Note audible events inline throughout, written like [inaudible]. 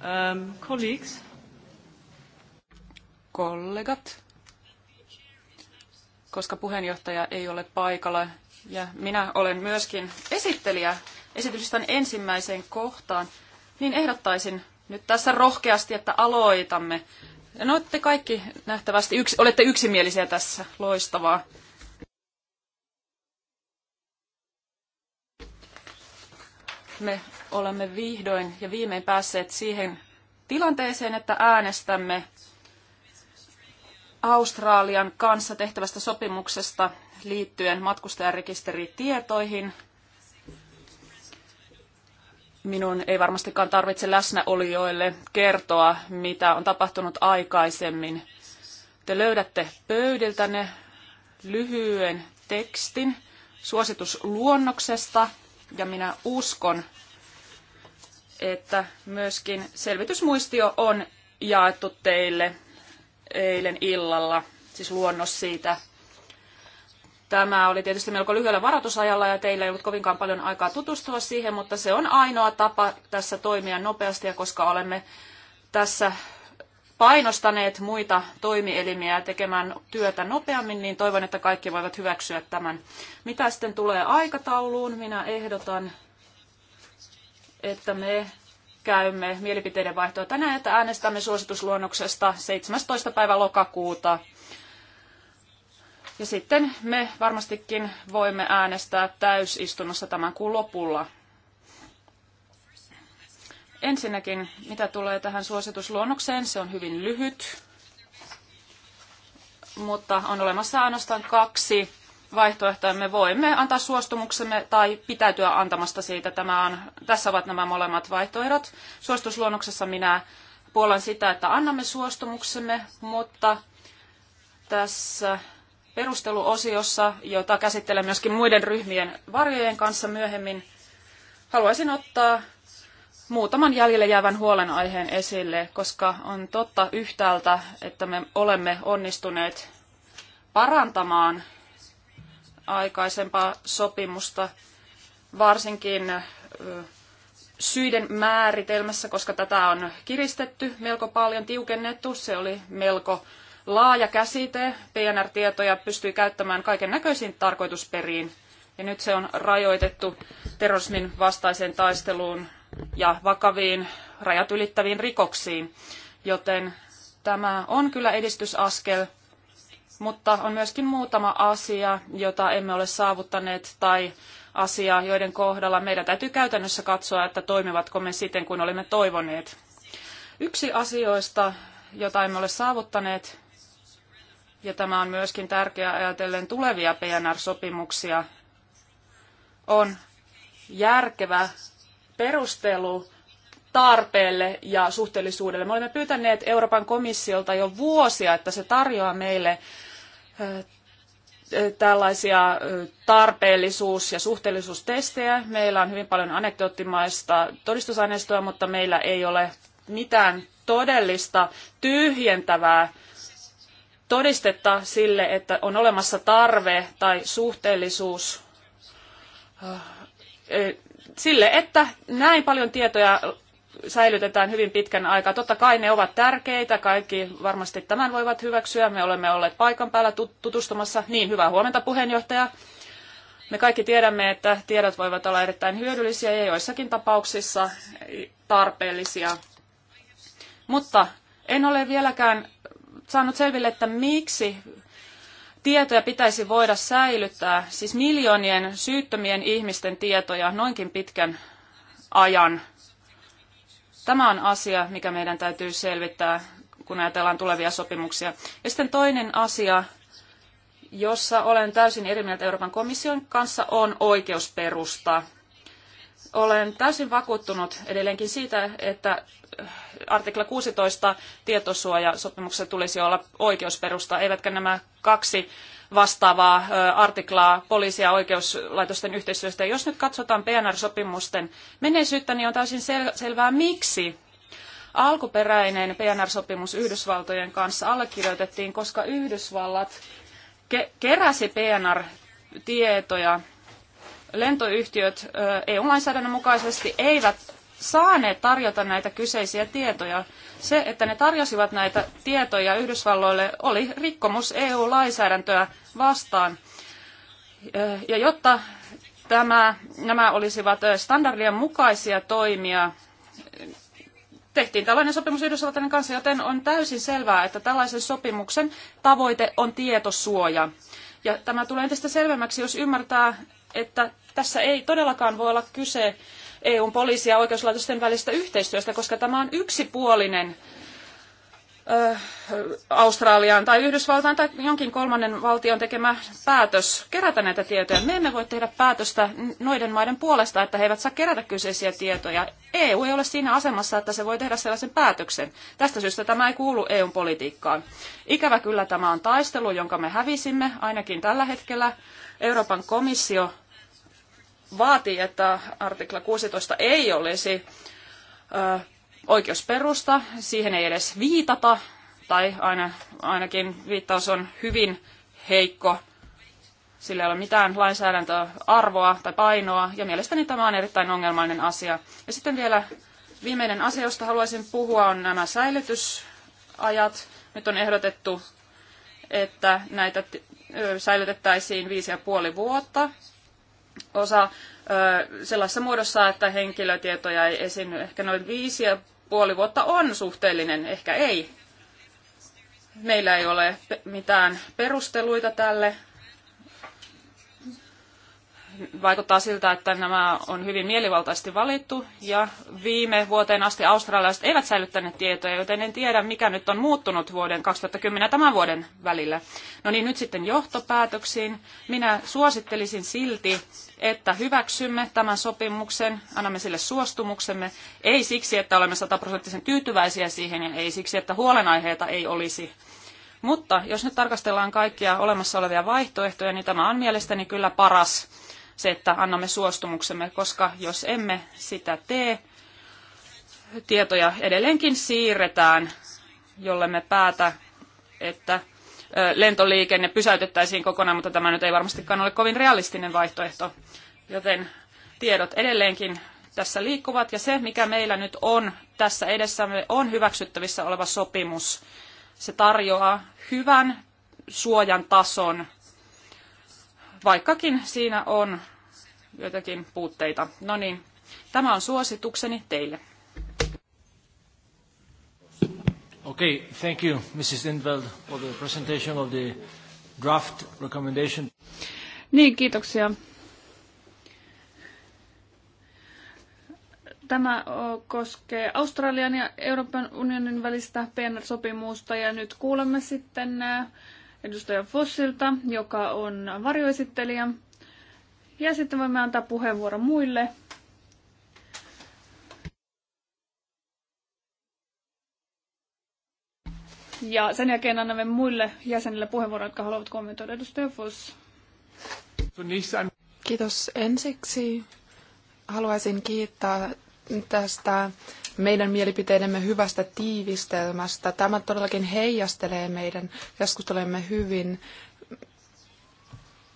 Um, colleagues. Kollegat. Koska puheenjohtaja ei ole paikalla ja minä olen myöskin esittelijä esityslistan ensimmäiseen kohtaan, niin ehdottaisin nyt tässä rohkeasti, että aloitamme. No, te kaikki nähtävästi yks, olette yksimielisiä tässä. Loistavaa. me olemme vihdoin ja viimein päässeet siihen tilanteeseen, että äänestämme Australian kanssa tehtävästä sopimuksesta liittyen matkustajarekisteritietoihin. Minun ei varmastikaan tarvitse läsnäolijoille kertoa, mitä on tapahtunut aikaisemmin. Te löydätte pöydiltäne lyhyen tekstin suositusluonnoksesta – ja minä uskon, että myöskin selvitysmuistio on jaettu teille eilen illalla, siis luonnos siitä. Tämä oli tietysti melko lyhyellä varoitusajalla ja teillä ei ollut kovinkaan paljon aikaa tutustua siihen, mutta se on ainoa tapa tässä toimia nopeasti ja koska olemme tässä painostaneet muita toimielimiä tekemään työtä nopeammin, niin toivon, että kaikki voivat hyväksyä tämän. Mitä sitten tulee aikatauluun? Minä ehdotan, että me käymme mielipiteiden vaihtoa tänään, että äänestämme suositusluonnoksesta 17. päivä lokakuuta. Ja sitten me varmastikin voimme äänestää täysistunnossa tämän kuun lopulla. Ensinnäkin, mitä tulee tähän suositusluonnokseen, se on hyvin lyhyt, mutta on olemassa ainoastaan kaksi vaihtoehtoa, Me voimme antaa suostumuksemme tai pitäytyä antamasta siitä. Tämä on, tässä ovat nämä molemmat vaihtoehdot. Suostusluonnoksessa minä puolan sitä, että annamme suostumuksemme, mutta tässä perusteluosiossa, jota käsittelen myöskin muiden ryhmien varjojen kanssa myöhemmin, haluaisin ottaa muutaman jäljelle jäävän huolenaiheen esille, koska on totta yhtäältä, että me olemme onnistuneet parantamaan aikaisempaa sopimusta, varsinkin syiden määritelmässä, koska tätä on kiristetty melko paljon, tiukennettu. Se oli melko laaja käsite. PNR-tietoja pystyi käyttämään kaiken näköisiin tarkoitusperiin. Ja nyt se on rajoitettu terrorismin vastaiseen taisteluun, ja vakaviin rajat ylittäviin rikoksiin. Joten tämä on kyllä edistysaskel, mutta on myöskin muutama asia, jota emme ole saavuttaneet tai asia, joiden kohdalla meidän täytyy käytännössä katsoa, että toimivatko me siten kuin olemme toivoneet. Yksi asioista, jota emme ole saavuttaneet, ja tämä on myöskin tärkeää ajatellen tulevia PNR-sopimuksia, on järkevä perustelu tarpeelle ja suhteellisuudelle. Me olemme pyytäneet Euroopan komissiolta jo vuosia, että se tarjoaa meille tällaisia tarpeellisuus- ja suhteellisuustestejä. Meillä on hyvin paljon anekdoottimaista todistusaineistoa, mutta meillä ei ole mitään todellista tyhjentävää todistetta sille, että on olemassa tarve tai suhteellisuus sille, että näin paljon tietoja säilytetään hyvin pitkän aikaa. Totta kai ne ovat tärkeitä, kaikki varmasti tämän voivat hyväksyä. Me olemme olleet paikan päällä tutustumassa. Niin, hyvää huomenta puheenjohtaja. Me kaikki tiedämme, että tiedot voivat olla erittäin hyödyllisiä ja joissakin tapauksissa tarpeellisia. Mutta en ole vieläkään saanut selville, että miksi tietoja pitäisi voida säilyttää, siis miljoonien syyttömien ihmisten tietoja noinkin pitkän ajan. Tämä on asia, mikä meidän täytyy selvittää, kun ajatellaan tulevia sopimuksia. Ja sitten toinen asia, jossa olen täysin eri mieltä Euroopan komission kanssa, on oikeusperusta. Olen täysin vakuuttunut edelleenkin siitä, että äh, artikla 16 tietosuojasopimuksessa tulisi olla oikeusperusta, eivätkä nämä kaksi vastaavaa äh, artiklaa poliisia ja oikeuslaitosten yhteistyöstä. Jos nyt katsotaan PNR-sopimusten menneisyyttä, niin on täysin sel selvää, miksi alkuperäinen PNR-sopimus Yhdysvaltojen kanssa allekirjoitettiin, koska Yhdysvallat ke keräsi PNR-tietoja lentoyhtiöt EU-lainsäädännön mukaisesti eivät saaneet tarjota näitä kyseisiä tietoja. Se, että ne tarjosivat näitä tietoja Yhdysvalloille, oli rikkomus EU-lainsäädäntöä vastaan. Ja jotta tämä, nämä olisivat standardien mukaisia toimia, tehtiin tällainen sopimus Yhdysvaltain kanssa, joten on täysin selvää, että tällaisen sopimuksen tavoite on tietosuoja. Ja tämä tulee entistä selvemmäksi, jos ymmärtää, että tässä ei todellakaan voi olla kyse EUn poliisi- ja oikeuslaitosten välistä yhteistyöstä, koska tämä on yksipuolinen Australiaan tai Yhdysvaltain tai jonkin kolmannen valtion tekemä päätös kerätä näitä tietoja. Me emme voi tehdä päätöstä noiden maiden puolesta, että he eivät saa kerätä kyseisiä tietoja. EU ei ole siinä asemassa, että se voi tehdä sellaisen päätöksen. Tästä syystä tämä ei kuulu EUn politiikkaan. Ikävä kyllä tämä on taistelu, jonka me hävisimme, ainakin tällä hetkellä. Euroopan komissio vaatii, että artikla 16 ei olisi ö, oikeusperusta, siihen ei edes viitata, tai aina, ainakin viittaus on hyvin heikko, sillä ei ole mitään lainsäädäntöarvoa tai painoa, ja mielestäni tämä on erittäin ongelmainen asia. Ja sitten vielä viimeinen asia, josta haluaisin puhua, on nämä säilytysajat. Nyt on ehdotettu, että näitä säilytettäisiin viisi ja puoli vuotta, osa sellaisessa muodossa, että henkilötietoja ei esiinny. Ehkä noin viisi ja puoli vuotta on suhteellinen, ehkä ei. Meillä ei ole mitään perusteluita tälle vaikuttaa siltä, että nämä on hyvin mielivaltaisesti valittu ja viime vuoteen asti australialaiset eivät säilyttäneet tietoja, joten en tiedä mikä nyt on muuttunut vuoden 2010 ja tämän vuoden välillä. No niin, nyt sitten johtopäätöksiin. Minä suosittelisin silti, että hyväksymme tämän sopimuksen, annamme sille suostumuksemme, ei siksi, että olemme sataprosenttisen tyytyväisiä siihen ja ei siksi, että huolenaiheita ei olisi. Mutta jos nyt tarkastellaan kaikkia olemassa olevia vaihtoehtoja, niin tämä on mielestäni kyllä paras se, että annamme suostumuksemme, koska jos emme sitä tee, tietoja edelleenkin siirretään, jolle me päätä, että lentoliikenne pysäytettäisiin kokonaan, mutta tämä nyt ei varmastikaan ole kovin realistinen vaihtoehto. Joten tiedot edelleenkin tässä liikkuvat ja se, mikä meillä nyt on tässä edessämme, on hyväksyttävissä oleva sopimus. Se tarjoaa hyvän suojan tason, vaikkakin siinä on joitakin puutteita. No niin, tämä on suositukseni teille. Okay, thank you, Mrs. Lindveld, for the presentation of the draft recommendation. Niin, kiitoksia. Tämä koskee Australian ja Euroopan unionin välistä PNR-sopimusta ja nyt kuulemme sitten edustaja Fossilta, joka on varjoesittelijä ja sitten voimme antaa puheenvuoron muille. Ja sen jälkeen annamme muille jäsenille puheenvuoron, jotka haluavat kommentoida. Edustaja Foss. Kiitos ensiksi. Haluaisin kiittää tästä meidän mielipiteidemme hyvästä tiivistelmästä. Tämä todellakin heijastelee meidän keskustelemme hyvin.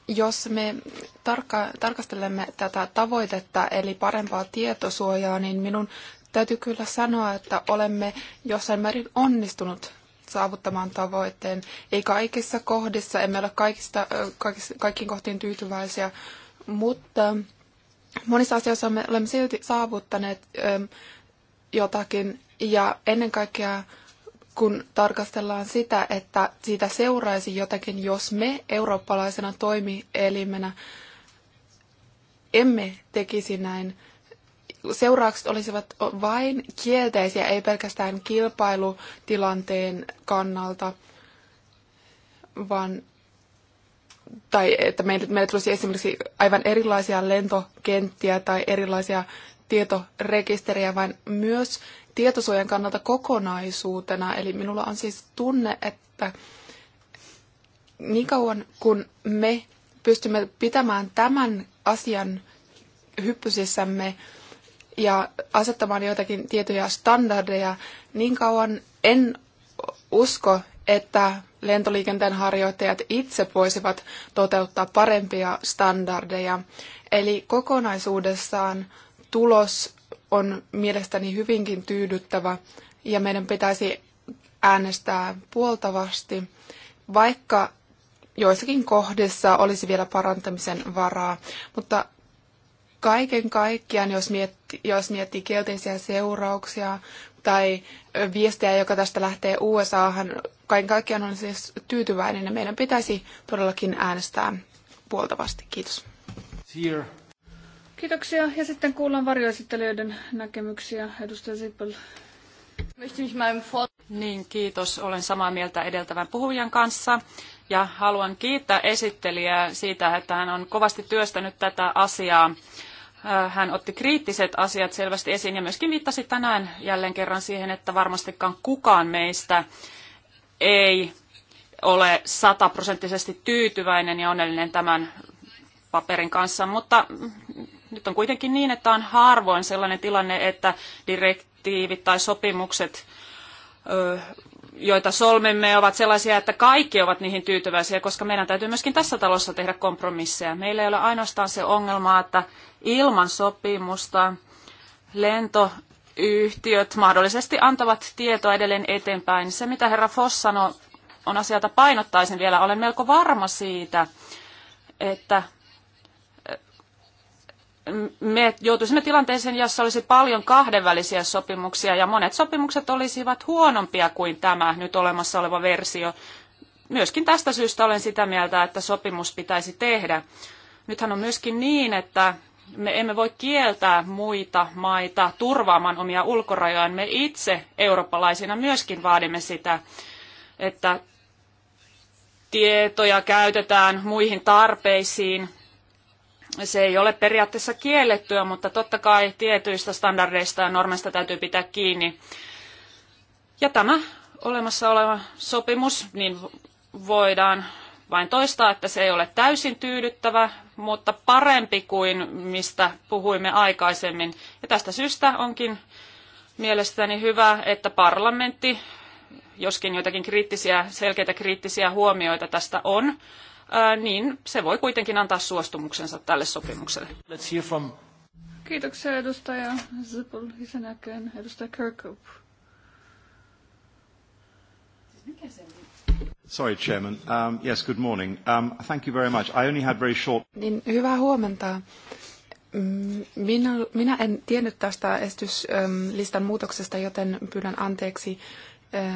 Jos me tarkka, tarkastelemme tätä tavoitetta, eli parempaa tietosuojaa, niin minun täytyy kyllä sanoa, että olemme jossain määrin onnistunut saavuttamaan tavoitteen. Ei kaikissa kohdissa, emme ole kaikista, kaikista, kaikkiin kohtiin tyytyväisiä, mutta monissa asioissa me olemme silti saavuttaneet jotakin ja ennen kaikkea kun tarkastellaan sitä, että siitä seuraisi jotakin, jos me eurooppalaisena toimielimenä emme tekisi näin. Seuraukset olisivat vain kielteisiä, ei pelkästään kilpailutilanteen kannalta, vaan tai että meille, meille tulisi esimerkiksi aivan erilaisia lentokenttiä tai erilaisia tietorekisteriä, vaan myös tietosuojan kannalta kokonaisuutena. Eli minulla on siis tunne, että niin kauan kun me pystymme pitämään tämän asian hyppysissämme ja asettamaan joitakin tietoja standardeja, niin kauan en usko, että lentoliikenteen harjoittajat itse voisivat toteuttaa parempia standardeja. Eli kokonaisuudessaan tulos on mielestäni hyvinkin tyydyttävä ja meidän pitäisi äänestää puoltavasti, vaikka joissakin kohdissa olisi vielä parantamisen varaa. Mutta kaiken kaikkiaan, jos miettii, jos miettii kielteisiä seurauksia tai viestejä, joka tästä lähtee USAhan, kaiken kaikkiaan on siis tyytyväinen ja meidän pitäisi todellakin äänestää puoltavasti. Kiitos. Here. Kiitoksia. Ja sitten kuullaan varjoesittelijöiden näkemyksiä. Edustaja Sippel. Niin, kiitos. Olen samaa mieltä edeltävän puhujan kanssa ja haluan kiittää esittelijää siitä, että hän on kovasti työstänyt tätä asiaa. Äh, hän otti kriittiset asiat selvästi esiin ja myöskin viittasi tänään jälleen kerran siihen, että varmastikaan kukaan meistä ei ole sataprosenttisesti tyytyväinen ja onnellinen tämän paperin kanssa, mutta nyt on kuitenkin niin, että on harvoin sellainen tilanne, että direktiivit tai sopimukset joita solmimme, ovat sellaisia, että kaikki ovat niihin tyytyväisiä, koska meidän täytyy myöskin tässä talossa tehdä kompromisseja. Meillä ei ole ainoastaan se ongelma, että ilman sopimusta lentoyhtiöt mahdollisesti antavat tietoa edelleen eteenpäin. Se, mitä herra Foss sanoi, on asia, painottaisin vielä. Olen melko varma siitä, että me joutuisimme tilanteeseen, jossa olisi paljon kahdenvälisiä sopimuksia ja monet sopimukset olisivat huonompia kuin tämä nyt olemassa oleva versio. Myöskin tästä syystä olen sitä mieltä, että sopimus pitäisi tehdä. Nythän on myöskin niin, että me emme voi kieltää muita maita turvaamaan omia ulkorajojaan. Me itse eurooppalaisina myöskin vaadimme sitä, että tietoja käytetään muihin tarpeisiin se ei ole periaatteessa kiellettyä, mutta totta kai tietyistä standardeista ja normeista täytyy pitää kiinni. Ja tämä olemassa oleva sopimus, niin voidaan vain toistaa, että se ei ole täysin tyydyttävä, mutta parempi kuin mistä puhuimme aikaisemmin. Ja tästä syystä onkin mielestäni hyvä, että parlamentti, joskin joitakin kriittisiä, selkeitä kriittisiä huomioita tästä on, niin se voi kuitenkin antaa suostumuksensa tälle sopimukselle. Let's hear from... Kiitoksia edustaja Zippel, sen jälkeen edustaja Kirkhope. Sorry, Chairman. Um, yes, good morning. Um, thank you very much. I only had very short... Niin, hyvää huomenta. Mm, minä, minä en tiennyt tästä estyslistan muutoksesta, joten pyydän anteeksi.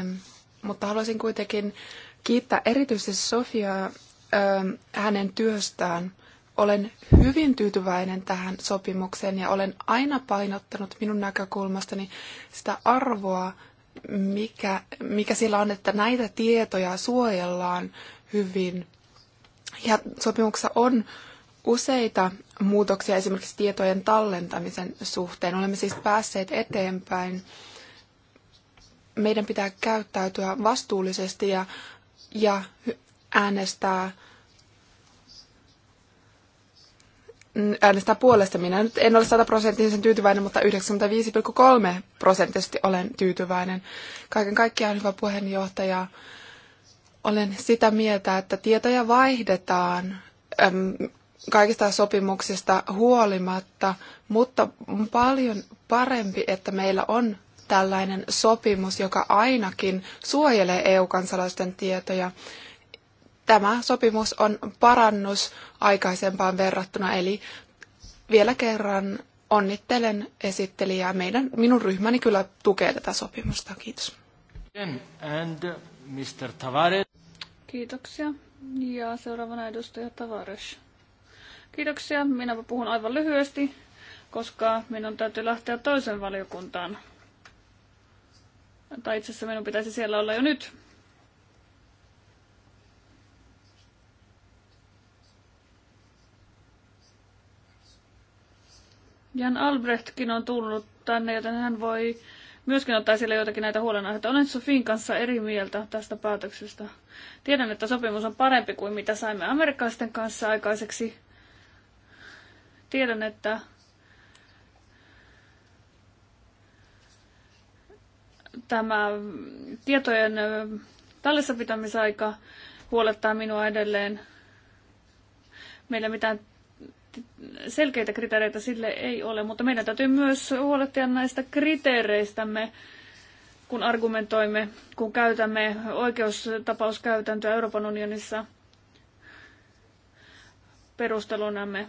Um, mutta haluaisin kuitenkin kiittää erityisesti Sofiaa Ähm, hänen työstään. Olen hyvin tyytyväinen tähän sopimukseen ja olen aina painottanut minun näkökulmastani sitä arvoa, mikä, mikä sillä on, että näitä tietoja suojellaan hyvin. Ja sopimuksessa on useita muutoksia esimerkiksi tietojen tallentamisen suhteen. Olemme siis päässeet eteenpäin. Meidän pitää käyttäytyä vastuullisesti ja, ja äänestää äänestää puolesta. Minä nyt en ole sataprosenttisen tyytyväinen, mutta 95,3 prosenttisesti olen tyytyväinen. Kaiken kaikkiaan hyvä puheenjohtaja. Olen sitä mieltä, että tietoja vaihdetaan äm, kaikista sopimuksista huolimatta, mutta paljon parempi, että meillä on tällainen sopimus, joka ainakin suojelee EU-kansalaisten tietoja. Tämä sopimus on parannus aikaisempaan verrattuna, eli vielä kerran onnittelen esittelijää. Meidän, minun ryhmäni kyllä tukee tätä sopimusta. Kiitos. And uh, Mr. Tavares. Kiitoksia. Ja seuraavana edustaja Tavares. Kiitoksia. Minä puhun aivan lyhyesti, koska minun täytyy lähteä toisen valiokuntaan. Tai itse asiassa minun pitäisi siellä olla jo nyt. Jan Albrechtkin on tullut tänne, joten hän voi myöskin ottaa sille joitakin näitä huolenaiheita. Olen Sofin kanssa eri mieltä tästä päätöksestä. Tiedän, että sopimus on parempi kuin mitä saimme amerikkalaisten kanssa aikaiseksi. Tiedän, että tämä tietojen tallessa pitämisaika huolettaa minua edelleen. Meillä mitään selkeitä kriteereitä sille ei ole, mutta meidän täytyy myös huolehtia näistä kriteereistämme, kun argumentoimme, kun käytämme oikeustapauskäytäntöä Euroopan unionissa perustelunamme.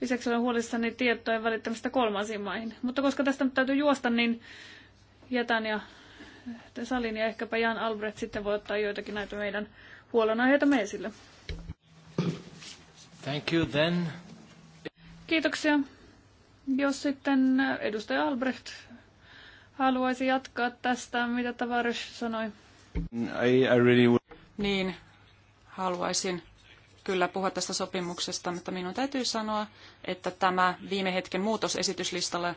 Lisäksi olen huolissani tietojen välittämistä kolmansiin maihin. Mutta koska tästä nyt täytyy juosta, niin jätän ja salin ja ehkäpä Jan Albrecht sitten voi ottaa joitakin näitä meidän huolenaiheita me esille. Thank you then. Kiitoksia. Jos sitten edustaja Albrecht haluaisi jatkaa tästä, mitä Tavares sanoi. I, I really would... Niin, haluaisin kyllä puhua tästä sopimuksesta, mutta minun täytyy sanoa, että tämä viime hetken muutos esityslistalle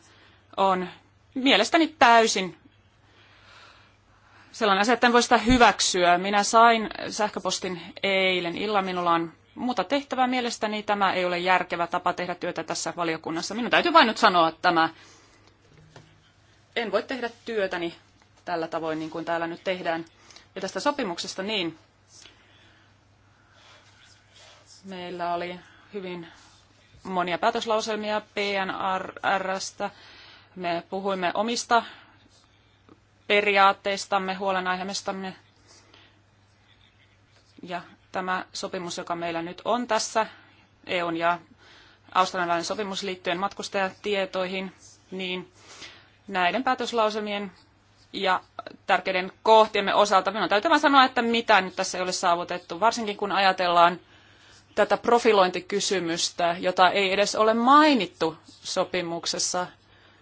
on mielestäni täysin sellainen asia, että en voi sitä hyväksyä. Minä sain sähköpostin eilen illan Minulla on muuta tehtävää. Mielestäni tämä ei ole järkevä tapa tehdä työtä tässä valiokunnassa. Minun täytyy vain nyt sanoa tämä. En voi tehdä työtäni tällä tavoin, niin kuin täällä nyt tehdään. Ja tästä sopimuksesta niin, meillä oli hyvin monia päätöslauselmia PNRstä. Me puhuimme omista periaatteistamme, huolenaiheestamme ja tämä sopimus, joka meillä nyt on tässä, EUn ja Australian välinen sopimus liittyen matkustajatietoihin, niin näiden päätöslauselmien ja tärkeiden kohtiemme osalta minun täytyy vain sanoa, että mitä nyt tässä ei ole saavutettu, varsinkin kun ajatellaan tätä profilointikysymystä, jota ei edes ole mainittu sopimuksessa.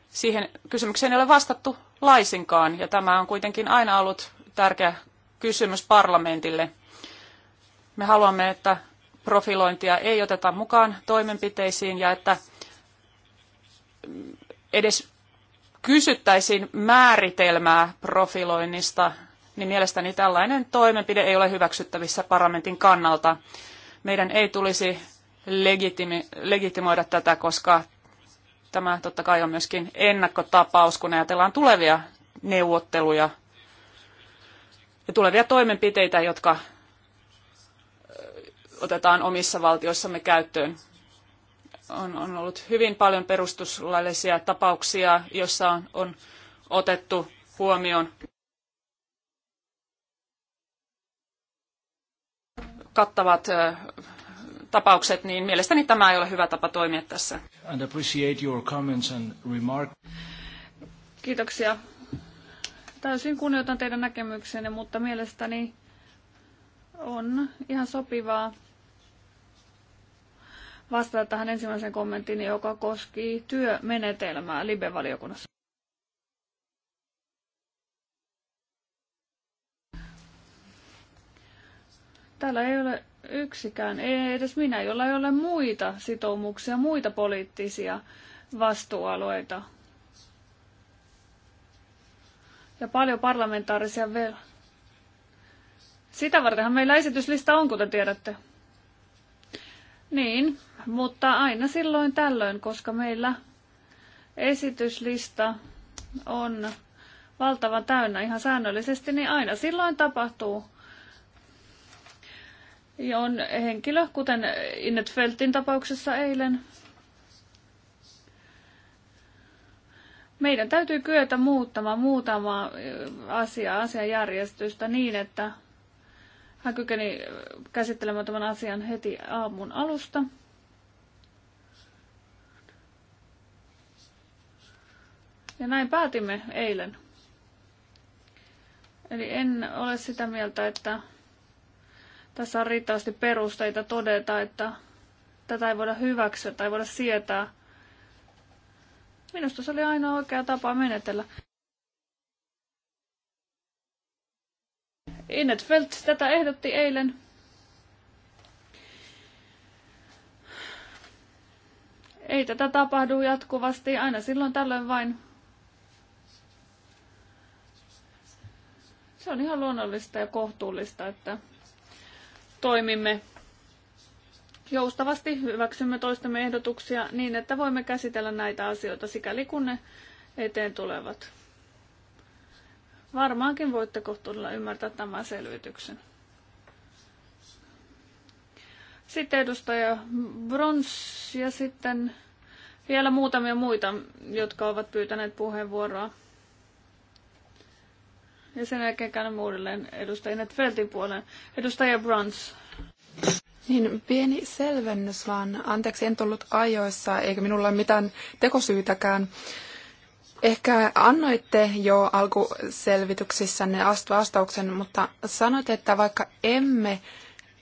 Siihen kysymykseen ei ole vastattu laisinkaan, ja tämä on kuitenkin aina ollut tärkeä kysymys parlamentille – me haluamme, että profilointia ei oteta mukaan toimenpiteisiin ja että edes kysyttäisiin määritelmää profiloinnista, niin mielestäni tällainen toimenpide ei ole hyväksyttävissä parlamentin kannalta. Meidän ei tulisi legitimi, legitimoida tätä, koska tämä totta kai on myöskin ennakkotapaus, kun ajatellaan tulevia neuvotteluja ja tulevia toimenpiteitä, jotka otetaan omissa valtioissamme käyttöön. On, on ollut hyvin paljon perustuslaillisia tapauksia, joissa on, on otettu huomioon kattavat tapaukset, niin mielestäni tämä ei ole hyvä tapa toimia tässä. Kiitoksia. Täysin kunnioitan teidän näkemyksenne, mutta mielestäni on ihan sopivaa, vastata tähän ensimmäiseen kommenttiin, joka koski työmenetelmää Libe-valiokunnassa. Täällä ei ole yksikään, ei edes minä, jolla ei ole muita sitoumuksia, muita poliittisia vastuualueita. Ja paljon parlamentaarisia vielä. Sitä vartenhan meillä esityslista on, kuten tiedätte. Niin, mutta aina silloin tällöin, koska meillä esityslista on valtavan täynnä ihan säännöllisesti, niin aina silloin tapahtuu. Ja on henkilö, kuten Innetfeltin tapauksessa eilen. Meidän täytyy kyetä muuttamaan muutama asia, asiajärjestystä niin, että hän kykeni käsittelemään tämän asian heti aamun alusta. Ja näin päätimme eilen. Eli en ole sitä mieltä, että tässä on riittävästi perusteita todeta, että tätä ei voida hyväksyä tai voida sietää. Minusta se oli ainoa oikea tapa menetellä. Inet Felt tätä ehdotti eilen. Ei tätä tapahdu jatkuvasti, aina silloin tällöin vain Se on ihan luonnollista ja kohtuullista, että toimimme joustavasti, hyväksymme toistemme ehdotuksia niin, että voimme käsitellä näitä asioita sikäli kun ne eteen tulevat. Varmaankin voitte kohtuudella ymmärtää tämän selvityksen. Sitten edustaja Brons ja sitten vielä muutamia muita, jotka ovat pyytäneet puheenvuoroa. Ja sen jälkeen käännän uudelleen edustajien Feltin puolen. Edustaja Bruns. Niin, pieni selvennys vaan. Anteeksi, en tullut ajoissa, eikä minulla ole mitään tekosyytäkään. Ehkä annoitte jo alkuselvityksissänne vastauksen, mutta sanoitte, että vaikka emme,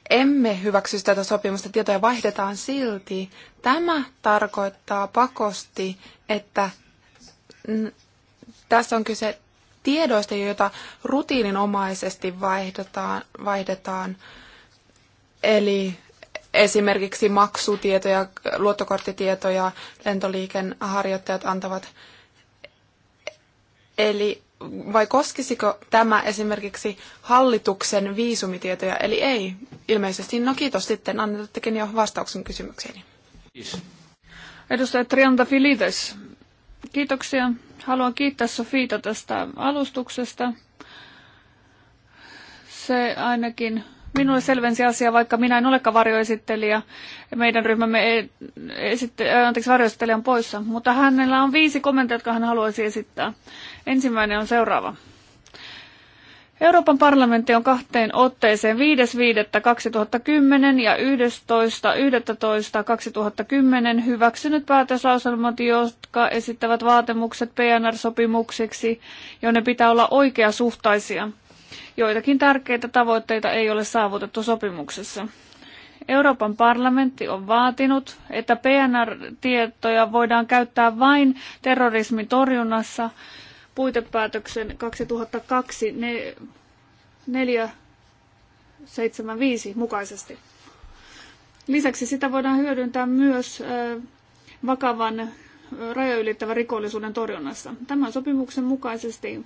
emme hyväksy tätä sopimusta, tietoja vaihdetaan silti. Tämä tarkoittaa pakosti, että tässä on kyse tiedoista, joita rutiininomaisesti vaihdetaan, vaihdetaan. Eli esimerkiksi maksutietoja, luottokorttitietoja lentoliikenharjoittajat antavat. Eli vai koskisiko tämä esimerkiksi hallituksen viisumitietoja, eli ei ilmeisesti. No kiitos sitten, annettekin jo vastauksen kysymykseeni. Edustaja Trianta Filides, kiitoksia. Haluan kiittää Sofiita tästä alustuksesta. Se ainakin minulle selvensi asia, vaikka minä en olekaan varjoesittelijä. Meidän ryhmämme e- esitte, anteeksi, varjoesittelijä on poissa, mutta hänellä on viisi kommenttia, jotka hän haluaisi esittää. Ensimmäinen on seuraava. Euroopan parlamentti on kahteen otteeseen 5.5.2010 ja 11.11.2010 hyväksynyt päätöslauselmat, jotka esittävät vaatimukset PNR-sopimuksiksi, joiden pitää olla oikeasuhtaisia. Joitakin tärkeitä tavoitteita ei ole saavutettu sopimuksessa. Euroopan parlamentti on vaatinut, että PNR-tietoja voidaan käyttää vain terrorismin torjunnassa – puitepäätöksen 2002 ne, 475 mukaisesti. Lisäksi sitä voidaan hyödyntää myös vakavan rajoylittävän rikollisuuden torjunnassa. Tämän sopimuksen mukaisesti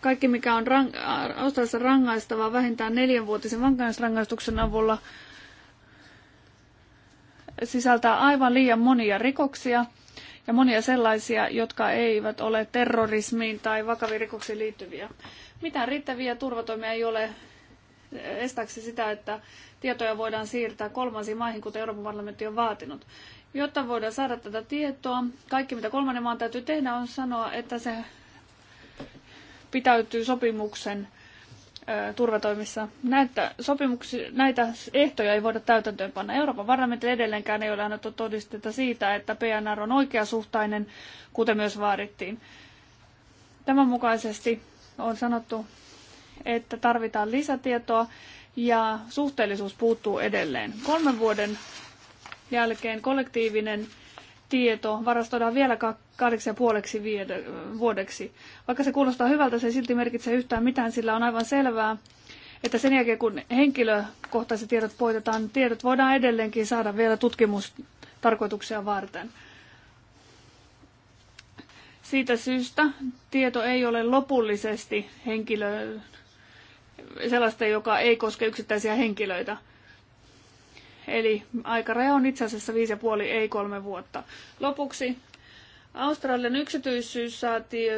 kaikki, mikä on rang- Australiassa rangaistavaa vähintään neljänvuotisen vankeusrangaistuksen avulla, sisältää aivan liian monia rikoksia – ja monia sellaisia, jotka eivät ole terrorismiin tai vakaviin rikoksiin liittyviä. Mitään riittäviä turvatoimia ei ole estääkseni sitä, että tietoja voidaan siirtää kolmansiin maihin, kuten Euroopan parlamentti on vaatinut. Jotta voidaan saada tätä tietoa, kaikki mitä kolmannen maan täytyy tehdä on sanoa, että se pitäytyy sopimuksen turvatoimissa. Näitä, sopimuksi, näitä ehtoja ei voida täytäntöönpanna. Euroopan parlamentille edelleenkään ei ole annettu todistetta siitä, että PNR on oikeasuhtainen, kuten myös vaadittiin. Tämän mukaisesti on sanottu, että tarvitaan lisätietoa ja suhteellisuus puuttuu edelleen. Kolmen vuoden jälkeen kollektiivinen tieto varastoidaan vielä kahdeksan ja puoleksi vuodeksi. Vaikka se kuulostaa hyvältä, se ei silti merkitse yhtään mitään, sillä on aivan selvää, että sen jälkeen kun henkilökohtaiset tiedot poitetaan, tiedot voidaan edelleenkin saada vielä tutkimustarkoituksia varten. Siitä syystä tieto ei ole lopullisesti henkilö, sellaista, joka ei koske yksittäisiä henkilöitä – Eli aikaraja on itse asiassa viisi ja puoli, ei kolme vuotta. Lopuksi Australian yksityisyyssaatio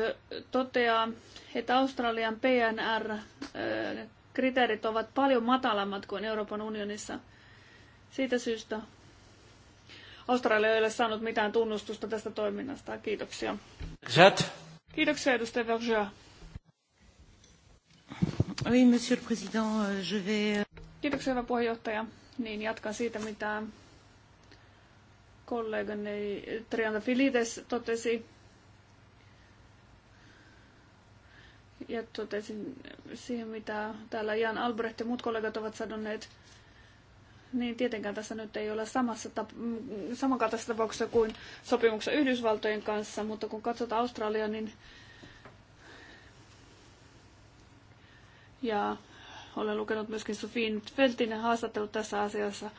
toteaa, että Australian PNR-kriteerit ovat paljon matalammat kuin Euroopan unionissa. Siitä syystä Australia ei ole saanut mitään tunnustusta tästä toiminnasta. Kiitoksia. Chat. Kiitoksia, edustaja Vergea. Oui, monsieur le président, euh, je vais... Euh, Kiitoksia, hyvä puheenjohtaja niin jatkan siitä, mitä kollegani Trianta Filides totesi. Ja totesin siihen, mitä täällä Jan Albrecht ja muut kollegat ovat sanoneet. Niin tietenkään tässä nyt ei ole samassa tap- mm, samankaltaisessa tapauksessa kuin sopimuksessa Yhdysvaltojen kanssa, mutta kun katsotaan Australia, niin ja olen lukenut myöskin Sofin Feltin haastattelut tässä asiassa.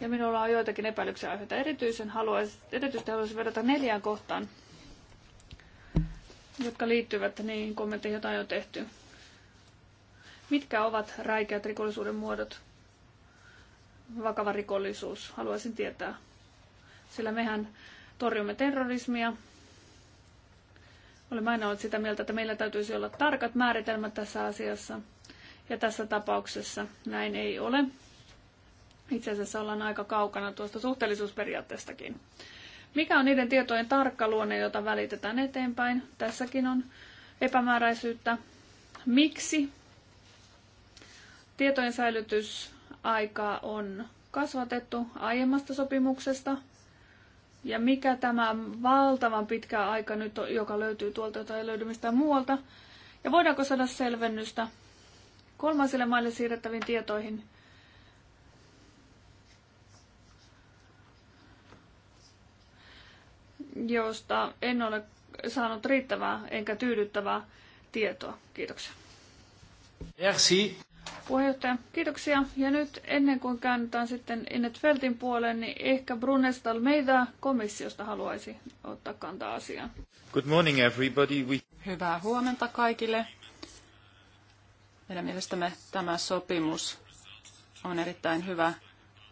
Ja minulla on joitakin epäilyksiä aiheita. Erityisen haluaisin, erityisesti haluaisin verrata neljään kohtaan, jotka liittyvät niihin kommentteihin, joita on jo tehty. Mitkä ovat räikeät rikollisuuden muodot? Vakava rikollisuus, haluaisin tietää. Sillä mehän torjumme terrorismia. Olen aina ollut sitä mieltä, että meillä täytyisi olla tarkat määritelmät tässä asiassa – ja tässä tapauksessa näin ei ole. Itse asiassa ollaan aika kaukana tuosta suhteellisuusperiaatteestakin. Mikä on niiden tietojen tarkka luonne, jota välitetään eteenpäin? Tässäkin on epämääräisyyttä. Miksi tietojen säilytysaikaa on kasvatettu aiemmasta sopimuksesta? Ja mikä tämä valtavan pitkä aika nyt, on, joka löytyy tuolta, tai ei löydy mistään muualta? Ja voidaanko saada selvennystä kolmansille maille siirrettäviin tietoihin. josta en ole saanut riittävää enkä tyydyttävää tietoa. Kiitoksia. Merci. Puheenjohtaja, kiitoksia. Ja nyt ennen kuin käännetään sitten ennet Feltin puoleen, niin ehkä Brunestal meitä komissiosta haluaisi ottaa kantaa asiaan. Good morning everybody. We... Hyvää huomenta kaikille. Meidän mielestämme tämä sopimus on erittäin hyvä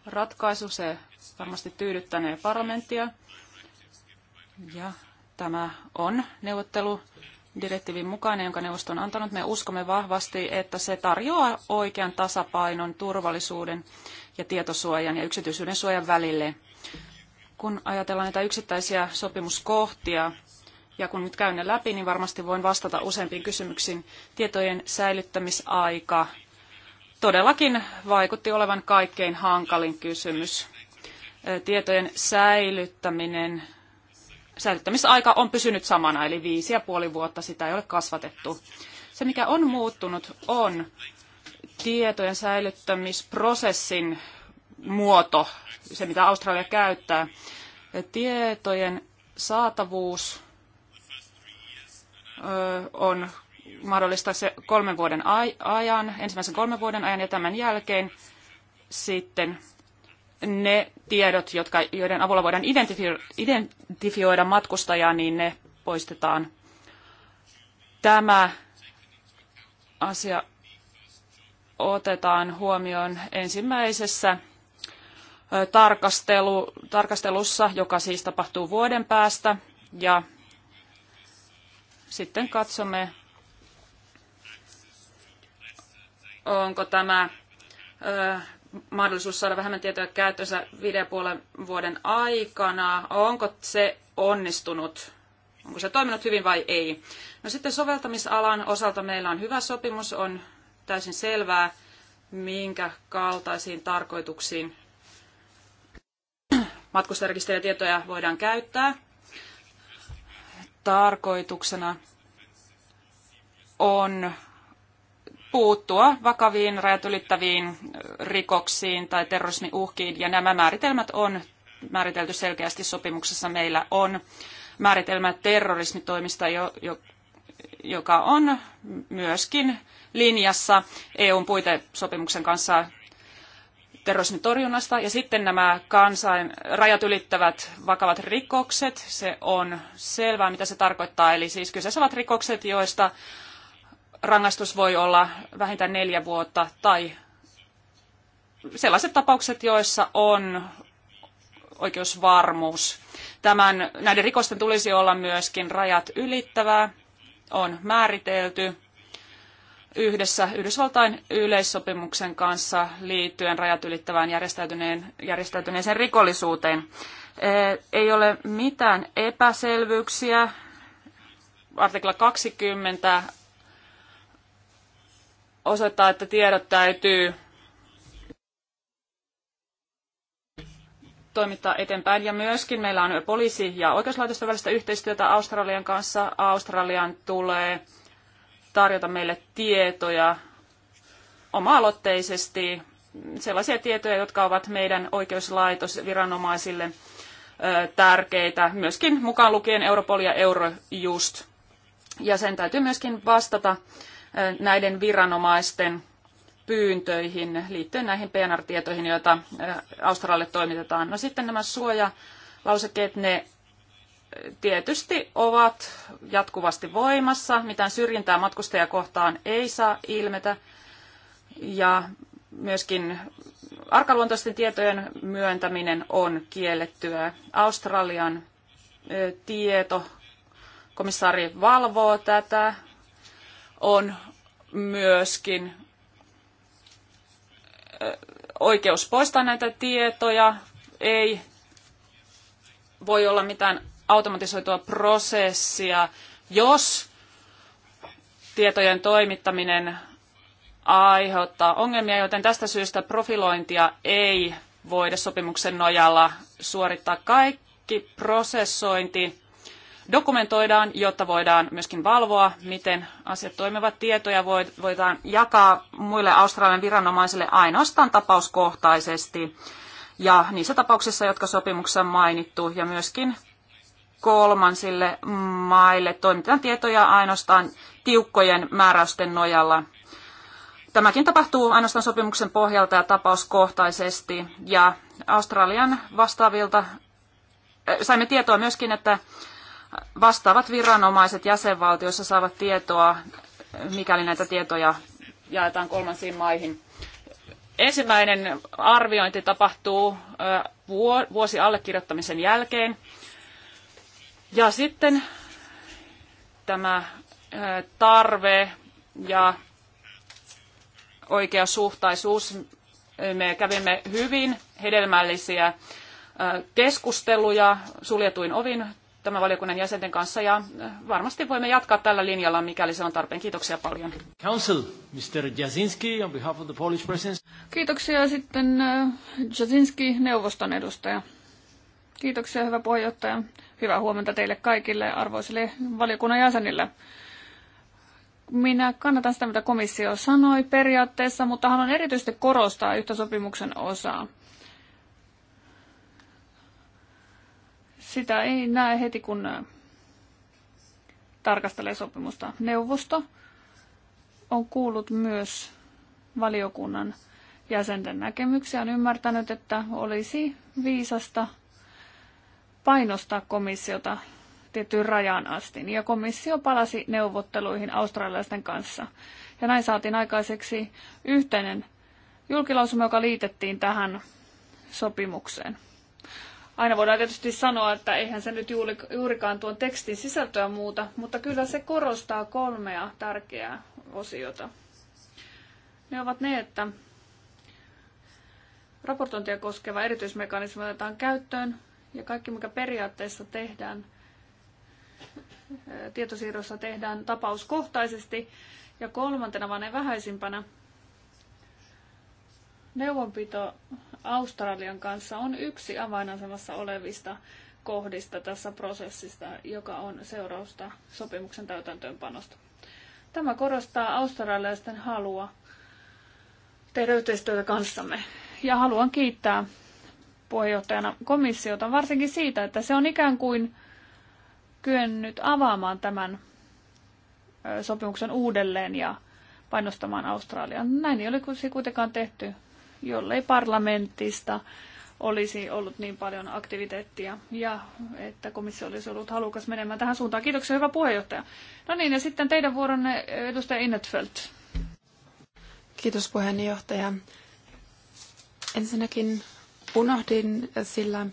ratkaisu. Se varmasti tyydyttänee parlamenttia. Ja tämä on neuvottelu direktiivin mukainen, jonka neuvosto on antanut. Me uskomme vahvasti, että se tarjoaa oikean tasapainon turvallisuuden ja tietosuojan ja yksityisyyden suojan välille. Kun ajatellaan näitä yksittäisiä sopimuskohtia, ja kun nyt käyn ne läpi, niin varmasti voin vastata useampiin kysymyksiin. Tietojen säilyttämisaika todellakin vaikutti olevan kaikkein hankalin kysymys. Tietojen säilyttäminen, säilyttämisaika on pysynyt samana, eli viisi ja puoli vuotta sitä ei ole kasvatettu. Se, mikä on muuttunut, on tietojen säilyttämisprosessin muoto, se mitä Australia käyttää. Tietojen saatavuus on mahdollista se kolmen vuoden ajan, ensimmäisen kolmen vuoden ajan ja tämän jälkeen sitten ne tiedot, jotka, joiden avulla voidaan identifioida matkustajaa, niin ne poistetaan. Tämä asia otetaan huomioon ensimmäisessä tarkastelu, tarkastelussa, joka siis tapahtuu vuoden päästä. Ja sitten katsomme, onko tämä ö, mahdollisuus saada vähemmän tietoja käyttöönsä viiden puolen vuoden aikana, onko se onnistunut, onko se toiminut hyvin vai ei. No sitten soveltamisalan osalta meillä on hyvä sopimus, on täysin selvää, minkä kaltaisiin tarkoituksiin matkustajarekisteritietoja voidaan käyttää tarkoituksena on puuttua vakaviin rajat ylittäviin rikoksiin tai terrorismiuhkiin, ja nämä määritelmät on määritelty selkeästi sopimuksessa. Meillä on määritelmä terrorismitoimista, jo, jo, joka on myöskin linjassa EUn puitesopimuksen kanssa terrorismin torjunnasta ja sitten nämä kansain, rajat ylittävät vakavat rikokset. Se on selvää, mitä se tarkoittaa. Eli siis kyseessä ovat rikokset, joista rangaistus voi olla vähintään neljä vuotta tai sellaiset tapaukset, joissa on oikeusvarmuus. Tämän, näiden rikosten tulisi olla myöskin rajat ylittävää, on määritelty yhdessä Yhdysvaltain yleissopimuksen kanssa liittyen rajat ylittävään järjestäytyneen, järjestäytyneeseen rikollisuuteen. Ei ole mitään epäselvyyksiä. Artikla 20 osoittaa, että tiedot täytyy toimittaa eteenpäin. Ja myöskin meillä on poliisi- ja oikeuslaitosten välistä yhteistyötä Australian kanssa. Australian tulee tarjota meille tietoja oma-aloitteisesti, sellaisia tietoja, jotka ovat meidän oikeuslaitosviranomaisille tärkeitä, myöskin mukaan lukien Europol ja Eurojust. Ja sen täytyy myöskin vastata näiden viranomaisten pyyntöihin liittyen näihin PNR-tietoihin, joita Australialle toimitetaan. No sitten nämä suojalausekkeet, ne tietysti ovat jatkuvasti voimassa. Mitään syrjintää matkustajakohtaan ei saa ilmetä. Ja myöskin arkaluontoisten tietojen myöntäminen on kiellettyä. Australian tieto, komissaari valvoo tätä, on myöskin oikeus poistaa näitä tietoja, ei voi olla mitään automatisoitua prosessia, jos tietojen toimittaminen aiheuttaa ongelmia, joten tästä syystä profilointia ei voida sopimuksen nojalla suorittaa. Kaikki prosessointi dokumentoidaan, jotta voidaan myöskin valvoa, miten asiat toimivat. Tietoja voidaan jakaa muille Australian viranomaisille ainoastaan tapauskohtaisesti ja niissä tapauksissa, jotka sopimuksessa on mainittu, ja myöskin kolmansille maille. Toimitetaan tietoja ainoastaan tiukkojen määräysten nojalla. Tämäkin tapahtuu ainoastaan sopimuksen pohjalta ja tapauskohtaisesti. Ja Australian vastaavilta äh, saimme tietoa myöskin, että vastaavat viranomaiset jäsenvaltioissa saavat tietoa, mikäli näitä tietoja jaetaan kolmansiin maihin. Ensimmäinen arviointi tapahtuu äh, vuosi allekirjoittamisen jälkeen. Ja sitten tämä tarve ja oikea suhtaisuus. Me kävimme hyvin hedelmällisiä keskusteluja suljetuin ovin tämän valiokunnan jäsenten kanssa ja varmasti voimme jatkaa tällä linjalla, mikäli se on tarpeen. Kiitoksia paljon. Council, Mr. Jasinski, on behalf of the Polish presence. Kiitoksia sitten Jasinski, neuvoston edustaja. Kiitoksia, hyvä puheenjohtaja. Hyvää huomenta teille kaikille arvoisille valiokunnan jäsenille. Minä kannatan sitä, mitä komissio sanoi periaatteessa, mutta haluan erityisesti korostaa yhtä sopimuksen osaa. Sitä ei näe heti, kun tarkastelee sopimusta. Neuvosto on kuullut myös valiokunnan jäsenten näkemyksiä. On ymmärtänyt, että olisi viisasta painostaa komissiota tiettyyn rajaan asti. Ja komissio palasi neuvotteluihin australialaisten kanssa. Ja näin saatiin aikaiseksi yhteinen julkilausuma, joka liitettiin tähän sopimukseen. Aina voidaan tietysti sanoa, että eihän se nyt juurikaan tuon tekstin sisältöä muuta, mutta kyllä se korostaa kolmea tärkeää osiota. Ne ovat ne, että raportointia koskeva erityismekanismi otetaan käyttöön, ja kaikki, mikä periaatteessa tehdään, tietosiirrossa tehdään tapauskohtaisesti. Ja kolmantena, vaan ei vähäisimpänä, neuvonpito Australian kanssa on yksi avainasemassa olevista kohdista tässä prosessista, joka on seurausta sopimuksen täytäntöönpanosta. Tämä korostaa australialaisten halua tehdä yhteistyötä kanssamme. Ja haluan kiittää puheenjohtajana komissiota, varsinkin siitä, että se on ikään kuin kyennyt avaamaan tämän sopimuksen uudelleen ja painostamaan Australiaan. Näin ei olisi kuitenkaan tehty, jollei parlamentista olisi ollut niin paljon aktiviteettia ja että komissio olisi ollut halukas menemään tähän suuntaan. Kiitoksia, hyvä puheenjohtaja. No niin, ja sitten teidän vuoronne edustaja Innetfeldt. Kiitos puheenjohtaja. Ensinnäkin unohdin, sillä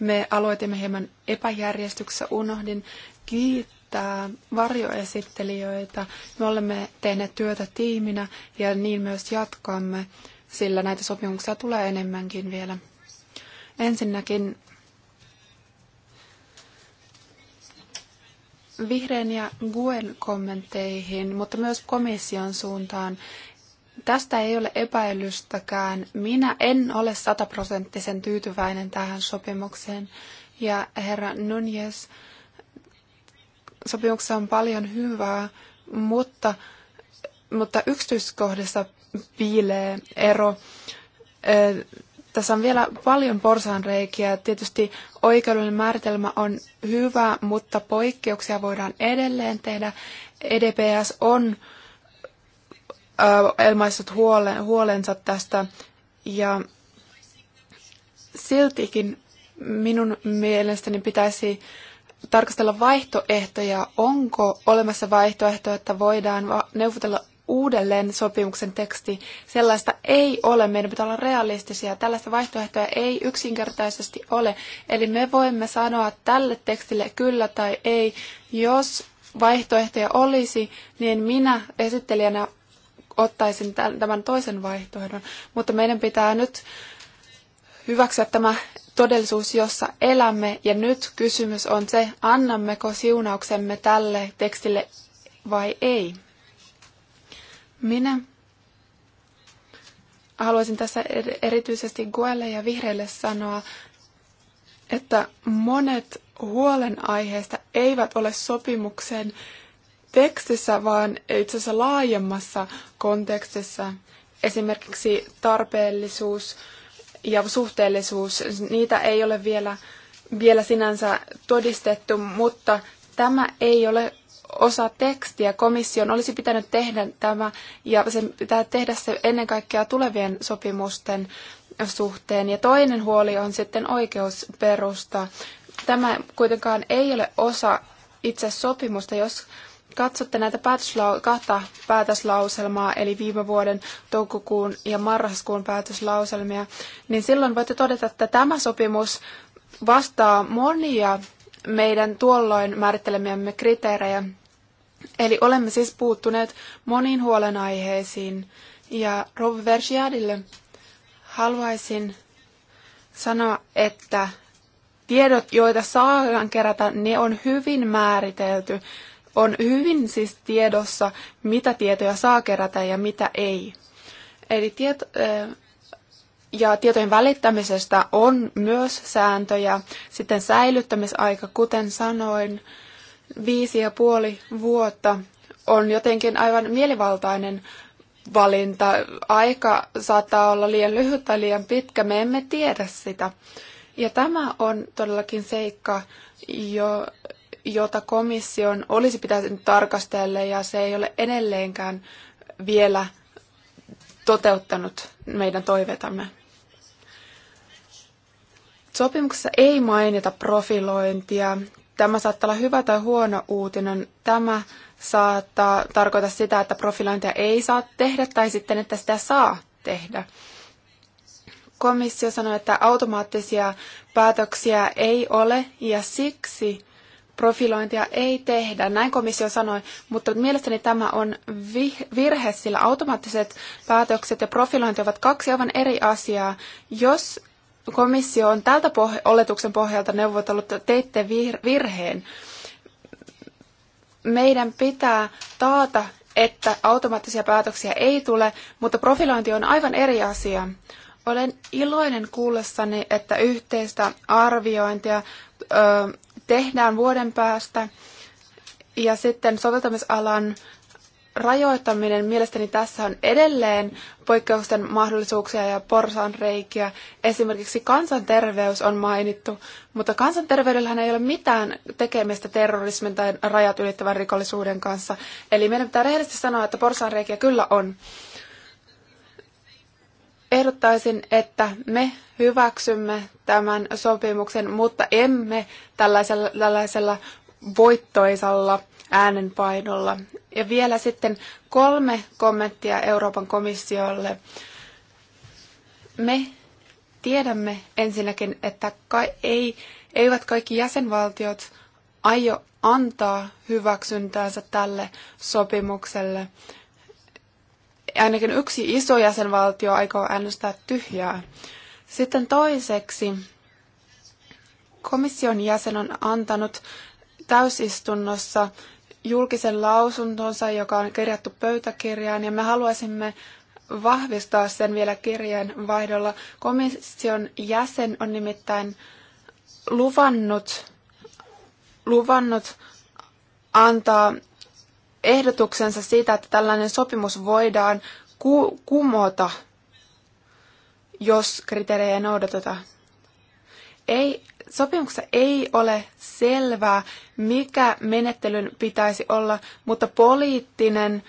me aloitimme hieman epäjärjestyksessä. Unohdin kiittää varjoesittelijöitä. Me olemme tehneet työtä tiiminä ja niin myös jatkamme, sillä näitä sopimuksia tulee enemmänkin vielä. Ensinnäkin vihreän ja Guen kommentteihin, mutta myös komission suuntaan. Tästä ei ole epäilystäkään. Minä en ole sataprosenttisen tyytyväinen tähän sopimukseen. Ja herra Nunez, sopimuksessa on paljon hyvää, mutta, mutta yksityiskohdissa piilee ero. Tässä on vielä paljon porsaanreikiä. Tietysti oikeudellinen määritelmä on hyvä, mutta poikkeuksia voidaan edelleen tehdä. EDPS on ilmaissut huole, huolensa tästä ja siltikin minun mielestäni pitäisi tarkastella vaihtoehtoja. Onko olemassa vaihtoehto, että voidaan neuvotella uudelleen sopimuksen teksti? Sellaista ei ole. Meidän pitää olla realistisia. Tällaista vaihtoehtoja ei yksinkertaisesti ole. Eli me voimme sanoa tälle tekstille kyllä tai ei. Jos vaihtoehtoja olisi, niin minä esittelijänä ottaisin tämän toisen vaihtoehdon, mutta meidän pitää nyt hyväksyä tämä todellisuus, jossa elämme. Ja nyt kysymys on se, annammeko siunauksemme tälle tekstille vai ei. Minä haluaisin tässä erityisesti Goelle ja Vihreille sanoa, että monet huolenaiheista eivät ole sopimuksen tekstissä, vaan itse asiassa laajemmassa kontekstissa. Esimerkiksi tarpeellisuus ja suhteellisuus, niitä ei ole vielä, vielä sinänsä todistettu, mutta tämä ei ole osa tekstiä. Komission olisi pitänyt tehdä tämä ja se pitää tehdä se ennen kaikkea tulevien sopimusten suhteen. Ja toinen huoli on sitten oikeusperusta. Tämä kuitenkaan ei ole osa itse sopimusta. Jos katsotte näitä päätöslau- kahta päätöslauselmaa, eli viime vuoden toukokuun ja marraskuun päätöslauselmia, niin silloin voitte todeta, että tämä sopimus vastaa monia meidän tuolloin määrittelemiämme kriteerejä. Eli olemme siis puuttuneet moniin huolenaiheisiin. Ja Rove Versiadille haluaisin sanoa, että tiedot, joita saadaan kerätä, ne on hyvin määritelty on hyvin siis tiedossa, mitä tietoja saa kerätä ja mitä ei. Eli tiet ja tietojen välittämisestä on myös sääntöjä. Sitten säilyttämisaika, kuten sanoin, viisi ja puoli vuotta on jotenkin aivan mielivaltainen valinta. Aika saattaa olla liian lyhyt tai liian pitkä, me emme tiedä sitä. Ja tämä on todellakin seikka, jo, jota komission olisi pitänyt tarkastella ja se ei ole edelleenkään vielä toteuttanut meidän toiveitamme. Sopimuksessa ei mainita profilointia. Tämä saattaa olla hyvä tai huono uutinen. Tämä saattaa tarkoita sitä, että profilointia ei saa tehdä tai sitten, että sitä saa tehdä. Komissio sanoi, että automaattisia päätöksiä ei ole ja siksi profilointia ei tehdä, näin komissio sanoi, mutta mielestäni tämä on virhe, sillä automaattiset päätökset ja profilointi ovat kaksi aivan eri asiaa. Jos komissio on tältä poh- oletuksen pohjalta neuvotellut, että teitte virheen, meidän pitää taata, että automaattisia päätöksiä ei tule, mutta profilointi on aivan eri asia. Olen iloinen kuullessani, että yhteistä arviointia ö, tehdään vuoden päästä. Ja sitten soveltamisalan rajoittaminen mielestäni tässä on edelleen poikkeusten mahdollisuuksia ja porsaanreikiä. Esimerkiksi kansanterveys on mainittu, mutta kansanterveydellähän ei ole mitään tekemistä terrorismin tai rajat ylittävän rikollisuuden kanssa. Eli meidän pitää rehellisesti sanoa, että porsaanreikiä kyllä on ehdottaisin, että me hyväksymme tämän sopimuksen, mutta emme tällaisella, tällaisella voittoisalla äänenpainolla. Ja vielä sitten kolme kommenttia Euroopan komissiolle. Me tiedämme ensinnäkin, että ei, eivät kaikki jäsenvaltiot aio antaa hyväksyntäänsä tälle sopimukselle ainakin yksi iso jäsenvaltio aikoo äänestää tyhjää. Sitten toiseksi komission jäsen on antanut täysistunnossa julkisen lausuntonsa, joka on kirjattu pöytäkirjaan, ja me haluaisimme vahvistaa sen vielä kirjeen vaihdolla. Komission jäsen on nimittäin luvannut, luvannut antaa ehdotuksensa siitä, että tällainen sopimus voidaan ku- kumota, jos kriteerejä ei noudateta. Ei, sopimuksessa ei ole selvää, mikä menettelyn pitäisi olla, mutta poliittinen,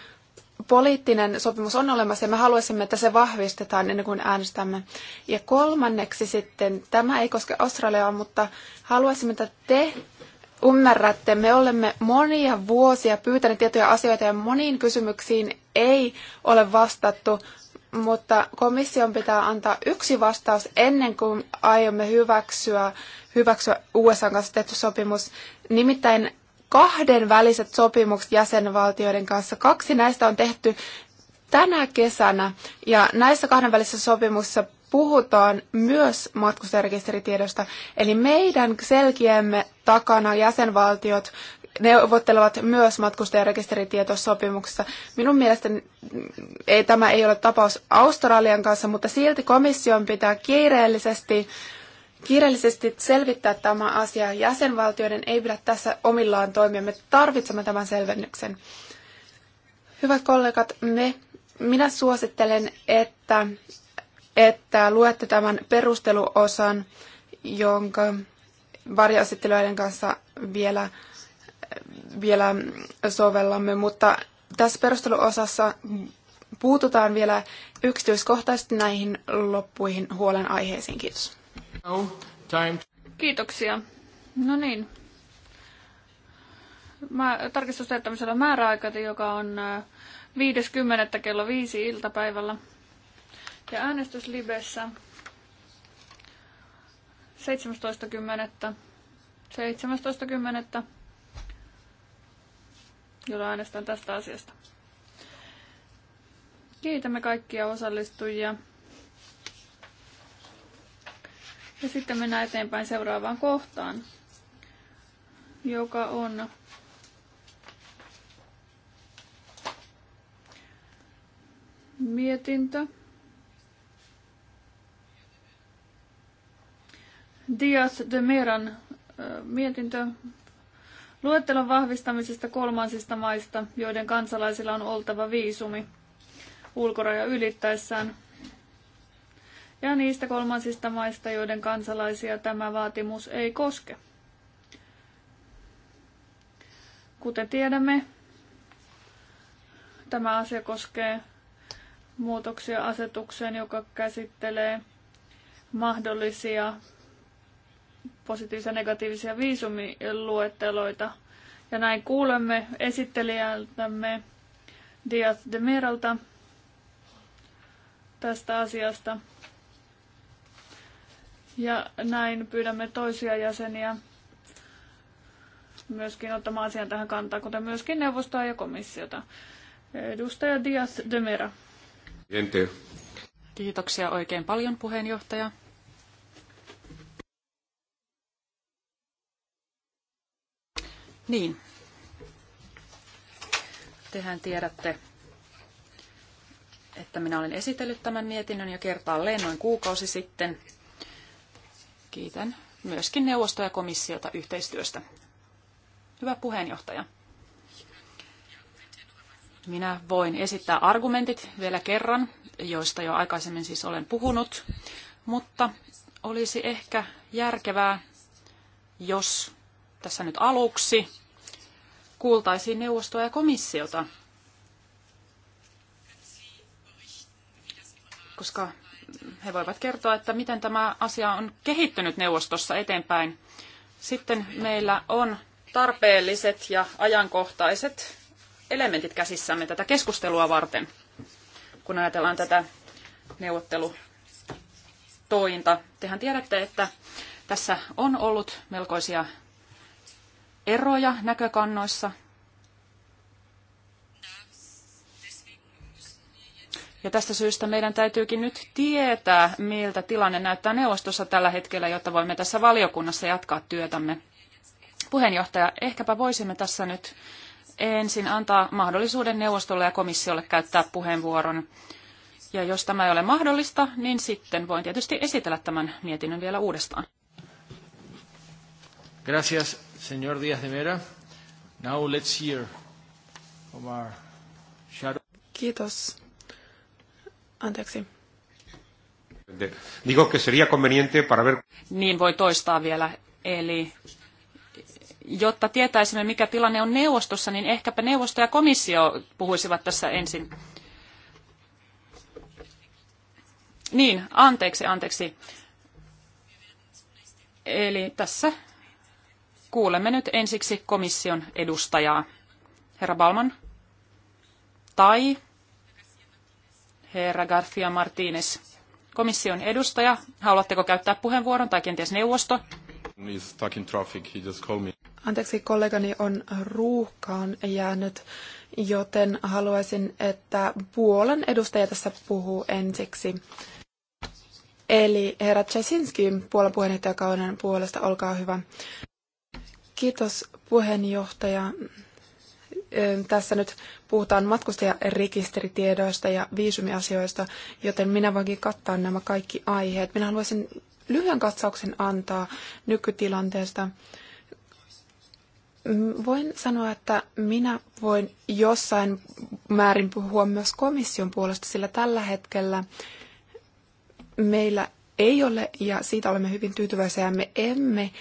poliittinen sopimus on olemassa ja me haluaisimme, että se vahvistetaan ennen kuin äänestämme. Ja kolmanneksi sitten, tämä ei koske Australiaa, mutta haluaisimme, että te ymmärrätte, me olemme monia vuosia pyytäneet tiettyjä asioita ja moniin kysymyksiin ei ole vastattu, mutta komission pitää antaa yksi vastaus ennen kuin aiomme hyväksyä, hyväksyä USA kanssa tehty sopimus. Nimittäin kahden väliset sopimukset jäsenvaltioiden kanssa. Kaksi näistä on tehty tänä kesänä ja näissä kahdenvälisissä sopimuksissa puhutaan myös matkustajarekisteritiedosta. Eli meidän selkiämme takana jäsenvaltiot neuvottelevat myös matkustajarekisteritietosopimuksessa. Minun mielestäni ei, tämä ei ole tapaus Australian kanssa, mutta silti komission pitää kiireellisesti kiireellisesti selvittää tämä asia. Jäsenvaltioiden ei pidä tässä omillaan toimia. Me tarvitsemme tämän selvennyksen. Hyvät kollegat, me, minä suosittelen, että että luette tämän perusteluosan, jonka varjoesittelijöiden kanssa vielä, vielä sovellamme, mutta tässä perusteluosassa puututaan vielä yksityiskohtaisesti näihin loppuihin huolenaiheisiin. Kiitos. Kiitoksia. No niin. Mä, tarkistustehtämisellä on määräaika, joka on 50. Äh, kello 5 iltapäivällä. Ja äänestys Libessä 17.10. 17.10. jolla äänestän tästä asiasta. Kiitämme kaikkia osallistujia. Ja sitten mennään eteenpäin seuraavaan kohtaan, joka on mietintö. Dias de Meran mietintö luettelon vahvistamisesta kolmansista maista, joiden kansalaisilla on oltava viisumi ulkoraja ylittäessään, ja niistä kolmansista maista, joiden kansalaisia tämä vaatimus ei koske. Kuten tiedämme, tämä asia koskee muutoksia asetukseen, joka käsittelee mahdollisia positiivisia ja negatiivisia viisumiluetteloita. Ja näin kuulemme esittelijältämme Diaz de Meralta tästä asiasta. Ja näin pyydämme toisia jäseniä myöskin ottamaan asian tähän kantaa, kuten myöskin neuvostoa ja komissiota. Edustaja Diaz de Mera. Kiitoksia oikein paljon puheenjohtaja. Niin. Tehän tiedätte, että minä olen esitellyt tämän mietinnön jo kertaalleen noin kuukausi sitten. Kiitän myöskin neuvostoa ja komissiota yhteistyöstä. Hyvä puheenjohtaja. Minä voin esittää argumentit vielä kerran, joista jo aikaisemmin siis olen puhunut, mutta olisi ehkä järkevää, jos tässä nyt aluksi kuultaisiin neuvostoa ja komissiota, koska he voivat kertoa, että miten tämä asia on kehittynyt neuvostossa eteenpäin. Sitten meillä on tarpeelliset ja ajankohtaiset elementit käsissämme tätä keskustelua varten, kun ajatellaan tätä neuvottelutointa. Tehän tiedätte, että tässä on ollut melkoisia eroja näkökannoissa. Ja tästä syystä meidän täytyykin nyt tietää, miltä tilanne näyttää neuvostossa tällä hetkellä, jotta voimme tässä valiokunnassa jatkaa työtämme. Puheenjohtaja, ehkäpä voisimme tässä nyt ensin antaa mahdollisuuden neuvostolle ja komissiolle käyttää puheenvuoron. Ja jos tämä ei ole mahdollista, niin sitten voin tietysti esitellä tämän mietinnön vielä uudestaan. Gracias. Señor Díaz de Mera. Now let's hear from our shadow. Kiitos. Anteeksi. Digo que sería conveniente para ver... Niin voi toistaa vielä. Eli jotta tietäisimme, mikä tilanne on neuvostossa, niin ehkäpä neuvosto ja komissio puhuisivat tässä ensin. Niin, anteeksi, anteeksi. Eli tässä Kuulemme nyt ensiksi komission edustajaa, herra Balman, tai herra Garcia Martinez. Komission edustaja, haluatteko käyttää puheenvuoron tai kenties neuvosto? Anteeksi, kollegani on ruuhkaan jäänyt, joten haluaisin, että Puolan edustaja tässä puhuu ensiksi. Eli herra Czesinski Puolan puheenjohtajakauden puolesta, olkaa hyvä. Kiitos puheenjohtaja. Tässä nyt puhutaan matkustajarekisteritiedoista ja viisumiasioista, joten minä voinkin kattaa nämä kaikki aiheet. Minä haluaisin lyhyen katsauksen antaa nykytilanteesta. Voin sanoa, että minä voin jossain määrin puhua myös komission puolesta, sillä tällä hetkellä meillä ei ole, ja siitä olemme hyvin tyytyväisiä, me emme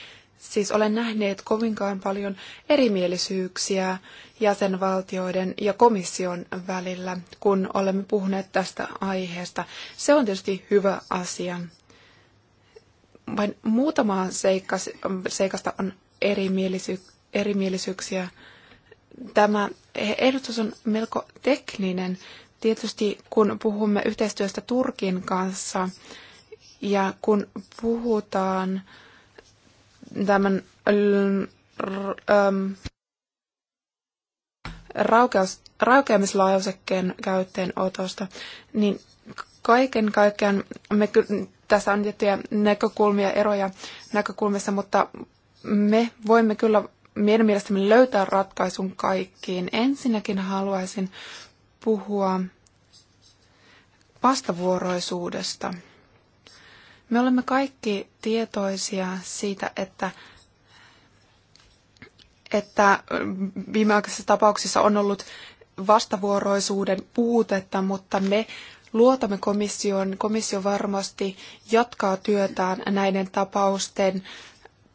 siis ole nähneet kovinkaan paljon erimielisyyksiä jäsenvaltioiden ja komission välillä, kun olemme puhuneet tästä aiheesta. Se on tietysti hyvä asia. Vain muutama seikasta on erimielisy- erimielisyyksiä. Tämä ehdotus on melko tekninen. Tietysti kun puhumme yhteistyöstä Turkin kanssa ja kun puhutaan tämän raukeus, raukeamislausekkeen käyttöönotosta, niin kaiken kaikkiaan me, tässä on tiettyjä näkökulmia, eroja näkökulmissa, mutta me voimme kyllä meidän mielestämme löytää ratkaisun kaikkiin. Ensinnäkin haluaisin puhua vastavuoroisuudesta. Me olemme kaikki tietoisia siitä, että että viimeaikaisissa tapauksissa on ollut vastavuoroisuuden puutetta, mutta me luotamme komissioon. Komissio varmasti jatkaa työtään näiden tapausten,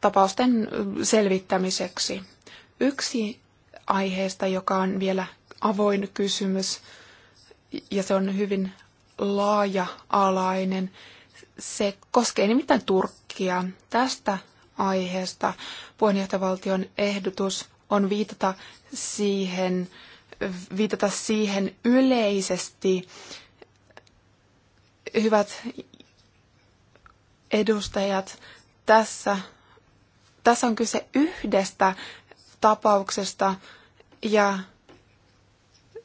tapausten selvittämiseksi. Yksi aiheesta, joka on vielä avoin kysymys, ja se on hyvin laaja-alainen, se koskee nimittäin Turkkia. Tästä aiheesta puheenjohtajavaltion ehdotus on viitata siihen, viitata siihen yleisesti. Hyvät edustajat, tässä, tässä on kyse yhdestä tapauksesta ja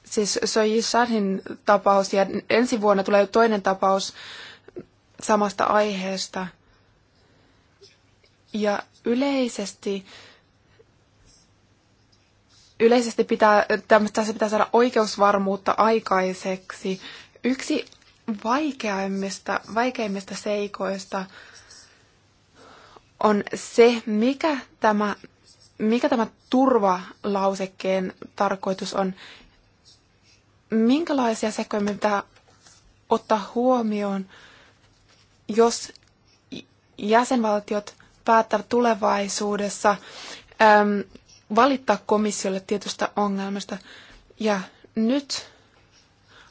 siis Soji Shadin tapaus ja ensi vuonna tulee toinen tapaus samasta aiheesta. Ja yleisesti, yleisesti pitää, tässä pitää saada oikeusvarmuutta aikaiseksi. Yksi vaikeimmista, vaikeimmista seikoista on se, mikä tämä, mikä tämä turvalausekkeen tarkoitus on. Minkälaisia seikoja me pitää ottaa huomioon, jos jäsenvaltiot päättävät tulevaisuudessa äm, valittaa komissiolle tietystä ongelmasta. Ja nyt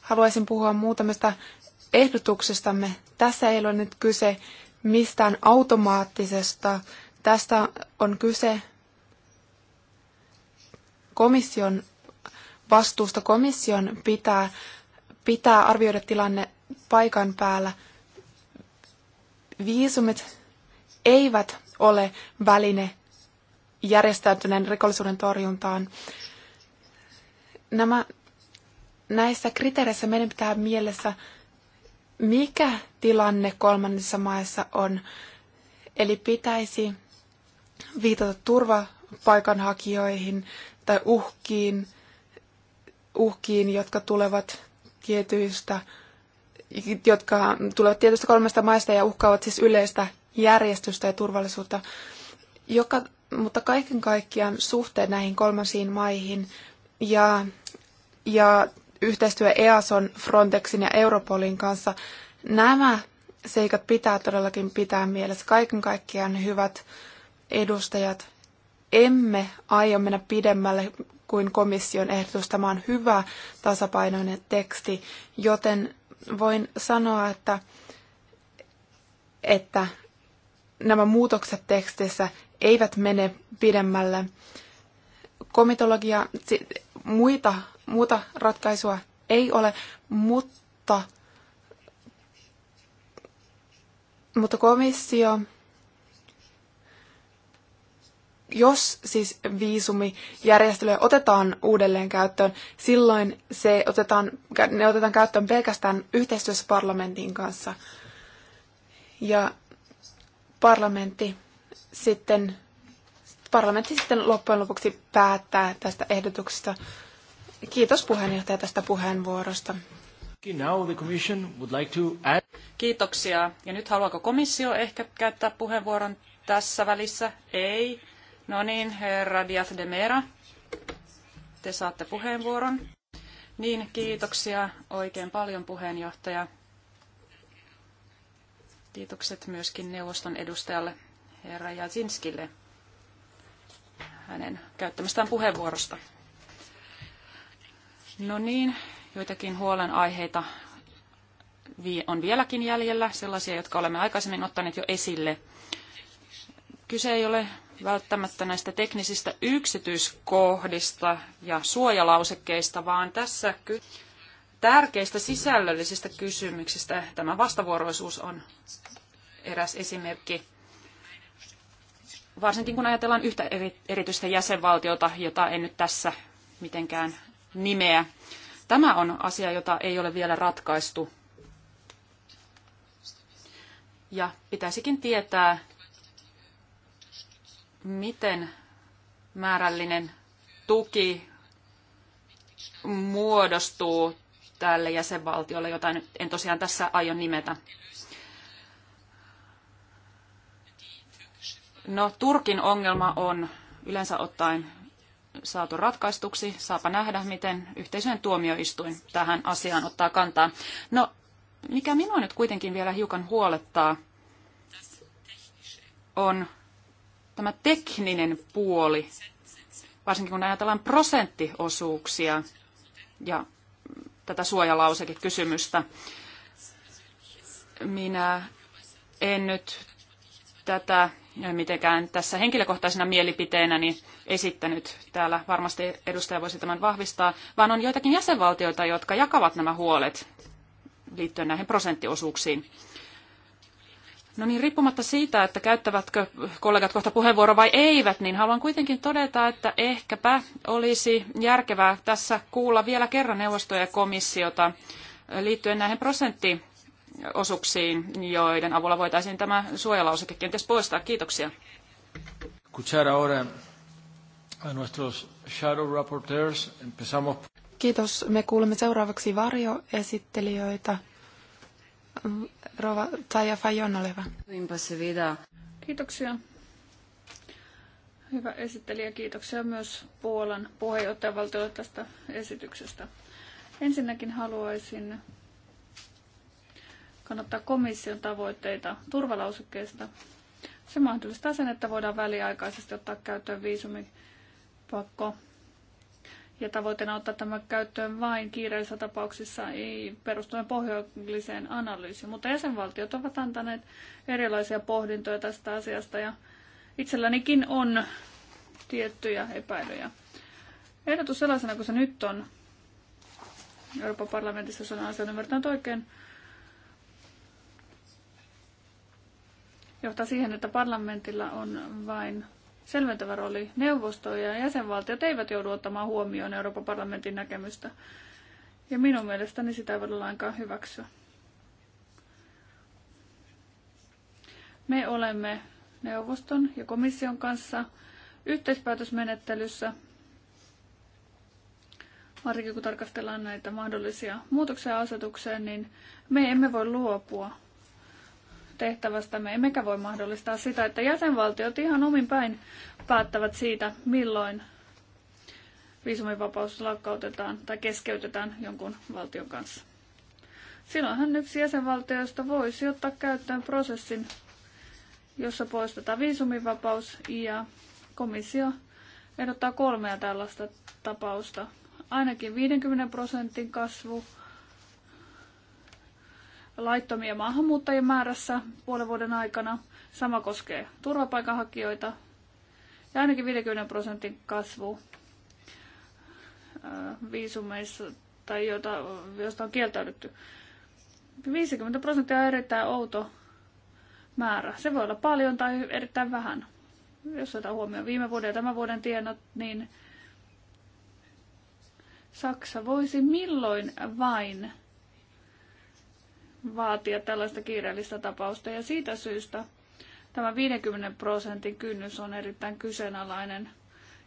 haluaisin puhua muutamista ehdotuksestamme. Tässä ei ole nyt kyse mistään automaattisesta. Tästä on kyse komission vastuusta. Komission pitää, pitää arvioida tilanne paikan päällä – viisumit eivät ole väline järjestäytyneen rikollisuuden torjuntaan. Nämä, näissä kriteereissä meidän pitää mielessä, mikä tilanne kolmannessa maissa on. Eli pitäisi viitata turvapaikanhakijoihin tai uhkiin, uhkiin jotka tulevat tietyistä jotka tulevat tietystä kolmesta maista ja uhkaavat siis yleistä järjestystä ja turvallisuutta. Joka, mutta kaiken kaikkiaan suhteen näihin kolmansiin maihin ja, ja yhteistyö EASON, Frontexin ja Europolin kanssa, nämä seikat pitää todellakin pitää mielessä. Kaiken kaikkiaan hyvät edustajat, emme aio mennä pidemmälle kuin komission ehdotus. Tämä on hyvä tasapainoinen teksti, joten voin sanoa, että, että nämä muutokset tekstissä eivät mene pidemmälle. Komitologia, muita, muuta ratkaisua ei ole, mutta, mutta komissio jos siis viisumijärjestelyä otetaan uudelleen käyttöön, silloin se otetaan, ne otetaan käyttöön pelkästään yhteistyössä parlamentin kanssa. Ja parlamentti sitten, parlamentti sitten loppujen lopuksi päättää tästä ehdotuksesta. Kiitos puheenjohtaja tästä puheenvuorosta. Kiitoksia. Ja nyt haluaako komissio ehkä käyttää puheenvuoron tässä välissä? Ei. No niin, herra Diaz de Mera, te saatte puheenvuoron. Niin, kiitoksia oikein paljon puheenjohtaja. Kiitokset myöskin neuvoston edustajalle, herra Jasinskille, hänen käyttämästään puheenvuorosta. No niin, joitakin huolenaiheita on vieläkin jäljellä, sellaisia, jotka olemme aikaisemmin ottaneet jo esille. Kyse ei ole välttämättä näistä teknisistä yksityiskohdista ja suojalausekkeista, vaan tässä tärkeistä sisällöllisistä kysymyksistä. Tämä vastavuoroisuus on eräs esimerkki, varsinkin kun ajatellaan yhtä eri, erityistä jäsenvaltiota, jota en nyt tässä mitenkään nimeä. Tämä on asia, jota ei ole vielä ratkaistu. Ja pitäisikin tietää, miten määrällinen tuki muodostuu tälle jäsenvaltiolle, jota nyt en tosiaan tässä aio nimetä. No, Turkin ongelma on yleensä ottaen saatu ratkaistuksi. Saapa nähdä, miten yhteisön tuomioistuin tähän asiaan ottaa kantaa. No, mikä minua nyt kuitenkin vielä hiukan huolettaa, on tämä tekninen puoli, varsinkin kun ajatellaan prosenttiosuuksia ja tätä kysymystä, Minä en nyt tätä mitenkään tässä henkilökohtaisena mielipiteenäni esittänyt. Täällä varmasti edustaja voisi tämän vahvistaa, vaan on joitakin jäsenvaltioita, jotka jakavat nämä huolet liittyen näihin prosenttiosuuksiin. No niin, riippumatta siitä, että käyttävätkö kollegat kohta puheenvuoro vai eivät, niin haluan kuitenkin todeta, että ehkäpä olisi järkevää tässä kuulla vielä kerran neuvostoja ja komissiota liittyen näihin prosenttiosuuksiin, joiden avulla voitaisiin tämä suojalauseke kenties poistaa. Kiitoksia. Kiitos. Me kuulemme seuraavaksi varjoesittelijöitä. Rova Taija Fajon, ole hyvä. Kiitoksia. Hyvä esittelijä. Kiitoksia myös Puolan puheenjohtajavaltiolle tästä esityksestä. Ensinnäkin haluaisin kannattaa komission tavoitteita turvalausekkeesta. Se mahdollistaa sen, että voidaan väliaikaisesti ottaa käyttöön viisumipakko ja tavoitteena ottaa tämä käyttöön vain kiireellisissä tapauksissa ei perustuen pohjalliseen analyysiin. Mutta jäsenvaltiot ovat antaneet erilaisia pohdintoja tästä asiasta ja itsellänikin on tiettyjä epäilyjä. Ehdotus sellaisena kuin se nyt on, Euroopan parlamentissa on asian ymmärtänyt oikein, johtaa siihen, että parlamentilla on vain selventävä rooli. Neuvosto ja jäsenvaltiot eivät joudu ottamaan huomioon Euroopan parlamentin näkemystä. Ja minun mielestäni sitä ei voida lainkaan hyväksyä. Me olemme neuvoston ja komission kanssa yhteispäätösmenettelyssä, varsinkin kun tarkastellaan näitä mahdollisia muutoksia asetukseen, niin me emme voi luopua tehtävästämme, emmekä voi mahdollistaa sitä, että jäsenvaltiot ihan omin päin päättävät siitä, milloin viisumivapaus lakkautetaan tai keskeytetään jonkun valtion kanssa. Silloinhan yksi jäsenvaltioista voisi ottaa käyttöön prosessin, jossa poistetaan viisumivapaus ja komissio ehdottaa kolmea tällaista tapausta. Ainakin 50 prosentin kasvu, Laittomia maahanmuuttajien määrässä puolen vuoden aikana. Sama koskee turvapaikanhakijoita ja ainakin 50 prosentin kasvu äh, viisumeissa tai jota, josta on kieltäydytty. 50 prosenttia on erittäin outo määrä. Se voi olla paljon tai erittäin vähän. Jos otetaan huomioon viime vuoden ja tämän vuoden tienot, niin Saksa voisi milloin vain vaatia tällaista kiireellistä tapausta. Ja siitä syystä tämä 50 prosentin kynnys on erittäin kyseenalainen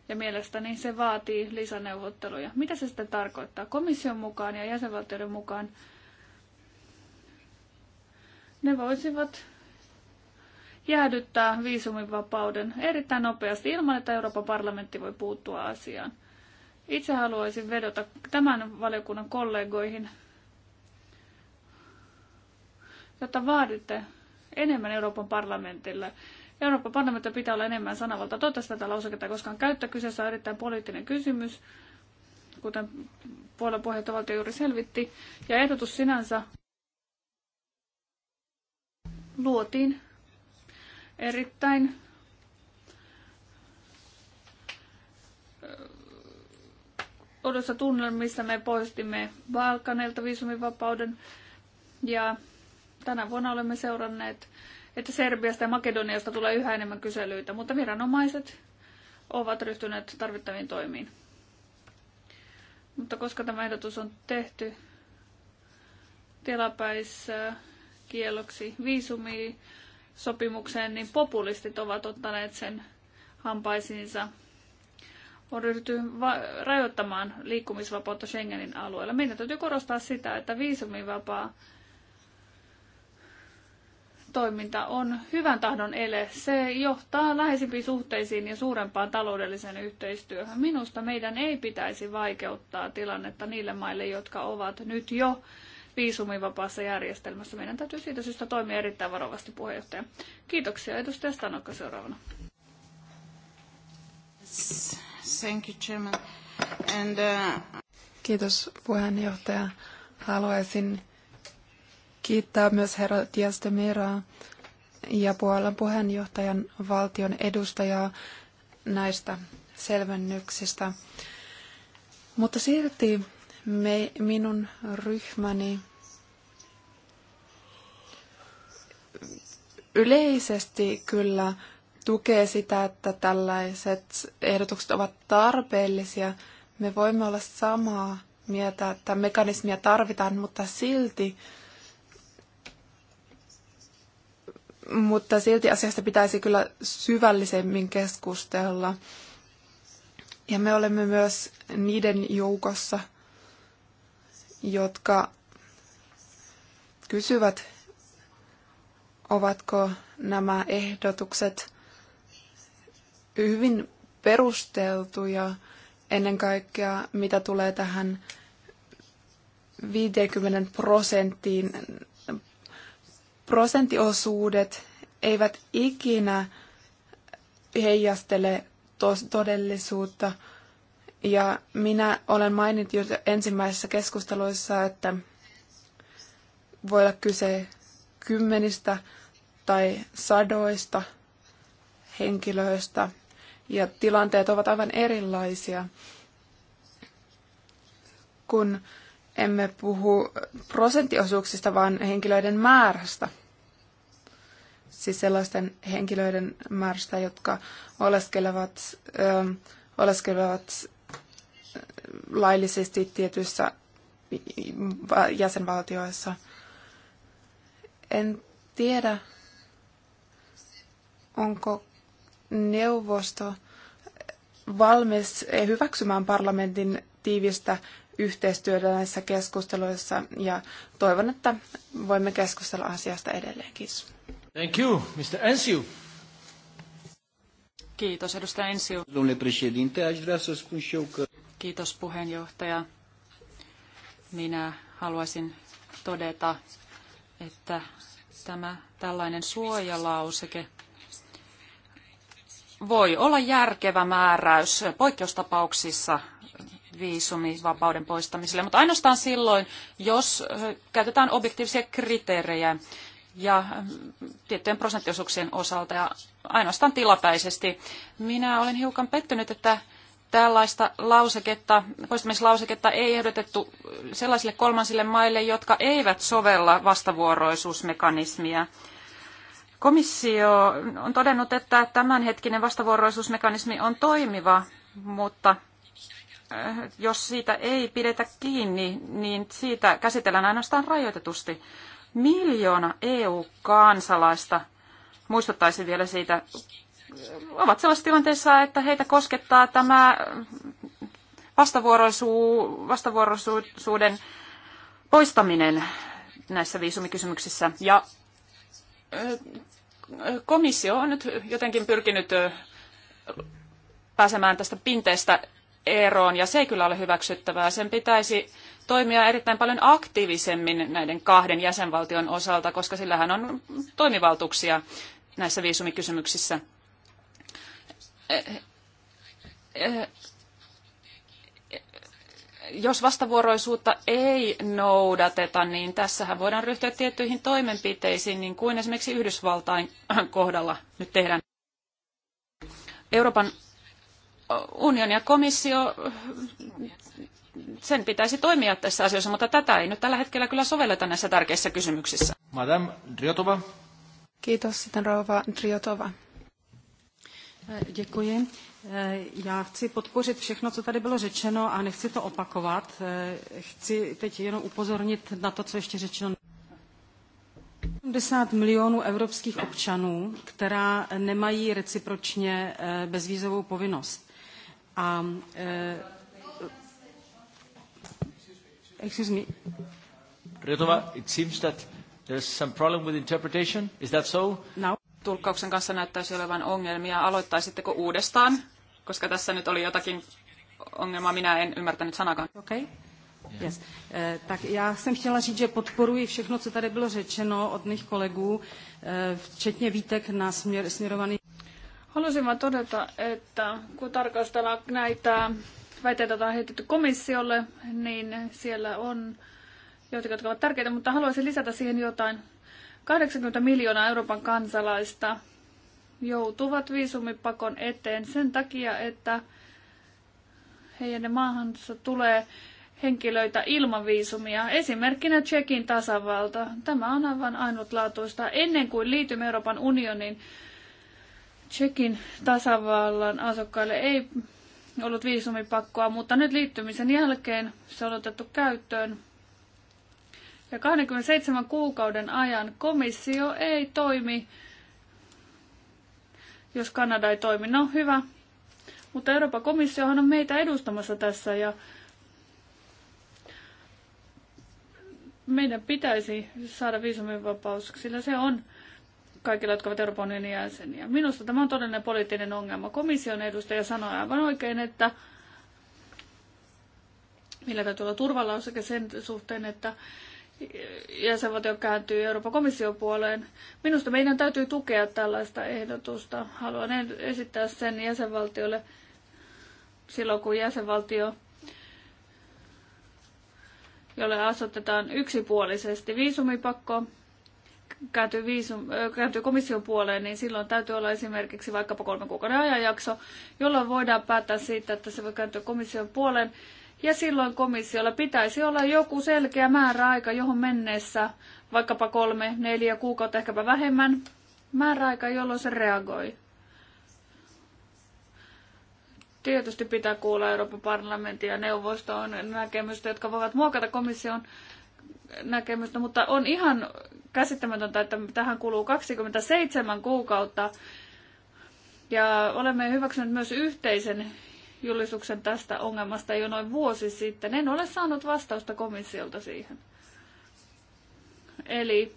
ja mielestäni se vaatii lisäneuvotteluja. Mitä se sitten tarkoittaa? Komission mukaan ja jäsenvaltioiden mukaan ne voisivat jäädyttää viisumivapauden erittäin nopeasti ilman, että Euroopan parlamentti voi puuttua asiaan. Itse haluaisin vedota tämän valiokunnan kollegoihin jotta vaaditte enemmän Euroopan parlamentille. Euroopan parlamentti pitää olla enemmän sanavalta. Toivottavasti tätä lauseketta koskaan käyttö Kyseessä on erittäin poliittinen kysymys, kuten puolen puheenjohtajavaltio juuri selvitti. Ja ehdotus sinänsä luotiin erittäin äh, odossa tunnelmissa me poistimme Balkanelta viisumivapauden ja Tänä vuonna olemme seuranneet, että Serbiasta ja Makedoniasta tulee yhä enemmän kyselyitä, mutta viranomaiset ovat ryhtyneet tarvittaviin toimiin. Mutta koska tämä ehdotus on tehty tilapäiskieloksi viisumiin, sopimukseen, niin populistit ovat ottaneet sen hampaisiinsa. On ryhdytty rajoittamaan liikkumisvapautta Schengenin alueella. Meidän täytyy korostaa sitä, että viisumivapaa toiminta on hyvän tahdon ele. Se johtaa läheisimpiin suhteisiin ja suurempaan taloudelliseen yhteistyöhön. Minusta meidän ei pitäisi vaikeuttaa tilannetta niille maille, jotka ovat nyt jo viisumivapaassa järjestelmässä. Meidän täytyy siitä syystä toimia erittäin varovasti puheenjohtaja. Kiitoksia. Edustaja Stanokka seuraavana. Thank you, Chairman. And, uh... Kiitos puheenjohtaja. Haluaisin kiittää myös herra Dias de Miraa ja Puolan puheenjohtajan valtion edustajaa näistä selvennyksistä. Mutta silti me, minun ryhmäni yleisesti kyllä tukee sitä, että tällaiset ehdotukset ovat tarpeellisia. Me voimme olla samaa mieltä, että mekanismia tarvitaan, mutta silti mutta silti asiasta pitäisi kyllä syvällisemmin keskustella. Ja me olemme myös niiden joukossa, jotka kysyvät, ovatko nämä ehdotukset hyvin perusteltuja ennen kaikkea, mitä tulee tähän 50 prosenttiin prosenttiosuudet eivät ikinä heijastele tos- todellisuutta. Ja minä olen maininnut jo ensimmäisissä keskusteluissa, että voi olla kyse kymmenistä tai sadoista henkilöistä, ja tilanteet ovat aivan erilaisia. Kun emme puhu prosenttiosuuksista, vaan henkilöiden määrästä. Siis sellaisten henkilöiden määrästä, jotka oleskelevat, ö, oleskelevat laillisesti tietyissä jäsenvaltioissa. En tiedä, onko neuvosto valmis hyväksymään parlamentin tiivistä yhteistyötä näissä keskusteluissa ja toivon, että voimme keskustella asiasta edelleen. Kiitos. Thank you, Mr. Ensiu. Kiitos, edustaja Ensiu. Kiitos, puheenjohtaja. Minä haluaisin todeta, että tämä tällainen suojalauseke voi olla järkevä määräys poikkeustapauksissa viisumivapauden poistamiselle, mutta ainoastaan silloin, jos käytetään objektiivisia kriteerejä ja tiettyjen prosenttiosuuksien osalta ja ainoastaan tilapäisesti. Minä olen hiukan pettynyt, että tällaista lauseketta, poistamislauseketta ei ehdotettu sellaisille kolmansille maille, jotka eivät sovella vastavuoroisuusmekanismia. Komissio on todennut, että tämänhetkinen vastavuoroisuusmekanismi on toimiva, mutta Äh, jos siitä ei pidetä kiinni, niin siitä käsitellään ainoastaan rajoitetusti. Miljoona EU-kansalaista, muistuttaisin vielä siitä, ovat sellaisessa tilanteessa, että heitä koskettaa tämä vastavuoroisuuden, vastavuoroisuuden poistaminen näissä viisumikysymyksissä. Ja äh, komissio on nyt jotenkin pyrkinyt äh, pääsemään tästä pinteestä eroon, ja se ei kyllä ole hyväksyttävää. Sen pitäisi toimia erittäin paljon aktiivisemmin näiden kahden jäsenvaltion osalta, koska sillähän on toimivaltuuksia näissä viisumikysymyksissä. Jos vastavuoroisuutta ei noudateta, niin tässähän voidaan ryhtyä tiettyihin toimenpiteisiin, niin kuin esimerkiksi Yhdysvaltain kohdalla nyt tehdään. Euroopan unioni ja komissio, sen pitäisi toimia tässä asiassa, mutta tätä ei nyt tällä hetkellä kyllä sovelleta näissä tärkeissä kysymyksissä. Madame Driotova. Kiitos, sitten rouva Driotova. Eh, děkuji. Eh, já chci podpořit všechno, co tady bylo řečeno a nechci to opakovat. Eh, chci teď jenom upozornit na to, co ještě řečeno. 80 milionů evropských občanů, která nemají recipročně bezvízovou povinnost. Um, uh, excuse me. Rytova, it seems that there's some problem with interpretation. Is that so? No. Tulkkauksen kanssa näyttäisi olevan ongelmia. Aloittaisitteko uudestaan? Koska tässä nyt oli jotakin ongelmaa, minä en ymmärtänyt sanakaan. Okei. Okay. Yes. Eh, tak já jsem chtěla říct, že podporuji všechno, co tady bylo řečeno od mých kolegů, eh, včetně výtek na směr, směrovaný. Haluaisin vain todeta, että kun tarkastellaan näitä väitteitä, joita on heitetty komissiolle, niin siellä on joitakin, jotka ovat tärkeitä, mutta haluaisin lisätä siihen jotain. 80 miljoonaa Euroopan kansalaista joutuvat viisumipakon eteen sen takia, että heidän maahansa tulee henkilöitä ilman viisumia, esimerkkinä Tsekin tasavalta. Tämä on aivan ainutlaatuista. Ennen kuin liitymme Euroopan unioniin, Tsekin tasavallan asukkaille ei ollut viisumipakkoa, mutta nyt liittymisen jälkeen se on otettu käyttöön. Ja 27 kuukauden ajan komissio ei toimi, jos Kanada ei toimi. No hyvä, mutta Euroopan komissiohan on meitä edustamassa tässä ja meidän pitäisi saada viisumivapaus, sillä se on kaikille, jotka ovat Euroopan unionin jäseniä. Minusta tämä on todellinen poliittinen ongelma. Komission edustaja sanoi aivan oikein, että millä täytyy olla turvalauseke sen suhteen, että jäsenvaltio kääntyy Euroopan komission puoleen. Minusta meidän täytyy tukea tällaista ehdotusta. Haluan esittää sen jäsenvaltiolle silloin, kun jäsenvaltio jolle asetetaan yksipuolisesti viisumipakko kääntyy, viisum, kääntyy komission puoleen, niin silloin täytyy olla esimerkiksi vaikkapa kolmen kuukauden ajanjakso, jolloin voidaan päättää siitä, että se voi kääntyä komission puoleen. Ja silloin komissiolla pitäisi olla joku selkeä määräaika, johon mennessä vaikkapa kolme, neljä kuukautta, ehkäpä vähemmän, määräaika, jolloin se reagoi. Tietysti pitää kuulla Euroopan parlamentin ja neuvoston näkemystä, jotka voivat muokata komission näkemystä, mutta on ihan käsittämätöntä, että tähän kuluu 27 kuukautta. Ja olemme hyväksyneet myös yhteisen julistuksen tästä ongelmasta jo noin vuosi sitten. En ole saanut vastausta komissiolta siihen. Eli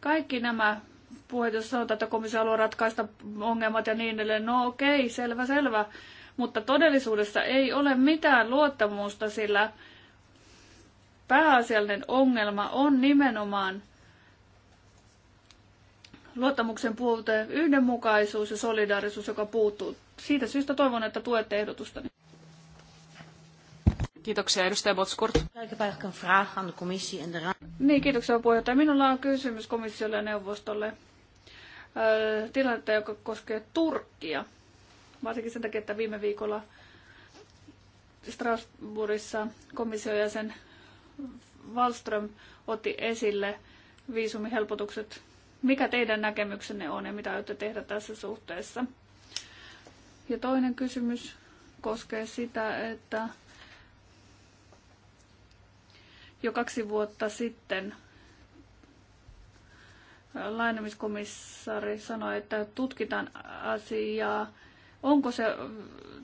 kaikki nämä puheet, jos sanotaan, että komissio haluaa ratkaista ongelmat ja niin edelleen, no okei, selvä, selvä. Mutta todellisuudessa ei ole mitään luottamusta, sillä pääasiallinen ongelma on nimenomaan luottamuksen puute, yhdenmukaisuus ja solidaarisuus, joka puuttuu. Siitä syystä toivon, että tuette ehdotusta. Kiitoksia, edustaja Botskurt. Niin, kiitoksia puheenjohtaja. Minulla on kysymys komissiolle ja neuvostolle tilannetta, joka koskee Turkkia. Varsinkin sen takia, että viime viikolla Strasbourgissa komission jäsen Wallström otti esille viisumihelpotukset. Mikä teidän näkemyksenne on ja mitä aiotte tehdä tässä suhteessa? Ja toinen kysymys koskee sitä, että jo kaksi vuotta sitten lainamiskomissaari sanoi, että tutkitaan asiaa. Onko se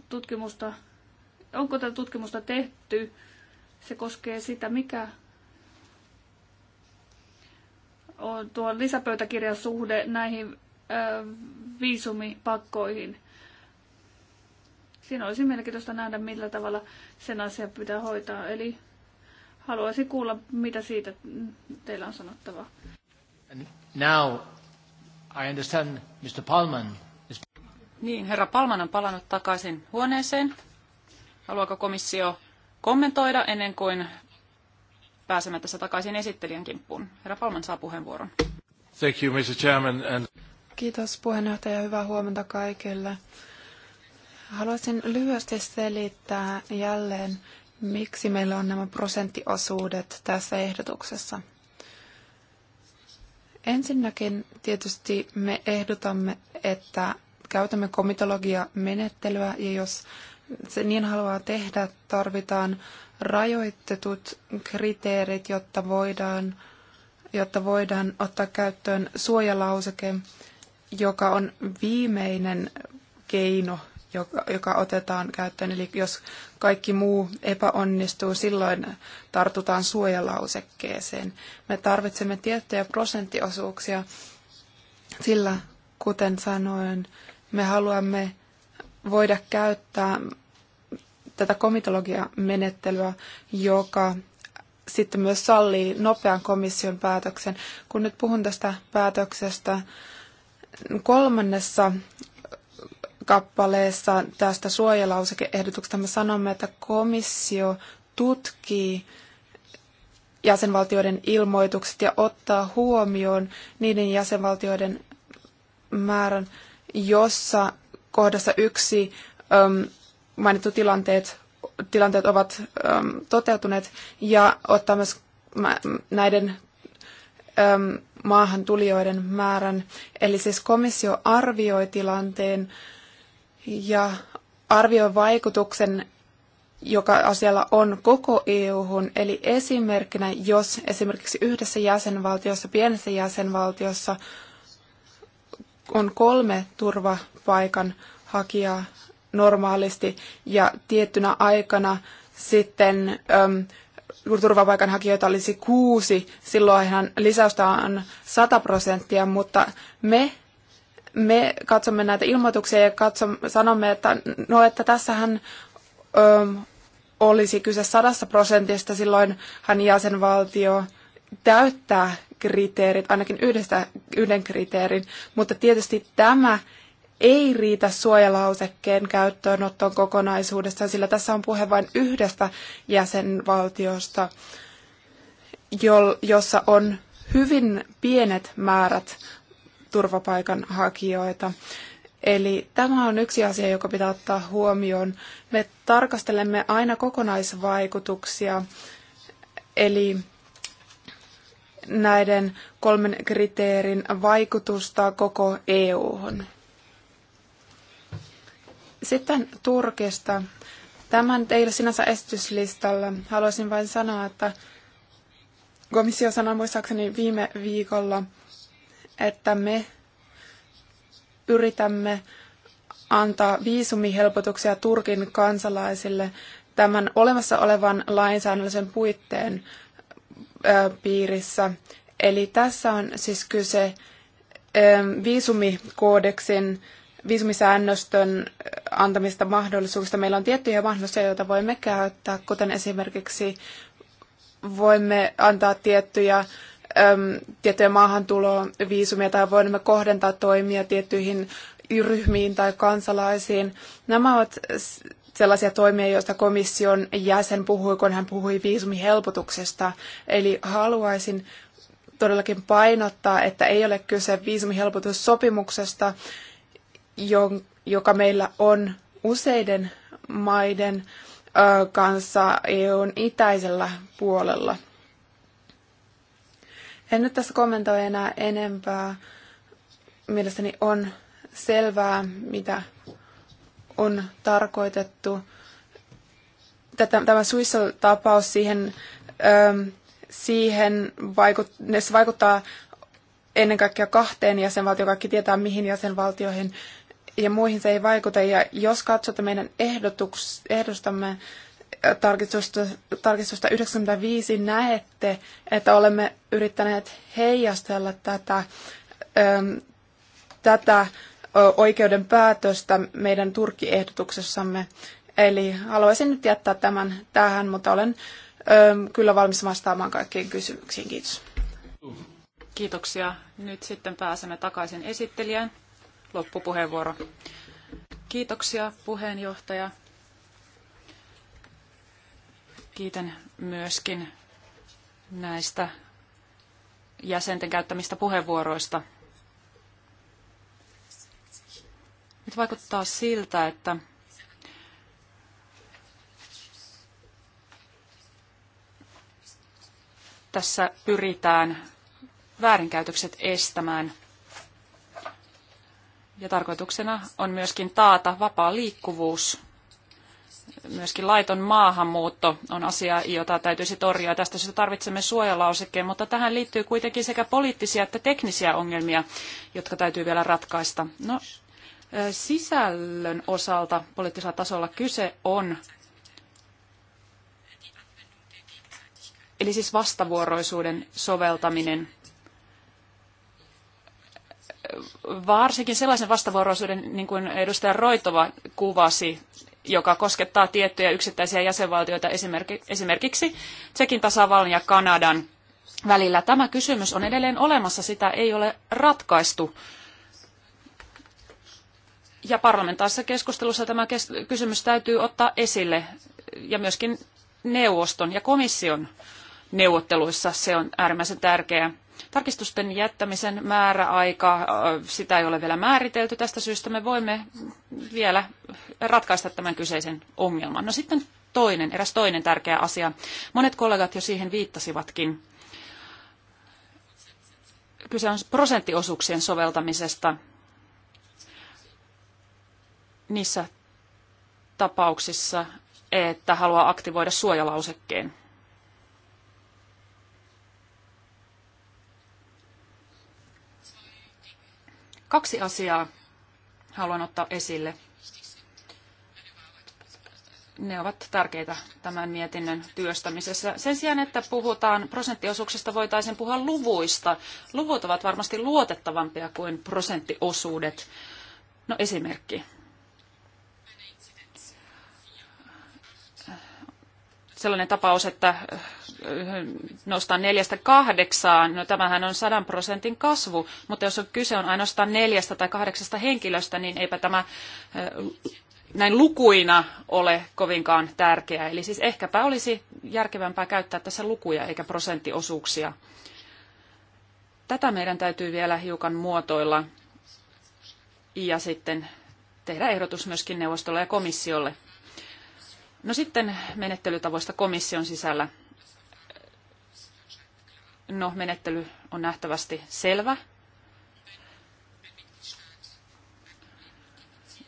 tutkimusta, onko tätä tutkimusta tehty se koskee sitä, mikä on tuo lisäpöytäkirjan suhde näihin ö, viisumipakkoihin. Siinä olisi mielenkiintoista nähdä, millä tavalla sen asia pitää hoitaa. Eli haluaisin kuulla, mitä siitä teillä on sanottavaa. Now, I understand Mr. Palman Niin, herra Palman on palannut takaisin huoneeseen. Haluaako komissio kommentoida ennen kuin pääsemme tässä takaisin esittelijän kimppuun. Herra Palman saa puheenvuoron. Thank you, Mr. Chairman, and... Kiitos puheenjohtaja ja hyvää huomenta kaikille. Haluaisin lyhyesti selittää jälleen, miksi meillä on nämä prosenttiosuudet tässä ehdotuksessa. Ensinnäkin tietysti me ehdotamme, että käytämme komitologia menettelyä ja jos se niin haluaa tehdä, tarvitaan rajoitetut kriteerit, jotta voidaan, jotta voidaan ottaa käyttöön suojalauseke, joka on viimeinen keino, joka, joka otetaan käyttöön. Eli jos kaikki muu epäonnistuu, silloin tartutaan suojalausekkeeseen. Me tarvitsemme tiettyjä prosenttiosuuksia, sillä kuten sanoin, me haluamme voida käyttää tätä komitologiamenettelyä, joka sitten myös sallii nopean komission päätöksen. Kun nyt puhun tästä päätöksestä, kolmannessa kappaleessa tästä suojalausekeehdotuksesta me sanomme, että komissio tutkii jäsenvaltioiden ilmoitukset ja ottaa huomioon niiden jäsenvaltioiden määrän, jossa kohdassa yksi äm, mainittu tilanteet, tilanteet ovat äm, toteutuneet ja ottaa myös näiden äm, maahantulijoiden määrän. Eli siis komissio arvioi tilanteen ja arvioi vaikutuksen, joka asialla on koko EU-hun. Eli esimerkkinä, jos esimerkiksi yhdessä jäsenvaltiossa, pienessä jäsenvaltiossa on kolme turvapaikan hakijaa normaalisti ja tiettynä aikana sitten äm, turvapaikanhakijoita olisi kuusi, silloinhan lisäystä on 100 prosenttia, mutta me, me katsomme näitä ilmoituksia ja katsomme, sanomme, että, no, että tässähän äm, olisi kyse sadassa prosentista, silloinhan jäsenvaltio täyttää kriteerit, ainakin yhdestä, yhden kriteerin, mutta tietysti tämä ei riitä suojalausekkeen käyttöönottoon kokonaisuudessaan, sillä tässä on puhe vain yhdestä jäsenvaltiosta, jossa on hyvin pienet määrät turvapaikanhakijoita. Eli tämä on yksi asia, joka pitää ottaa huomioon. Me tarkastelemme aina kokonaisvaikutuksia, eli näiden kolmen kriteerin vaikutusta koko eu hun Sitten Turkista. Tämän teillä sinänsä esityslistalla haluaisin vain sanoa, että komissio sanoi muistaakseni viime viikolla, että me yritämme antaa viisumihelpotuksia Turkin kansalaisille tämän olemassa olevan lainsäädännöllisen puitteen piirissä. Eli tässä on siis kyse viisumikoodeksin viisumisäännöstön antamista mahdollisuuksista. Meillä on tiettyjä mahdollisuuksia, joita voimme käyttää, kuten esimerkiksi voimme antaa tiettyjä, äm, tiettyjä maahantuloviisumia tai voimme kohdentaa toimia tiettyihin ryhmiin tai kansalaisiin. Nämä ovat sellaisia toimia, joista komission jäsen puhui, kun hän puhui viisumihelpotuksesta. Eli haluaisin todellakin painottaa, että ei ole kyse viisumihelpotussopimuksesta, joka meillä on useiden maiden kanssa EUn itäisellä puolella. En nyt tässä kommentoi enää enempää. Mielestäni on selvää, mitä on tarkoitettu, tätä, tämä Suissa-tapaus siihen, äm, siihen vaikut, vaikuttaa ennen kaikkea kahteen jäsenvaltioon, kaikki tietää mihin jäsenvaltioihin ja muihin se ei vaikuta. Ja jos katsotte meidän ehdotuks, ehdostamme äh, tarkistusta, tarkistusta 95, näette, että olemme yrittäneet heijastella tätä, äm, tätä oikeuden päätöstä meidän Turkki-ehdotuksessamme. Eli haluaisin nyt jättää tämän tähän, mutta olen ö, kyllä valmis vastaamaan kaikkiin kysymyksiin. Kiitos. Kiitoksia. Nyt sitten pääsemme takaisin esittelijään. Loppupuheenvuoro. Kiitoksia puheenjohtaja. Kiitän myöskin näistä jäsenten käyttämistä puheenvuoroista – Nyt vaikuttaa siltä, että tässä pyritään väärinkäytökset estämään. Ja tarkoituksena on myöskin taata vapaa liikkuvuus. Myöskin laiton maahanmuutto on asia, jota täytyisi torjua. Tästä syystä tarvitsemme suojalausekkeen, mutta tähän liittyy kuitenkin sekä poliittisia että teknisiä ongelmia, jotka täytyy vielä ratkaista. No, sisällön osalta poliittisella tasolla kyse on, eli siis vastavuoroisuuden soveltaminen, varsinkin sellaisen vastavuoroisuuden, niin kuin edustaja Roitova kuvasi, joka koskettaa tiettyjä yksittäisiä jäsenvaltioita, esimerkiksi Tsekin tasavallan ja Kanadan välillä. Tämä kysymys on edelleen olemassa, sitä ei ole ratkaistu ja parlamentaarisessa keskustelussa tämä kysymys täytyy ottaa esille ja myöskin neuvoston ja komission neuvotteluissa se on äärimmäisen tärkeää. Tarkistusten jättämisen määräaika, sitä ei ole vielä määritelty. Tästä syystä me voimme vielä ratkaista tämän kyseisen ongelman. No sitten toinen, eräs toinen tärkeä asia. Monet kollegat jo siihen viittasivatkin. Kyse on prosenttiosuuksien soveltamisesta niissä tapauksissa, että haluaa aktivoida suojalausekkeen. Kaksi asiaa haluan ottaa esille. Ne ovat tärkeitä tämän mietinnön työstämisessä. Sen sijaan, että puhutaan prosenttiosuuksista, voitaisiin puhua luvuista. Luvut ovat varmasti luotettavampia kuin prosenttiosuudet. No esimerkki. sellainen tapaus, että äh, nostaa neljästä kahdeksaan, no tämähän on sadan prosentin kasvu, mutta jos on kyse on ainoastaan neljästä tai kahdeksasta henkilöstä, niin eipä tämä äh, näin lukuina ole kovinkaan tärkeää. Eli siis ehkäpä olisi järkevämpää käyttää tässä lukuja eikä prosenttiosuuksia. Tätä meidän täytyy vielä hiukan muotoilla ja sitten tehdä ehdotus myöskin neuvostolle ja komissiolle. No sitten menettelytavoista komission sisällä. No, menettely on nähtävästi selvä.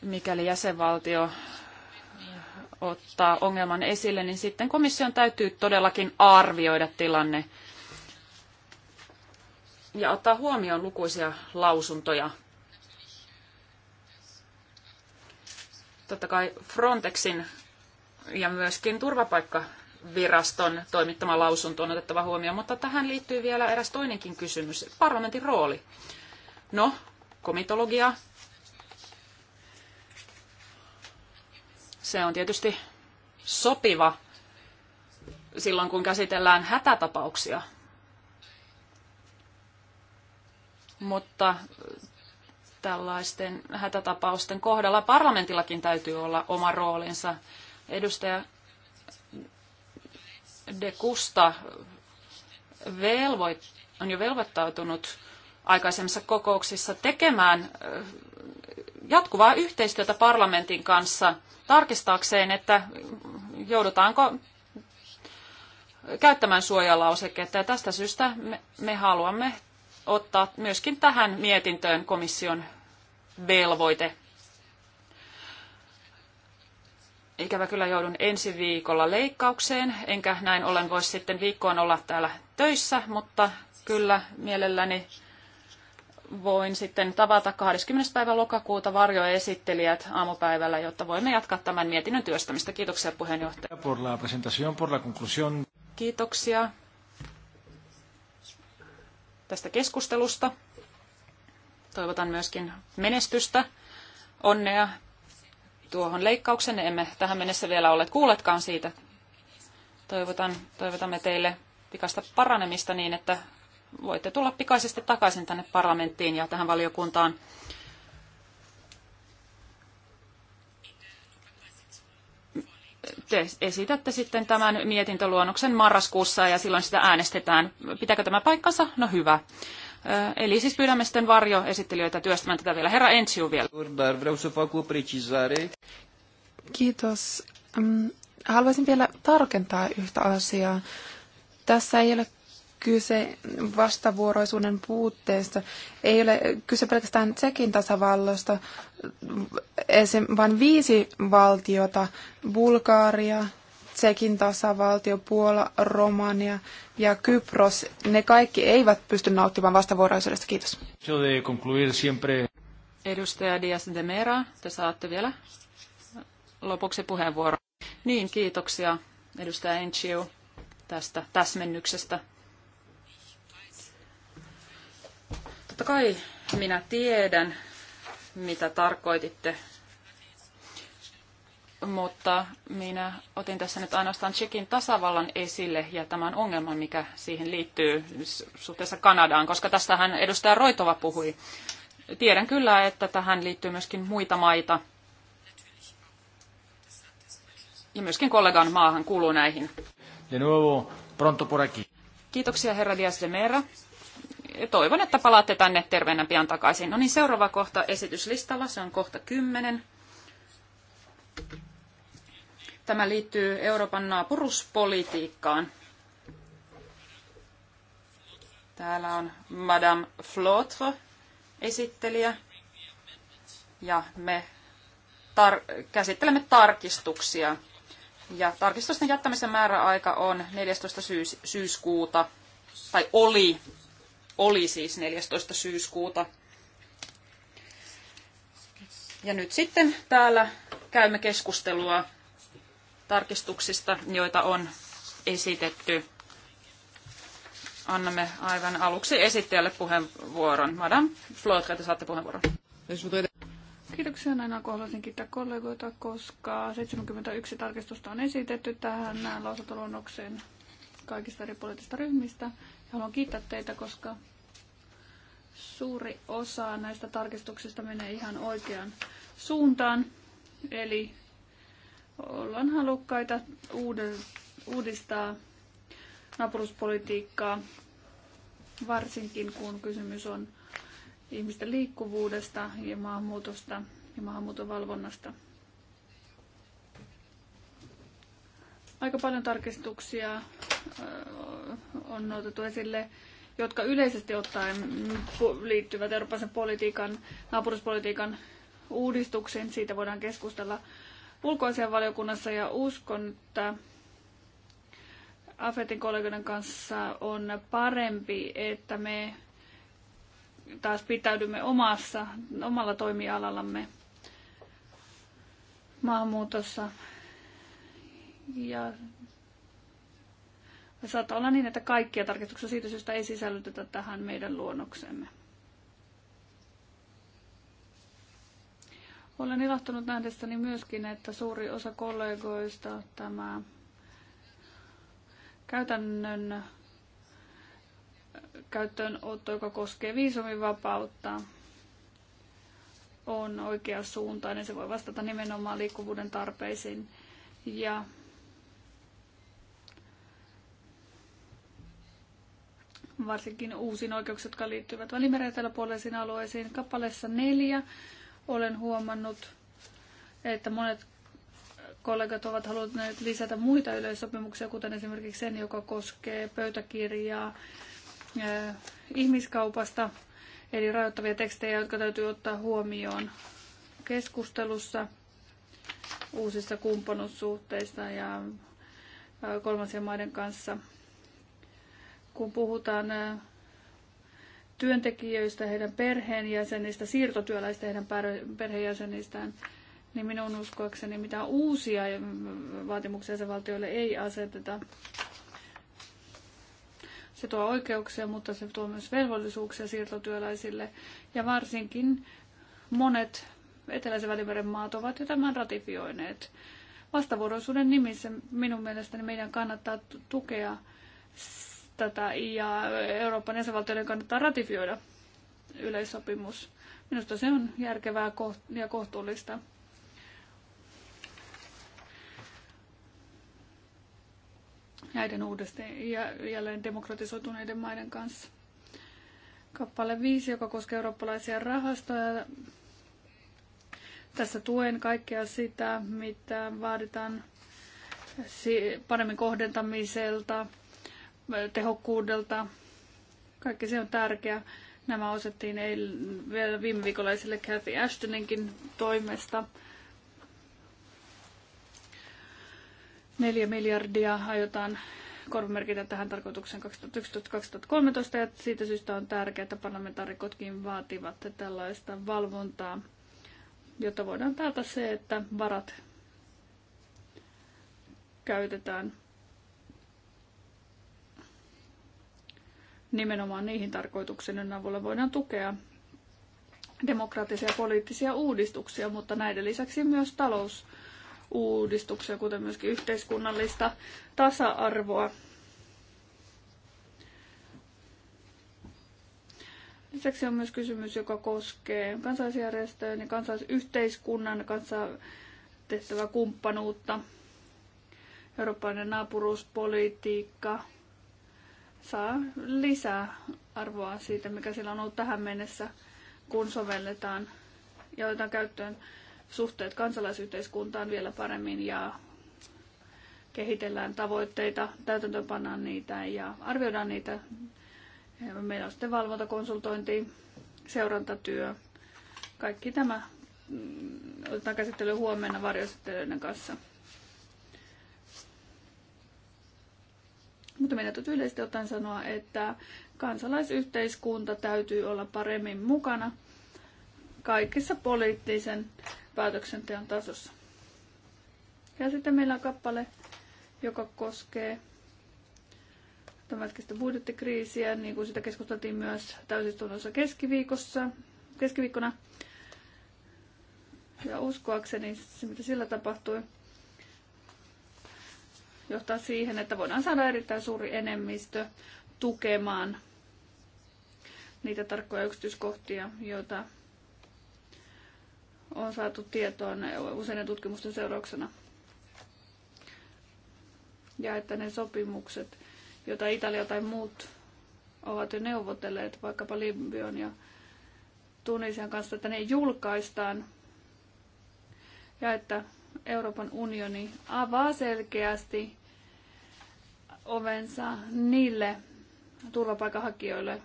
Mikäli jäsenvaltio ottaa ongelman esille, niin sitten komission täytyy todellakin arvioida tilanne ja ottaa huomioon lukuisia lausuntoja. Totta kai Frontexin ja myöskin turvapaikkaviraston toimittama lausunto on otettava huomioon, mutta tähän liittyy vielä eräs toinenkin kysymys, parlamentin rooli. No, komitologia. Se on tietysti sopiva silloin, kun käsitellään hätätapauksia. Mutta tällaisten hätätapausten kohdalla parlamentillakin täytyy olla oma roolinsa edustaja De Kusta velvoit, on jo velvoittautunut aikaisemmissa kokouksissa tekemään jatkuvaa yhteistyötä parlamentin kanssa tarkistaakseen, että joudutaanko käyttämään suojalauseketta. Ja tästä syystä me, me haluamme ottaa myöskin tähän mietintöön komission velvoite ikävä kyllä joudun ensi viikolla leikkaukseen, enkä näin ollen voisi sitten viikkoon olla täällä töissä, mutta kyllä mielelläni voin sitten tavata 20. päivä lokakuuta varjoesittelijät aamupäivällä, jotta voimme jatkaa tämän mietinnön työstämistä. Kiitoksia puheenjohtaja. Por la presentación, por la conclusión. Kiitoksia tästä keskustelusta. Toivotan myöskin menestystä, onnea tuohon leikkaukseen. Emme tähän mennessä vielä olleet kuulletkaan siitä. Toivotan, toivotamme teille pikasta paranemista niin, että voitte tulla pikaisesti takaisin tänne parlamenttiin ja tähän valiokuntaan. Te esitätte sitten tämän mietintöluonnoksen marraskuussa ja silloin sitä äänestetään. Pitääkö tämä paikkansa? No hyvä. Eli siis pyydämme sitten varjoesittelijöitä työstämään tätä vielä. Herra Enciu vielä. Kiitos. Mm, haluaisin vielä tarkentaa yhtä asiaa. Tässä ei ole kyse vastavuoroisuuden puutteesta. Ei ole kyse pelkästään Tsekin tasavallasta, mm, vaan viisi valtiota, Bulgaaria, Tsekin tasavaltio, Puola, Romania ja Kypros, ne kaikki eivät pysty nauttimaan vastavuoroisuudesta. Kiitos. Edustaja Dias de Mera, te saatte vielä lopuksi puheenvuoron. Niin, kiitoksia edustaja Enchiu tästä täsmennyksestä. Totta kai minä tiedän, mitä tarkoititte mutta minä otin tässä nyt ainoastaan Tsekin tasavallan esille ja tämän ongelman, mikä siihen liittyy suhteessa Kanadaan, koska tästähän edustaja Roitova puhui. Tiedän kyllä, että tähän liittyy myöskin muita maita. Ja myöskin kollegan maahan kuuluu näihin. De nuevo, pronto por aquí. Kiitoksia herra Dias de Mera. Toivon, että palaatte tänne terveenä pian takaisin. No niin, seuraava kohta esityslistalla, se on kohta kymmenen. Tämä liittyy Euroopan naapuruspolitiikkaan. Täällä on Madame Flotre esittelijä. Ja me tar- käsittelemme tarkistuksia. Ja tarkistusten jättämisen määräaika on 14. Syys- syyskuuta, tai oli, oli siis 14. syyskuuta. Ja nyt sitten täällä käymme keskustelua tarkistuksista, joita on esitetty. Annamme aivan aluksi esittäjälle puheenvuoron. Madame Flotre, te saatte puheenvuoron. Kiitoksia. Näin alkuun kiittää kollegoita, koska 71 tarkistusta on esitetty tähän lausuntoluonnokseen kaikista eri poliittisista ryhmistä. Ja haluan kiittää teitä, koska suuri osa näistä tarkistuksista menee ihan oikeaan suuntaan. Eli ollaan halukkaita uuden, uudistaa naapuruspolitiikkaa, varsinkin kun kysymys on ihmisten liikkuvuudesta ja maahanmuutosta ja maahanmuuton valvonnasta. Aika paljon tarkistuksia äh, on otettu esille, jotka yleisesti ottaen liittyvät eurooppalaisen politiikan, naapuruspolitiikan uudistuksiin. Siitä voidaan keskustella ulkoasianvaliokunnassa ja uskon, että Afetin kollegoiden kanssa on parempi, että me taas pitäydymme omassa, omalla toimialallamme maahanmuutossa. Ja saattaa olla niin, että kaikkia tarkistuksia siitä syystä ei sisällytetä tähän meidän luonnoksemme. Olen ilahtunut nähdessäni myöskin, että suuri osa kollegoista tämä käytännön käyttöönotto, joka koskee viisumivapautta, on oikea suuntainen. Se voi vastata nimenomaan liikkuvuuden tarpeisiin. Ja varsinkin uusiin oikeuksiin, jotka liittyvät välimeren alueisiin. Kappaleessa neljä olen huomannut, että monet kollegat ovat halunneet lisätä muita yleissopimuksia, kuten esimerkiksi sen, joka koskee pöytäkirjaa eh, ihmiskaupasta, eli rajoittavia tekstejä, jotka täytyy ottaa huomioon keskustelussa uusissa kumppanuussuhteissa ja eh, kolmansien maiden kanssa. Kun puhutaan eh, työntekijöistä, heidän perheenjäsenistä, siirtotyöläistä, heidän perheenjäsenistään, niin minun uskoakseni mitään uusia mm, vaatimuksia se valtioille ei aseteta. Se tuo oikeuksia, mutta se tuo myös velvollisuuksia siirtotyöläisille. Ja varsinkin monet eteläisen välimeren maat ovat jo tämän ratifioineet. Vastavuoroisuuden nimissä minun mielestäni meidän kannattaa tukea tätä ja Euroopan jäsenvaltioiden kannattaa ratifioida yleissopimus. Minusta se on järkevää ja kohtuullista. näiden uudestaan ja jälleen demokratisoituneiden maiden kanssa. Kappale 5, joka koskee eurooppalaisia rahastoja. Tässä tuen kaikkea sitä, mitä vaaditaan paremmin kohdentamiselta, tehokkuudelta. Kaikki se on tärkeää. Nämä osettiin vielä viime viikolla esille Ashtoninkin toimesta. Neljä miljardia aiotaan korvamerkitä tähän tarkoitukseen 2011-2013 ja siitä syystä on tärkeää, että parlamentaarikotkin vaativat tällaista valvontaa, jotta voidaan taata se, että varat käytetään – nimenomaan niihin tarkoituksiin, avulla voidaan tukea demokraattisia poliittisia uudistuksia, mutta näiden lisäksi myös talousuudistuksia, kuten myöskin yhteiskunnallista tasa-arvoa. Lisäksi on myös kysymys, joka koskee kansalaisjärjestöjen ja kansalaisyhteiskunnan kanssa tehtävää kumppanuutta, eurooppalainen naapuruuspolitiikka, saa lisää arvoa siitä, mikä sillä on ollut tähän mennessä, kun sovelletaan ja otetaan käyttöön suhteet kansalaisyhteiskuntaan vielä paremmin ja kehitellään tavoitteita, täytäntöönpannaan niitä ja arvioidaan niitä. Meillä on sitten valvontakonsultointi, seurantatyö. Kaikki tämä mm, otetaan käsittelyyn huomenna varjoesittelyiden kanssa. Mutta meidän täytyy yleisesti ottaen sanoa, että kansalaisyhteiskunta täytyy olla paremmin mukana kaikissa poliittisen päätöksenteon tasossa. Ja sitten meillä on kappale, joka koskee tämänhetkistä budjettikriisiä, niin kuin sitä keskusteltiin myös täysistunnossa keskiviikossa, keskiviikkona. Ja uskoakseni se, mitä sillä tapahtui, johtaa siihen, että voidaan saada erittäin suuri enemmistö tukemaan niitä tarkkoja yksityiskohtia, joita on saatu tietoon useiden tutkimusten seurauksena. Ja että ne sopimukset, joita Italia tai muut ovat jo neuvotelleet, vaikkapa Libyan ja Tunisian kanssa, että ne julkaistaan ja että Euroopan unioni avaa selkeästi ovensa niille turvapaikanhakijoille,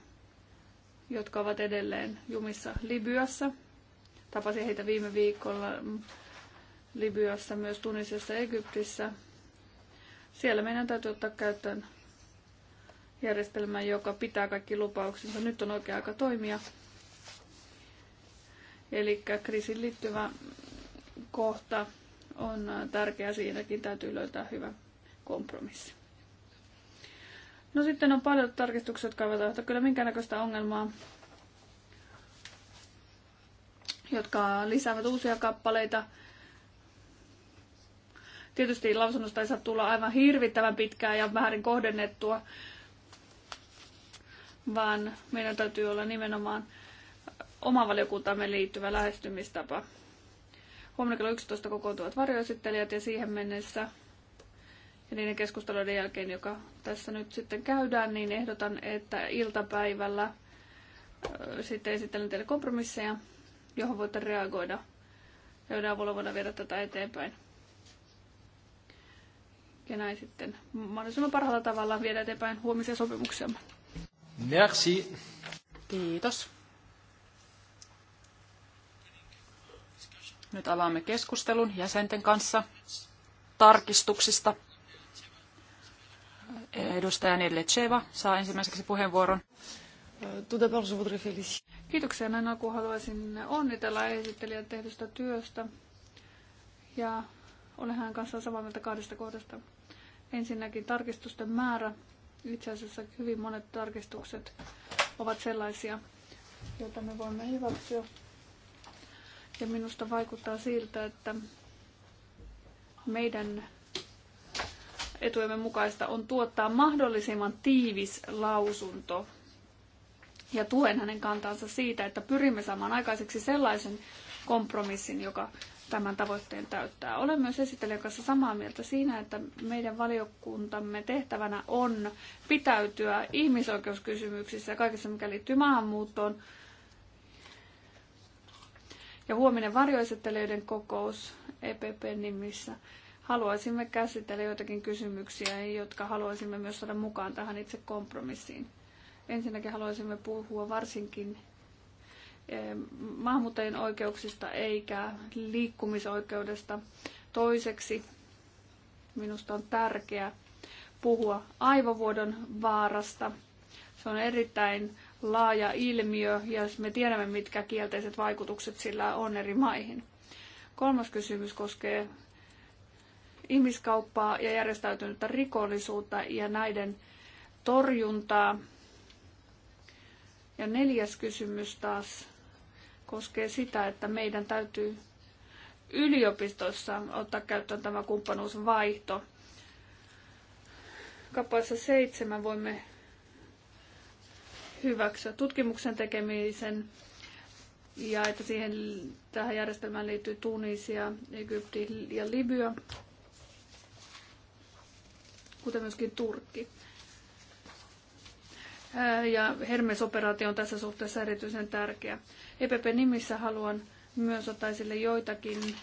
jotka ovat edelleen jumissa Libyassa. Tapasin heitä viime viikolla Libyassa, myös Tunisessa ja Egyptissä. Siellä meidän täytyy ottaa käyttöön järjestelmä, joka pitää kaikki lupauksensa. Nyt on oikea aika toimia. Eli kriisin liittyvä kohta on tärkeää. Siinäkin täytyy löytää hyvä kompromissi. No sitten on paljon tarkistuksia, jotka eivät aiheuta kyllä minkäännäköistä ongelmaa, jotka lisäävät uusia kappaleita. Tietysti lausunnosta ei saa tulla aivan hirvittävän pitkää ja väärin kohdennettua, vaan meidän täytyy olla nimenomaan oma valiokuntamme liittyvä lähestymistapa. Huomenna kello 11 kokoontuvat varjoesittelijät ja siihen mennessä ja niiden keskusteluiden jälkeen, joka tässä nyt sitten käydään, niin ehdotan, että iltapäivällä sitten esittelen teille kompromisseja, johon voitte reagoida. Joiden avulla voidaan viedä tätä eteenpäin. Ja näin sitten mahdollisimman parhaalla tavalla viedä eteenpäin huomisia sopimuksia. Merci. Kiitos. Nyt avaamme keskustelun jäsenten kanssa tarkistuksista. Edustaja Tseva saa ensimmäiseksi puheenvuoron. Kiitoksia näin alkuun haluaisin onnitella esittelijän tehdystä työstä. Ja olen hänen kanssaan samaa mieltä kahdesta kohdasta. Ensinnäkin tarkistusten määrä. Itse asiassa hyvin monet tarkistukset ovat sellaisia, joita me voimme hyväksyä. Ja minusta vaikuttaa siltä, että meidän etujemme mukaista on tuottaa mahdollisimman tiivis lausunto. Ja tuen hänen kantaansa siitä, että pyrimme saamaan aikaiseksi sellaisen kompromissin, joka tämän tavoitteen täyttää. Olen myös esittelijän kanssa samaa mieltä siinä, että meidän valiokuntamme tehtävänä on pitäytyä ihmisoikeuskysymyksissä ja kaikessa, mikä liittyy maahanmuuttoon, ja huominen varjoesittelijöiden kokous EPP-nimissä. Haluaisimme käsitellä joitakin kysymyksiä, jotka haluaisimme myös saada mukaan tähän itse kompromissiin. Ensinnäkin haluaisimme puhua varsinkin eh, maahanmuuttajien oikeuksista eikä liikkumisoikeudesta. Toiseksi minusta on tärkeää puhua aivovuodon vaarasta. Se on erittäin laaja ilmiö ja me tiedämme, mitkä kielteiset vaikutukset sillä on eri maihin. Kolmas kysymys koskee ihmiskauppaa ja järjestäytynyttä rikollisuutta ja näiden torjuntaa. Ja neljäs kysymys taas koskee sitä, että meidän täytyy yliopistossa ottaa käyttöön tämä kumppanuusvaihto. Kappaleessa seitsemän voimme hyväksyä tutkimuksen tekemisen ja että siihen, tähän järjestelmään liittyy Tunisia, Egypti ja Libya, kuten myöskin Turkki. Ja Hermes-operaatio on tässä suhteessa erityisen tärkeä. EPP-nimissä haluan myös ottaa esille joitakin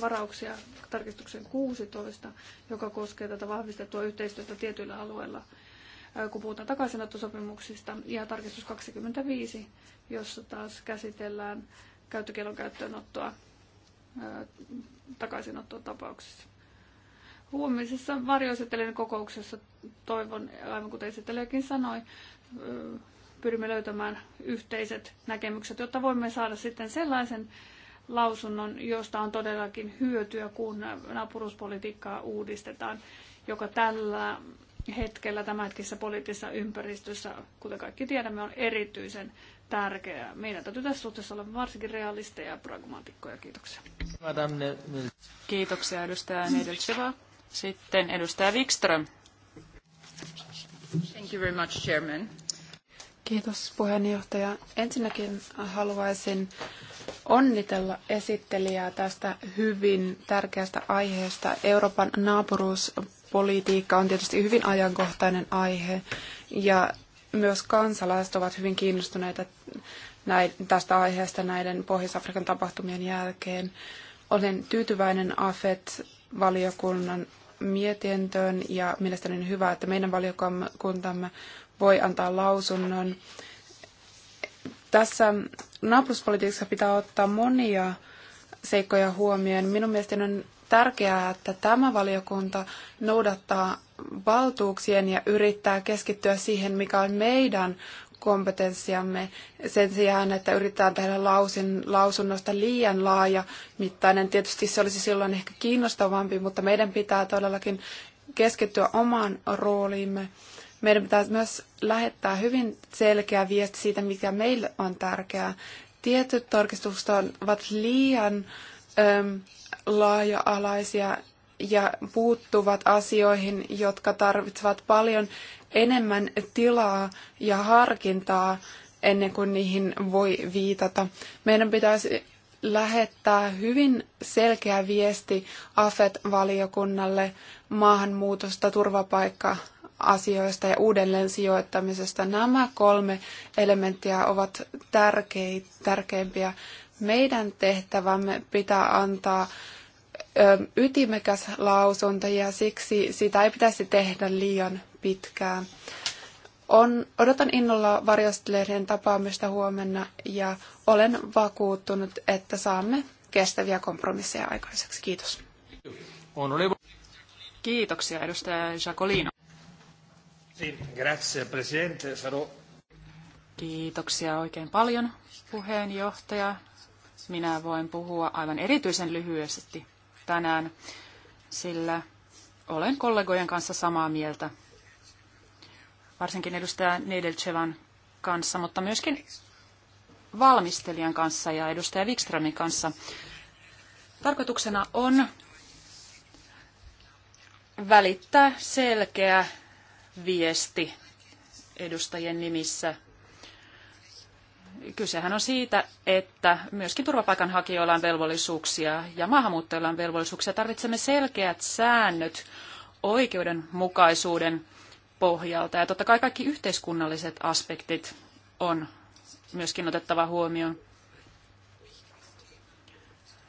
varauksia tarkistuksen 16, joka koskee tätä vahvistettua yhteistyötä tietyillä alueilla – kun puhutaan takaisinottosopimuksista, ja tarkistus 25, jossa taas käsitellään käyttökielon käyttöönottoa takaisinottoa tapauksissa. Huomisessa varjoesittelijän kokouksessa toivon, aivan kuten esittelijäkin sanoi, pyrimme löytämään yhteiset näkemykset, jotta voimme saada sitten sellaisen lausunnon, josta on todellakin hyötyä, kun naapuruspolitiikkaa uudistetaan, joka tällä hetkellä tämänhetkisessä poliittisessa ympäristössä, kuten kaikki tiedämme, on erityisen tärkeää. Meidän täytyy tässä suhteessa olla varsinkin realisteja ja pragmaatikkoja. Kiitoksia. Kiitoksia edustaja Nedelcheva. Sitten edustaja Wikström. Thank you very much, Chairman. Kiitos puheenjohtaja. Ensinnäkin haluaisin onnitella esittelijää tästä hyvin tärkeästä aiheesta. Euroopan naapuruus politiikka on tietysti hyvin ajankohtainen aihe ja myös kansalaiset ovat hyvin kiinnostuneita tästä aiheesta näiden Pohjois-Afrikan tapahtumien jälkeen. Olen tyytyväinen AFET-valiokunnan mietintöön ja mielestäni on hyvä, että meidän valiokuntamme voi antaa lausunnon. Tässä naapuruspolitiikassa pitää ottaa monia seikkoja huomioon. Minun mielestäni on tärkeää, että tämä valiokunta noudattaa valtuuksien ja yrittää keskittyä siihen, mikä on meidän kompetenssiamme sen sijaan, että yritetään tehdä lausin, lausunnosta liian laaja mittainen. Tietysti se olisi silloin ehkä kiinnostavampi, mutta meidän pitää todellakin keskittyä omaan rooliimme. Meidän pitää myös lähettää hyvin selkeä viesti siitä, mikä meille on tärkeää. Tietyt tarkistukset ovat liian äh, laaja-alaisia ja puuttuvat asioihin, jotka tarvitsevat paljon enemmän tilaa ja harkintaa ennen kuin niihin voi viitata. Meidän pitäisi lähettää hyvin selkeä viesti AFET-valiokunnalle maahanmuutosta, turvapaikka-asioista ja uudelleen sijoittamisesta. Nämä kolme elementtiä ovat tärkeimpiä meidän tehtävämme pitää antaa ytimekäs lausunto ja siksi sitä ei pitäisi tehdä liian pitkään. On, odotan innolla varjostelehden tapaamista huomenna ja olen vakuuttunut, että saamme kestäviä kompromisseja aikaiseksi. Kiitos. Kiitoksia, edustaja Jacolino. Grazie, presidente. Kiitoksia oikein paljon, puheenjohtaja. Minä voin puhua aivan erityisen lyhyesti tänään, sillä olen kollegojen kanssa samaa mieltä, varsinkin edustaja Nedelchevan kanssa, mutta myöskin valmistelijan kanssa ja edustaja Wikströmin kanssa. Tarkoituksena on välittää selkeä viesti edustajien nimissä Kysehän on siitä, että myöskin turvapaikanhakijoilla on velvollisuuksia ja maahanmuuttajilla on velvollisuuksia. Tarvitsemme selkeät säännöt oikeudenmukaisuuden pohjalta. Ja totta kai kaikki yhteiskunnalliset aspektit on myöskin otettava huomioon.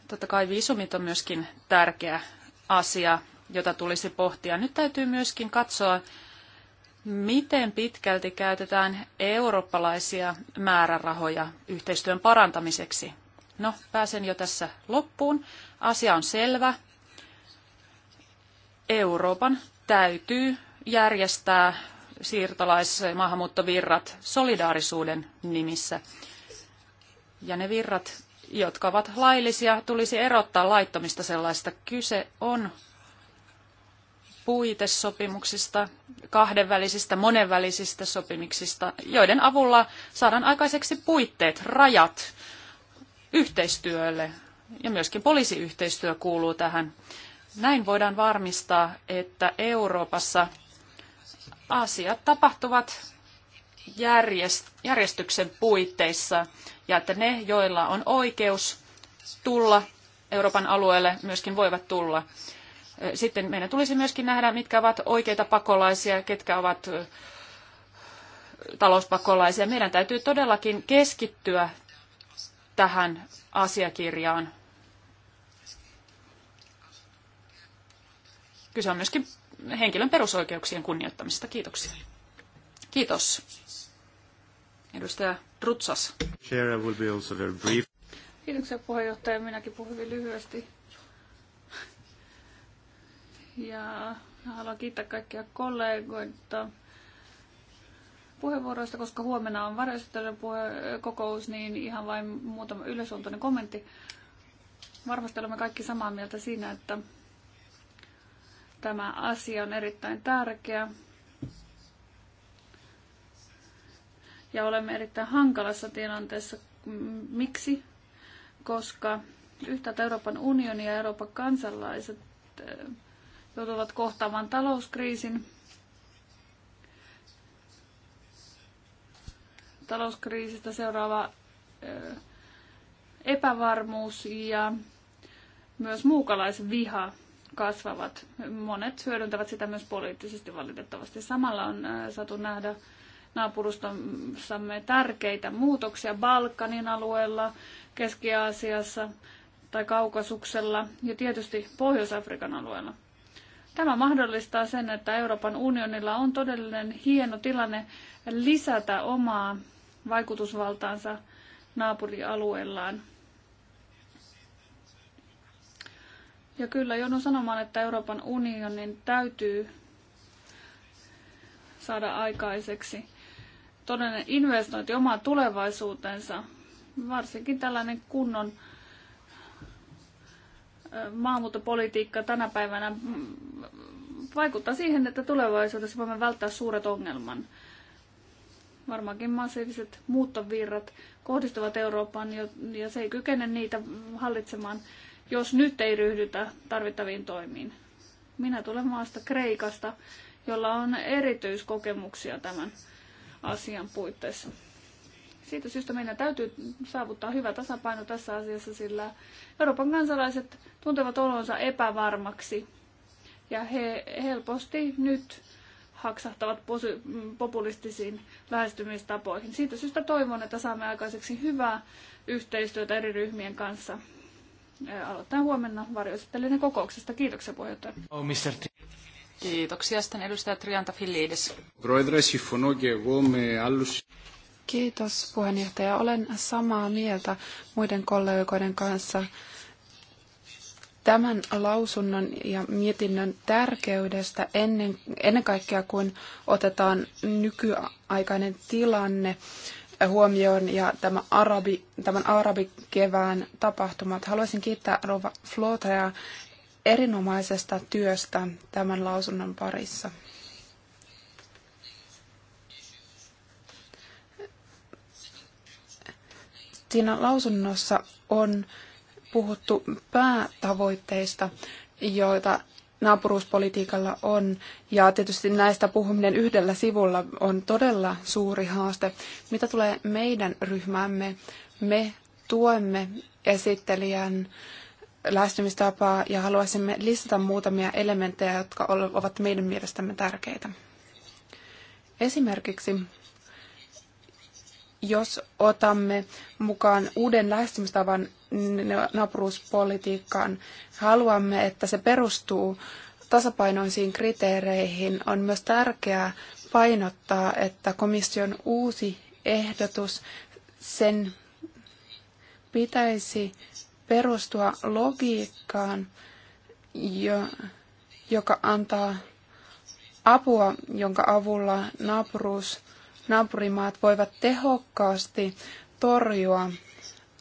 Totta kai viisumit on myöskin tärkeä asia, jota tulisi pohtia. Nyt täytyy myöskin katsoa miten pitkälti käytetään eurooppalaisia määrärahoja yhteistyön parantamiseksi? No, pääsen jo tässä loppuun. Asia on selvä. Euroopan täytyy järjestää siirtolais- ja maahanmuuttovirrat solidaarisuuden nimissä. Ja ne virrat, jotka ovat laillisia, tulisi erottaa laittomista sellaista. Kyse on puitesopimuksista, kahdenvälisistä, monenvälisistä sopimuksista, joiden avulla saadaan aikaiseksi puitteet, rajat yhteistyölle. Ja myöskin poliisiyhteistyö kuuluu tähän. Näin voidaan varmistaa, että Euroopassa asiat tapahtuvat järjestyksen puitteissa ja että ne, joilla on oikeus tulla Euroopan alueelle, myöskin voivat tulla. Sitten meidän tulisi myöskin nähdä, mitkä ovat oikeita pakolaisia, ketkä ovat talouspakolaisia. Meidän täytyy todellakin keskittyä tähän asiakirjaan. Kyse on myöskin henkilön perusoikeuksien kunnioittamisesta. Kiitoksia. Kiitos. Edustaja Rutsas. Kiitoksia puheenjohtaja. Minäkin puhun hyvin lyhyesti ja haluan kiittää kaikkia kollegoita puheenvuoroista, koska huomenna on varjoistettelen kokous, niin ihan vain muutama yleisluontoinen kommentti. Varmasti olemme kaikki samaa mieltä siinä, että tämä asia on erittäin tärkeä. Ja olemme erittäin hankalassa tilanteessa. Miksi? Koska yhtäältä Euroopan unioni ja Euroopan kansalaiset eh, joutuvat kohtaamaan talouskriisin. Talouskriisistä seuraava epävarmuus ja myös muukalaisviha kasvavat. Monet hyödyntävät sitä myös poliittisesti valitettavasti. Samalla on saatu nähdä naapurustossamme tärkeitä muutoksia Balkanin alueella, Keski-Aasiassa tai Kaukasuksella ja tietysti Pohjois-Afrikan alueella. Tämä mahdollistaa sen, että Euroopan unionilla on todellinen hieno tilanne lisätä omaa vaikutusvaltaansa naapurialueellaan. Ja kyllä joudun sanomaan, että Euroopan unionin täytyy saada aikaiseksi todellinen investointi omaan tulevaisuutensa, varsinkin tällainen kunnon maahanmuuttopolitiikka tänä päivänä mm, vaikuttaa siihen, että tulevaisuudessa voimme välttää suuret ongelman. Varmaankin massiiviset muuttovirrat kohdistuvat Eurooppaan ja se ei kykene niitä hallitsemaan, jos nyt ei ryhdytä tarvittaviin toimiin. Minä tulen maasta Kreikasta, jolla on erityiskokemuksia tämän asian puitteissa. Siitä syystä meidän täytyy saavuttaa hyvä tasapaino tässä asiassa, sillä Euroopan kansalaiset tuntevat olonsa epävarmaksi ja he helposti nyt haksahtavat populistisiin lähestymistapoihin. Siitä syystä toivon, että saamme aikaiseksi hyvää yhteistyötä eri ryhmien kanssa. Aloitetaan huomenna varjoesittelijän kokouksesta. Kiitoksia puheenjohtaja. Oh, Mr. Kiitoksia sitten edustaja Trianta Filides. Kiitos puheenjohtaja. Olen samaa mieltä muiden kollegoiden kanssa tämän lausunnon ja mietinnön tärkeydestä ennen, ennen kaikkea, kun otetaan nykyaikainen tilanne huomioon ja tämä arabi, tämän arabikevään tapahtumat. Haluaisin kiittää Rova Flotea erinomaisesta työstä tämän lausunnon parissa. Siinä lausunnossa on puhuttu päätavoitteista, joita naapuruuspolitiikalla on. Ja tietysti näistä puhuminen yhdellä sivulla on todella suuri haaste. Mitä tulee meidän ryhmämme, me tuemme esittelijän lähestymistapaa ja haluaisimme lisätä muutamia elementtejä, jotka ovat meidän mielestämme tärkeitä. Esimerkiksi jos otamme mukaan uuden lähestymistavan naapuruuspolitiikkaan, haluamme, että se perustuu tasapainoisiin kriteereihin, on myös tärkeää painottaa, että komission uusi ehdotus, sen pitäisi perustua logiikkaan, joka antaa apua, jonka avulla naapuruus naapurimaat voivat tehokkaasti torjua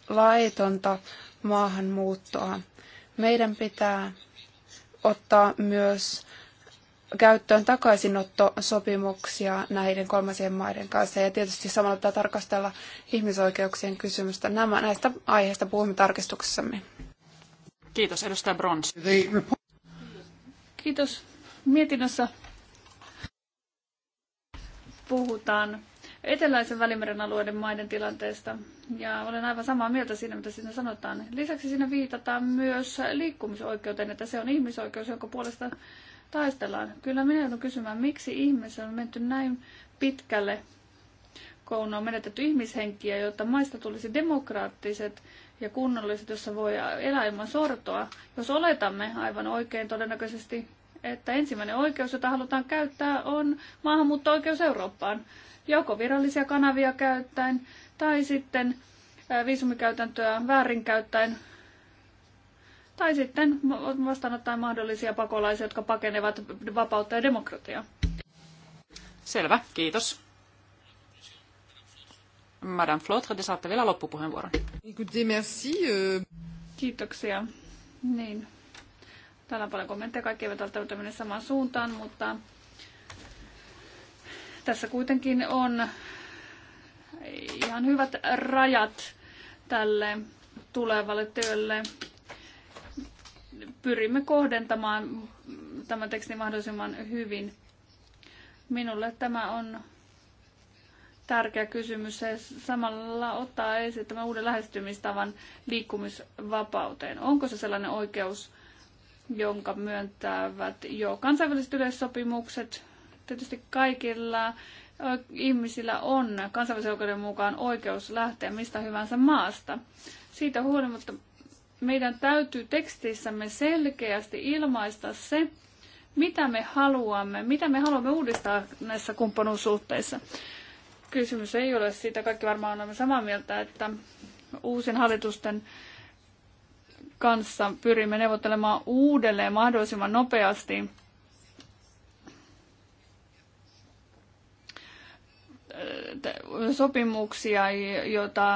laitonta maahanmuuttoa. Meidän pitää ottaa myös käyttöön takaisinottosopimuksia näiden kolmansien maiden kanssa ja tietysti samalla pitää tarkastella ihmisoikeuksien kysymystä. Nämä, näistä aiheista puhumme tarkistuksessamme. Kiitos, edustaja Brons. Kiitos. Mietinnössä puhutaan eteläisen välimeren alueiden maiden tilanteesta. Ja olen aivan samaa mieltä siinä, mitä siinä sanotaan. Lisäksi siinä viitataan myös liikkumisoikeuteen, että se on ihmisoikeus, jonka puolesta taistellaan. Kyllä minä joudun kysymään, miksi ihmisen on menty näin pitkälle, kun on menetetty ihmishenkiä, jotta maista tulisi demokraattiset ja kunnolliset, jossa voi elää ilman sortoa. Jos oletamme aivan oikein todennäköisesti, että ensimmäinen oikeus, jota halutaan käyttää, on maahanmuutto-oikeus Eurooppaan. Joko virallisia kanavia käyttäen tai sitten viisumikäytäntöä väärinkäyttäen tai sitten vastaanottaen mahdollisia pakolaisia, jotka pakenevat vapautta ja demokratiaa. Selvä, kiitos. Madame Flotre, te saatte vielä loppupuheenvuoron. Écoutez, merci. Euh. Kiitoksia. Niin, Täällä on paljon kommentteja, kaikki eivät välttämättä mene samaan suuntaan, mutta tässä kuitenkin on ihan hyvät rajat tälle tulevalle työlle. Pyrimme kohdentamaan tämä teksti mahdollisimman hyvin. Minulle tämä on tärkeä kysymys. ja samalla ottaa esiin tämän uuden lähestymistavan liikkumisvapauteen. Onko se sellainen oikeus, jonka myöntävät jo kansainväliset yleissopimukset. Tietysti kaikilla ihmisillä on kansainvälisen oikeuden mukaan oikeus lähteä mistä hyvänsä maasta. Siitä huolimatta meidän täytyy tekstissämme selkeästi ilmaista se, mitä me haluamme, mitä me haluamme uudistaa näissä kumppanuussuhteissa. Kysymys ei ole siitä, kaikki varmaan olemme samaa mieltä, että uusien hallitusten kanssa pyrimme neuvottelemaan uudelleen mahdollisimman nopeasti sopimuksia, joita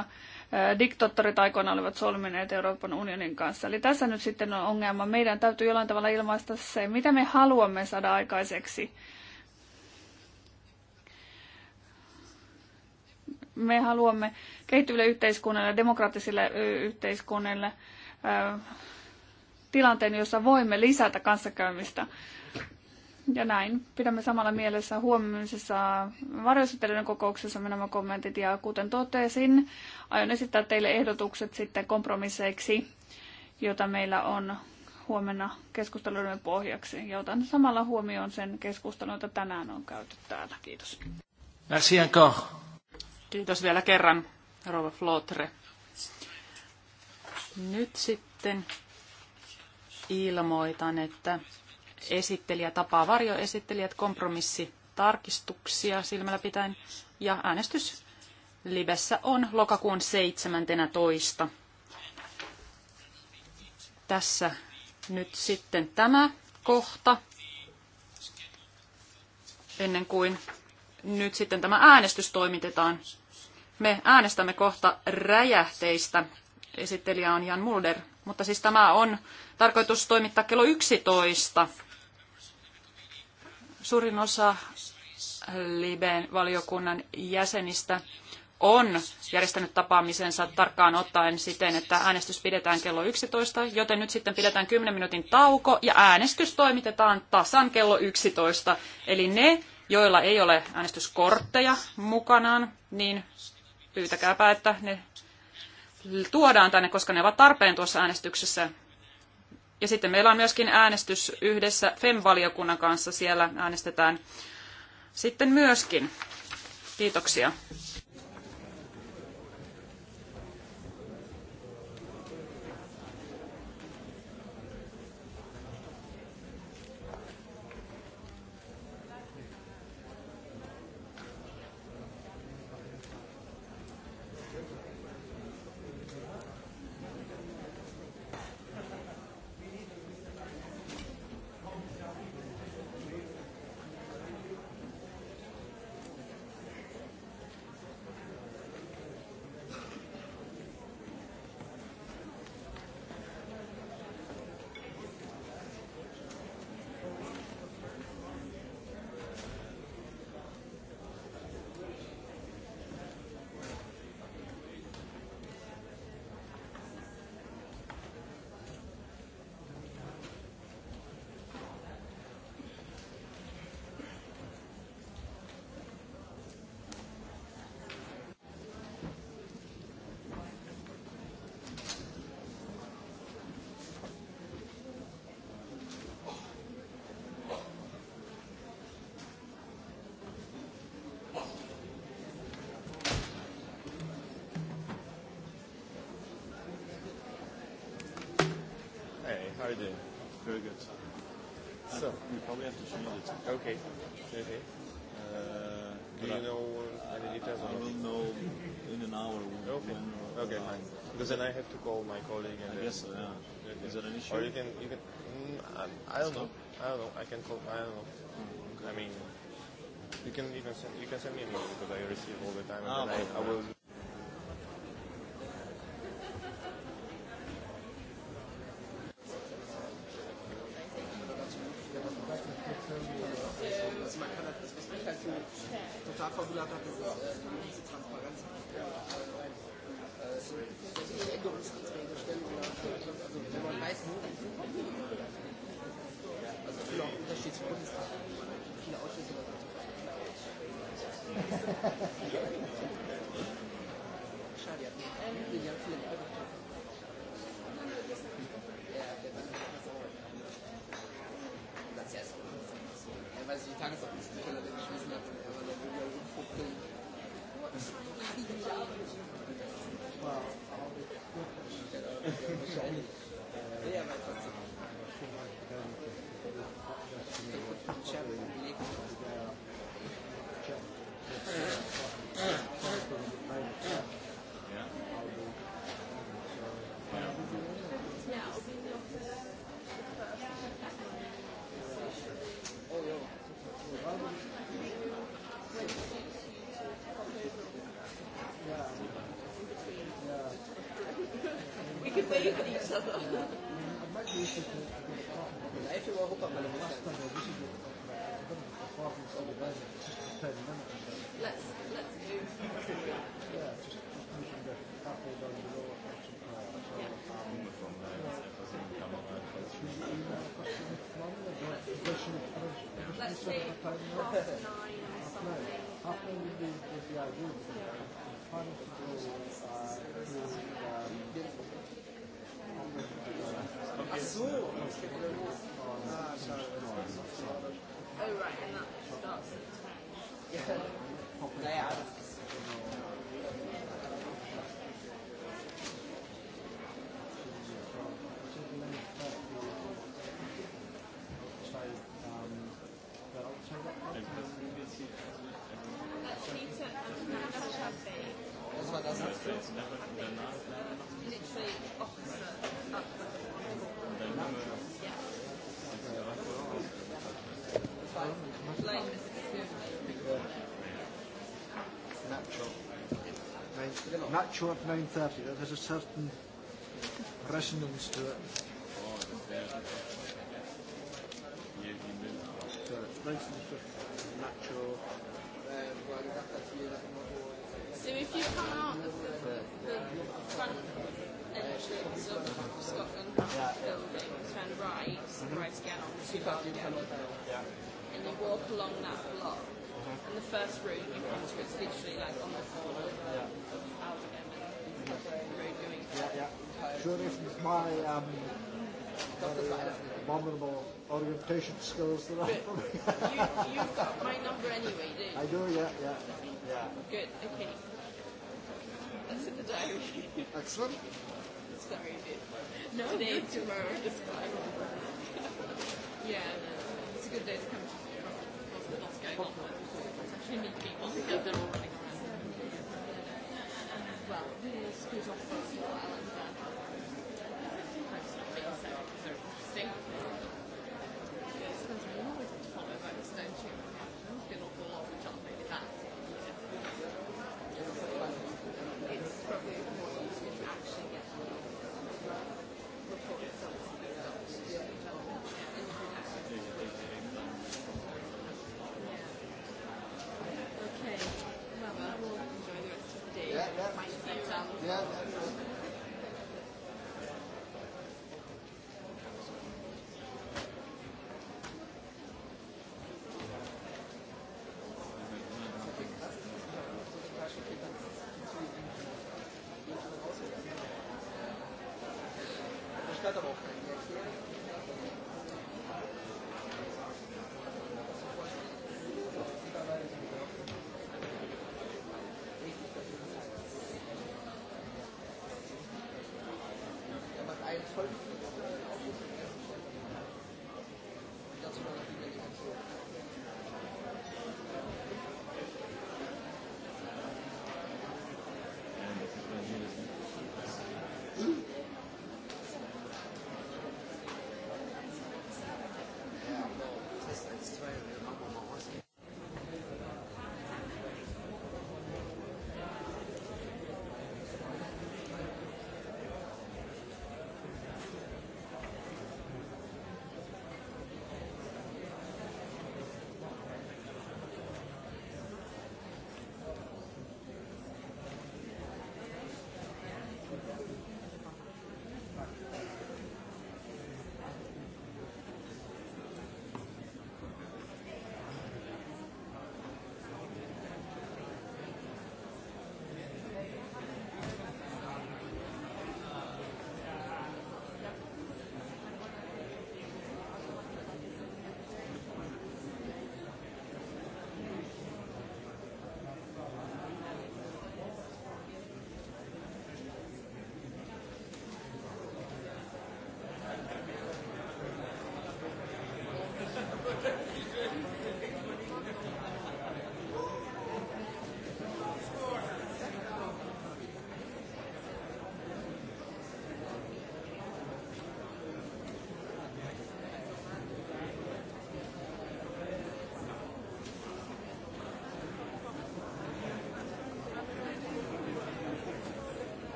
eh, diktaattorit aikoina olivat solmineet Euroopan unionin kanssa. Eli tässä nyt sitten on ongelma. Meidän täytyy jollain tavalla ilmaista se, mitä me haluamme saada aikaiseksi. Me haluamme kehittyville yhteiskunnille, demokraattisille eh, yhteiskunnille tilanteen, jossa voimme lisätä kanssakäymistä. Ja näin. Pidämme samalla mielessä huomisessa varjoesittelyiden kokouksessa nämä kommentit. Ja kuten totesin, aion esittää teille ehdotukset sitten kompromisseiksi, jota meillä on huomenna keskusteluiden pohjaksi. Ja otan samalla huomioon sen keskustelun, jota tänään on käyty täällä. Kiitos. Kiitos vielä kerran, Rova Flotre. Nyt sitten ilmoitan, että esittelijä tapaa varjoesittelijät kompromissi tarkistuksia silmällä pitäen ja äänestys Libessä on lokakuun 17. Tässä nyt sitten tämä kohta ennen kuin nyt sitten tämä äänestys toimitetaan. Me äänestämme kohta räjähteistä esittelijä on Jan Mulder. Mutta siis tämä on tarkoitus toimittaa kello 11. Suurin osa Liben valiokunnan jäsenistä on järjestänyt tapaamisensa tarkkaan ottaen siten, että äänestys pidetään kello 11, joten nyt sitten pidetään 10 minuutin tauko ja äänestys toimitetaan tasan kello 11. Eli ne, joilla ei ole äänestyskortteja mukanaan, niin pyytäkääpä, että ne tuodaan tänne, koska ne ovat tarpeen tuossa äänestyksessä. Ja sitten meillä on myöskin äänestys yhdessä FEM-valiokunnan kanssa. Siellä äänestetään sitten myöskin. Kiitoksia. probably have to change it. Okay. Okay. Uh, Do you know uh, any details? I, I will know in an hour. When, okay. When, okay. Fine. Because then I have to call my colleague. And I guess so. Uh, yeah. Okay. Is there an issue? Or you can you can. Mm, I, I don't Stop. know. I don't know. I can call. I don't know. Mm, okay. I mean. You can even send, you can send me an email because I receive all the time, and ah, then okay. I, I will Fabulat hat gesagt, diese Transparenz. also wenn man weiß, Brüssel. not show at 9.30. That has a certain resonance to it. So it's nice and natural. So if you come out of the, the front entrance of Scotland yeah. building, turn right, mm-hmm. right again on to Glasgow, yeah. and you walk along that block, mm-hmm. and the first route you come to, it's literally like on the corner yeah. of Yeah, yeah. Sure, if my um, very, uh, vulnerable orientation skills that Good. I you, You've got my number anyway, do you? I do, yeah, yeah. yeah. Good, okay. That's in the diary. Excellent. Sorry, dude. No, no Today, good. tomorrow, just fly [laughs] Yeah, no, no, no, it's a good day to come to Europe. It's actually meet people together already well, who is,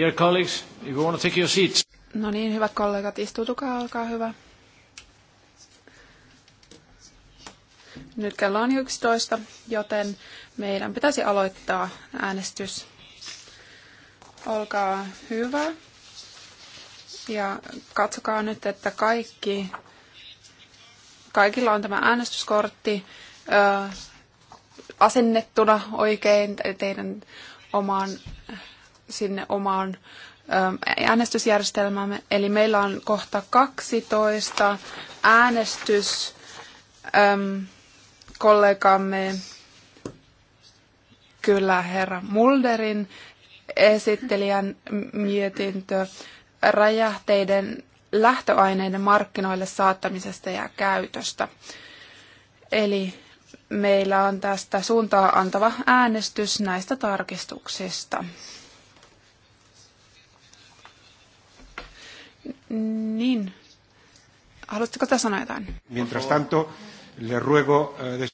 Dear colleagues, if you want to take your seats. No niin, hyvät kollegat, istutukaa, olkaa hyvä. Nyt kello on 11, joten meidän pitäisi aloittaa äänestys. Olkaa hyvä. Ja katsokaa nyt, että kaikki, kaikilla on tämä äänestyskortti ö, asennettuna oikein teidän omaan sinne omaan ähm, äänestysjärjestelmämme. Eli meillä on kohta 12 äänestys äm, kollegamme, kyllä herra Mulderin esittelijän mietintö räjähteiden lähtöaineiden markkinoille saattamisesta ja käytöstä. Eli meillä on tästä suuntaa antava äänestys näistä tarkistuksista. Niin. Haluatteko tässä sanoa jotain? Mientras tanto, le ruego... Eh,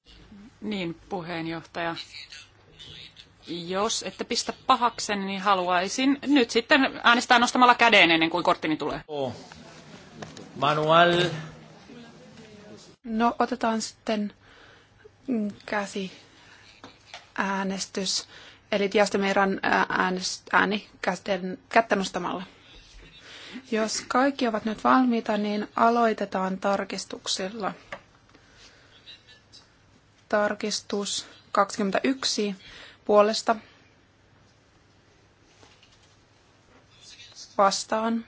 niin, puheenjohtaja. Jos ette pistä pahaksen, niin haluaisin nyt sitten äänestää nostamalla käden ennen kuin korttini tulee. Manual. No, otetaan sitten käsi äänestys. Eli diastemeran ääni kättä nostamalla. Jos kaikki ovat nyt valmiita, niin aloitetaan tarkistuksilla. Tarkistus 21 puolesta vastaan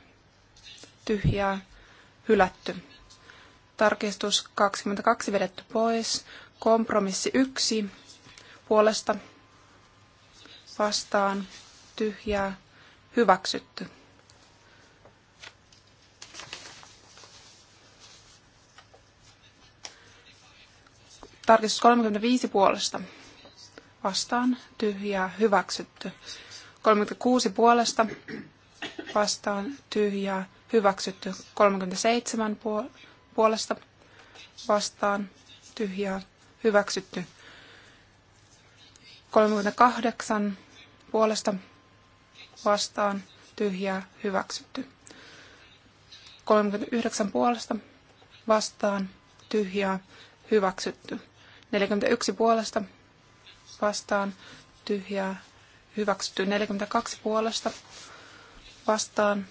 tyhjää hylätty. Tarkistus 22 vedetty pois. Kompromissi 1 puolesta vastaan tyhjää hyväksytty. Tarkistus 35 puolesta. Vastaan. Tyhjää. Hyväksytty. 36 puolesta. Vastaan. Tyhjää. Hyväksytty. 37 puolesta. Vastaan. Tyhjää. Hyväksytty. 38 puolesta. Vastaan. Tyhjää. Hyväksytty. 39 puolesta. Vastaan. Tyhjää hyväksytty. 41 puolesta vastaan tyhjää hyväksytty. 42 puolesta vastaan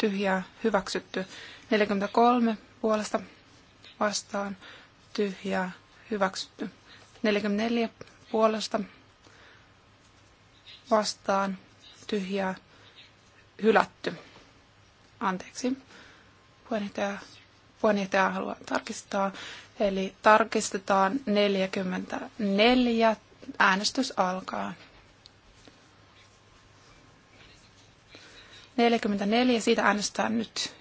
tyhjää hyväksytty. 43 puolesta vastaan tyhjää hyväksytty. 44 puolesta vastaan tyhjää hylätty. Anteeksi. Puheenjohtaja puheenjohtaja haluaa tarkistaa. Eli tarkistetaan 44. Äänestys alkaa. 44, siitä äänestetään nyt.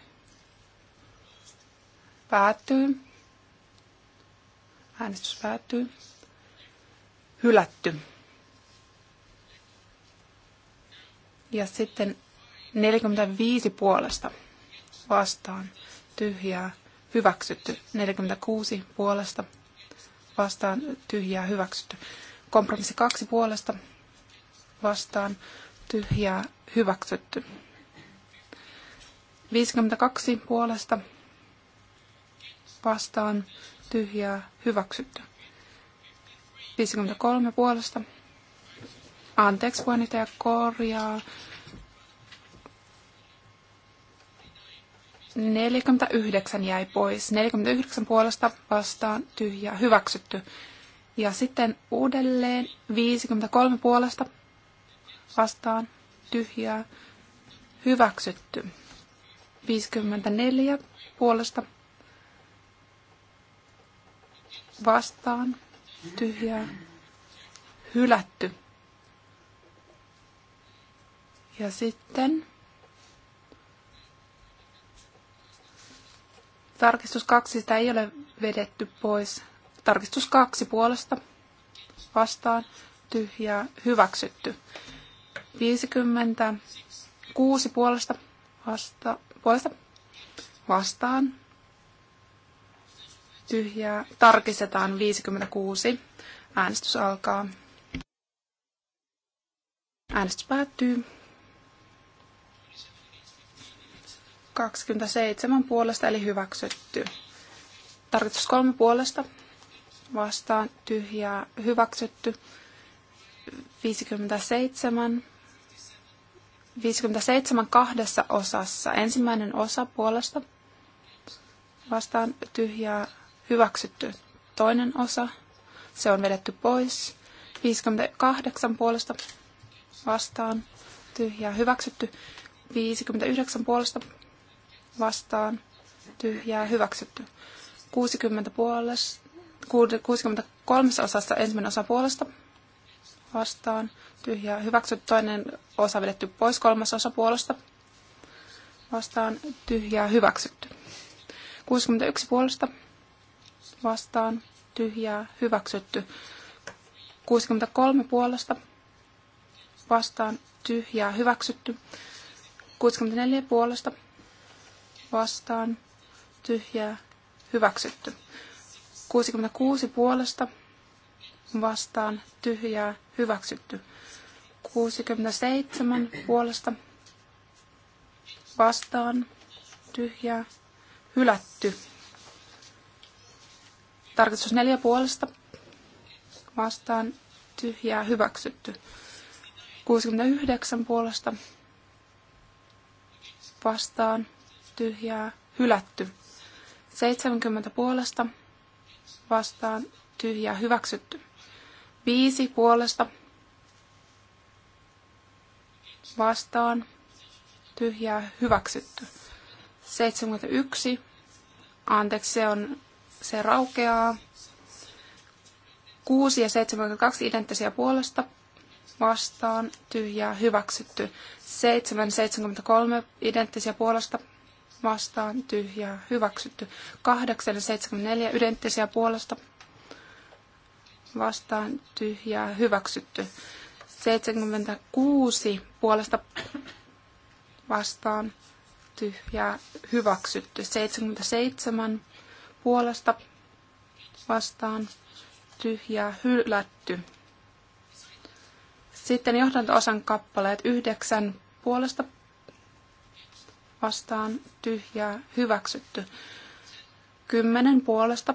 Päättyy. Äänestys päättyy. Hylätty. Ja sitten 45 puolesta vastaan tyhjää hyväksytty. 46 puolesta vastaan tyhjää hyväksytty. Kompromissi 2 puolesta vastaan tyhjää hyväksytty. 52 puolesta vastaan tyhjää hyväksytty. 53 puolesta. Anteeksi, puheenjohtaja korjaa. 49 jäi pois. 49 puolesta vastaan tyhjä hyväksytty. Ja sitten uudelleen 53 puolesta vastaan tyhjää hyväksytty. 54 puolesta vastaan tyhjää hylätty. Ja sitten Tarkistus 2, sitä ei ole vedetty pois. Tarkistus 2 puolesta vastaan tyhjää hyväksytty. 56 puolesta, vasta, puolesta vastaan tyhjää. Tarkistetaan 56. Äänestys alkaa. Äänestys päättyy. 27 puolesta eli hyväksytty. Tarkistus kolme puolesta vastaan tyhjää hyväksytty. 57 57 kahdessa osassa. Ensimmäinen osa puolesta vastaan tyhjää hyväksytty. Toinen osa, se on vedetty pois. 58 puolesta vastaan tyhjää hyväksytty. 59 puolesta vastaan tyhjää hyväksytty. 60 puolesta, 63 osassa ensimmäinen osa puolesta vastaan tyhjää hyväksytty. Toinen osa vedetty pois kolmas osa puolesta vastaan tyhjää hyväksytty. 61 puolesta vastaan tyhjää hyväksytty. 63 puolesta vastaan tyhjää hyväksytty. 64 puolesta vastaan, tyhjää, hyväksytty. 66 puolesta vastaan, tyhjää, hyväksytty. 67 puolesta vastaan, tyhjää, hylätty. Tarkoitus neljä puolesta vastaan, tyhjää, hyväksytty. 69 puolesta vastaan, tyhjää, hylätty. 70 puolesta vastaan tyhjää, hyväksytty. 5 puolesta vastaan tyhjää, hyväksytty. 71, anteeksi se on, se raukeaa. 6 ja 72 identtisiä puolesta vastaan, tyhjää, hyväksytty. 7, 73 identtisiä puolesta vastaan tyhjää hyväksytty. 8 74 identtisiä puolesta vastaan tyhjää hyväksytty. 76 puolesta vastaan tyhjää hyväksytty. 77 puolesta vastaan tyhjää hylätty. Sitten osan kappaleet 9 puolesta vastaan tyhjää hyväksytty. Kymmenen puolesta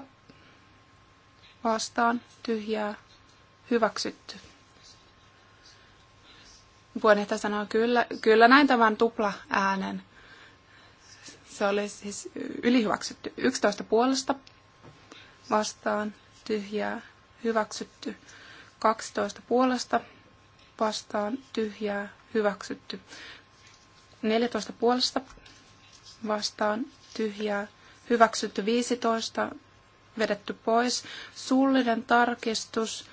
vastaan tyhjää hyväksytty. Puheenjohtaja sanoo, kyllä, kyllä näin tämän tupla äänen. Se oli siis ylihyväksytty. 11 puolesta vastaan tyhjää hyväksytty. 12 puolesta vastaan tyhjää hyväksytty. 14 puolesta vastaan tyhjää, hyväksytty 15, vedetty pois, suullinen tarkistus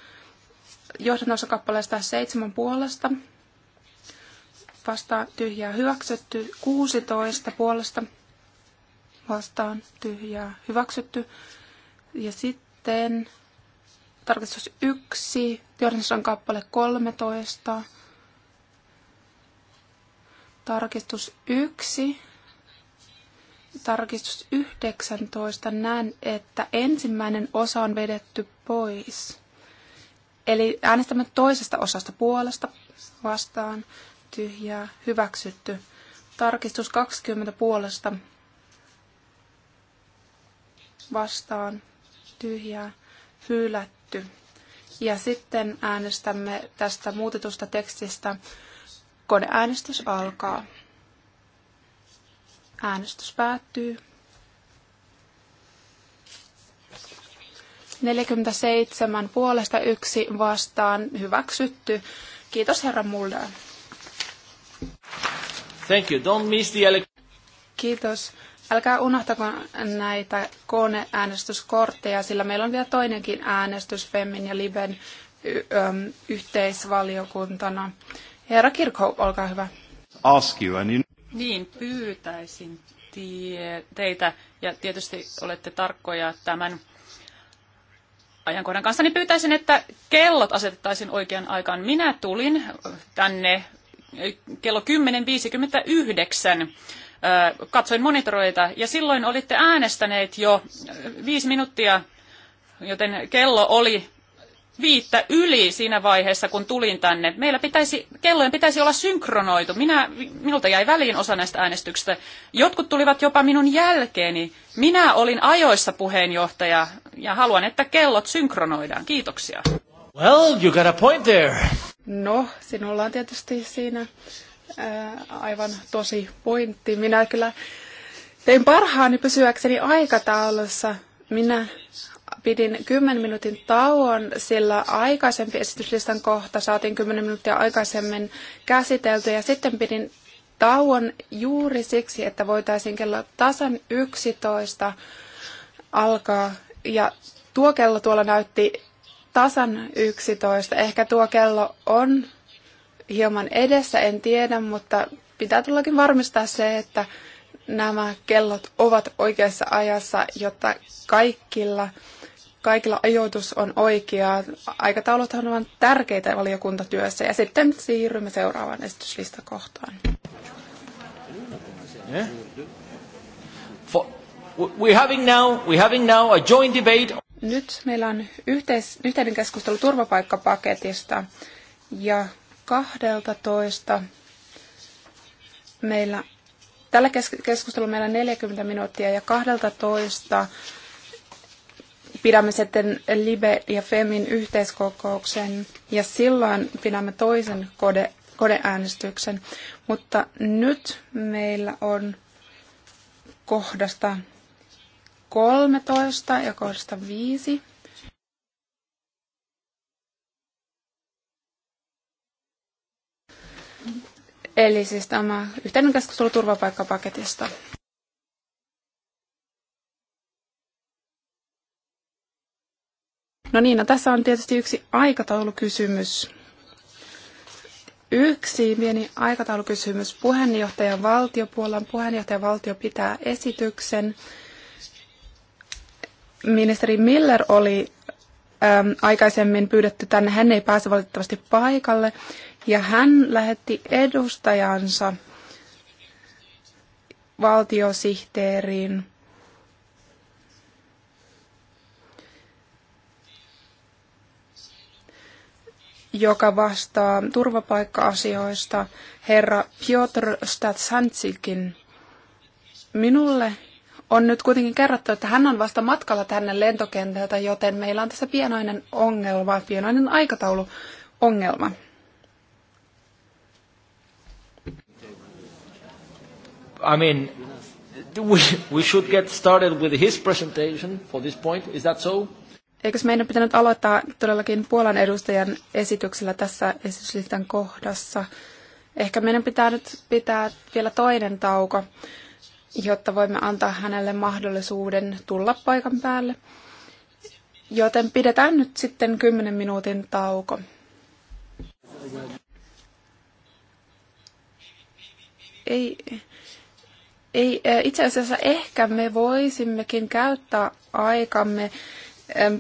johdannusosakappaleesta 7 puolesta vastaan tyhjää, hyväksytty 16 puolesta vastaan tyhjää, hyväksytty ja sitten tarkistus 1, johdannusosan kappale 13 Tarkistus 1. Tarkistus 19. Näen, että ensimmäinen osa on vedetty pois. Eli äänestämme toisesta osasta puolesta vastaan tyhjää hyväksytty. Tarkistus 20 puolesta vastaan tyhjää hylätty. Ja sitten äänestämme tästä muutetusta tekstistä Koneäänestys alkaa. Äänestys päättyy. 47 puolesta yksi vastaan hyväksytty. Kiitos herra Mulder. Thank you. Don't miss the ele- Kiitos. Älkää unohtako näitä koneäänestyskortteja, sillä meillä on vielä toinenkin äänestys Femmin ja Liben yhteisvaliokuntana. Herra Kirkhope, olkaa hyvä. Ask you and you... Niin, pyytäisin tie- teitä, ja tietysti olette tarkkoja tämän ajankohdan kanssa, niin pyytäisin, että kellot asetettaisiin oikean aikaan. Minä tulin tänne kello 10.59 katsoin monitoroita ja silloin olitte äänestäneet jo viisi minuuttia, joten kello oli viittä yli siinä vaiheessa, kun tulin tänne. Meillä pitäisi, kellojen pitäisi olla synkronoitu. Minä, minulta jäi väliin osa näistä äänestyksistä. Jotkut tulivat jopa minun jälkeeni. Minä olin ajoissa puheenjohtaja ja haluan, että kellot synkronoidaan. Kiitoksia. Well, you got a point there. No, sinulla on tietysti siinä ää, aivan tosi pointti. Minä kyllä tein parhaani pysyäkseni aikataulussa. Minä pidin 10 minuutin tauon, sillä aikaisempi esityslistan kohta saatiin 10 minuuttia aikaisemmin käsitelty ja sitten pidin tauon juuri siksi, että voitaisiin kello tasan 11 alkaa ja tuo kello tuolla näytti tasan 11. Ehkä tuo kello on hieman edessä, en tiedä, mutta pitää tullakin varmistaa se, että nämä kellot ovat oikeassa ajassa, jotta kaikilla kaikilla ajoitus on oikea. Aikataulut ovat tärkeitä valiokuntatyössä. Ja sitten siirrymme seuraavaan esityslistakohtaan. Nyt meillä on yhteis, yhteinen keskustelu turvapaikkapaketista ja 12 meillä Tällä keskustelulla meillä on 40 minuuttia ja 12 pidämme sitten Libe ja Femin yhteiskokouksen ja silloin pidämme toisen kode, kodeäänestyksen. Mutta nyt meillä on kohdasta 13 ja kohdasta 5. Eli siis tämä yhteinen keskustelu turvapaikkapaketista. No niin, no tässä on tietysti yksi aikataulukysymys. Yksi pieni aikataulukysymys. Puheenjohtajan valtiopuolen puheenjohtajan valtio pitää esityksen. Ministeri Miller oli äm, aikaisemmin pyydetty tänne. Hän ei pääse valitettavasti paikalle. Ja hän lähetti edustajansa valtiosihteeriin joka vastaa turvapaikka-asioista, herra Piotr Statsantsikin. Minulle on nyt kuitenkin kerrottu, että hän on vasta matkalla tänne lentokentältä, joten meillä on tässä pienoinen ongelma, pienoinen ongelma. I mean, we, we should get started with his presentation for this point. Is that so? Eikös meidän pitänyt aloittaa todellakin Puolan edustajan esityksellä tässä esityslistan kohdassa? Ehkä meidän pitää nyt pitää vielä toinen tauko, jotta voimme antaa hänelle mahdollisuuden tulla paikan päälle. Joten pidetään nyt sitten 10 minuutin tauko. Ei, ei, eh, itse asiassa ehkä me voisimmekin käyttää aikamme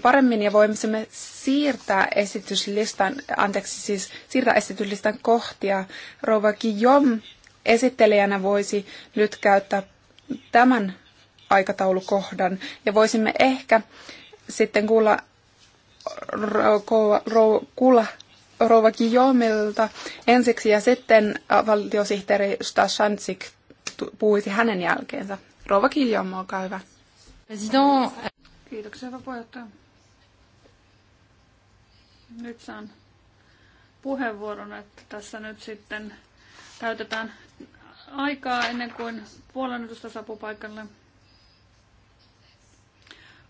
paremmin ja voisimme siirtää esityslistan, anteeksi siis siirtää esityslistan kohtia. Rouva Guillaume esittelijänä voisi nyt käyttää tämän aikataulukohdan ja voisimme ehkä sitten kuulla, kuulla rouva Guillaumeilta ensiksi ja sitten valtiosihteeri Stashansik puhuisi hänen jälkeensä. Rouva Guillaume, olkaa hyvä. President, Kiitoksia, vapaa Nyt saan puheenvuoron, että tässä nyt sitten käytetään aikaa ennen kuin puolennetusta edusta saapuu paikalle.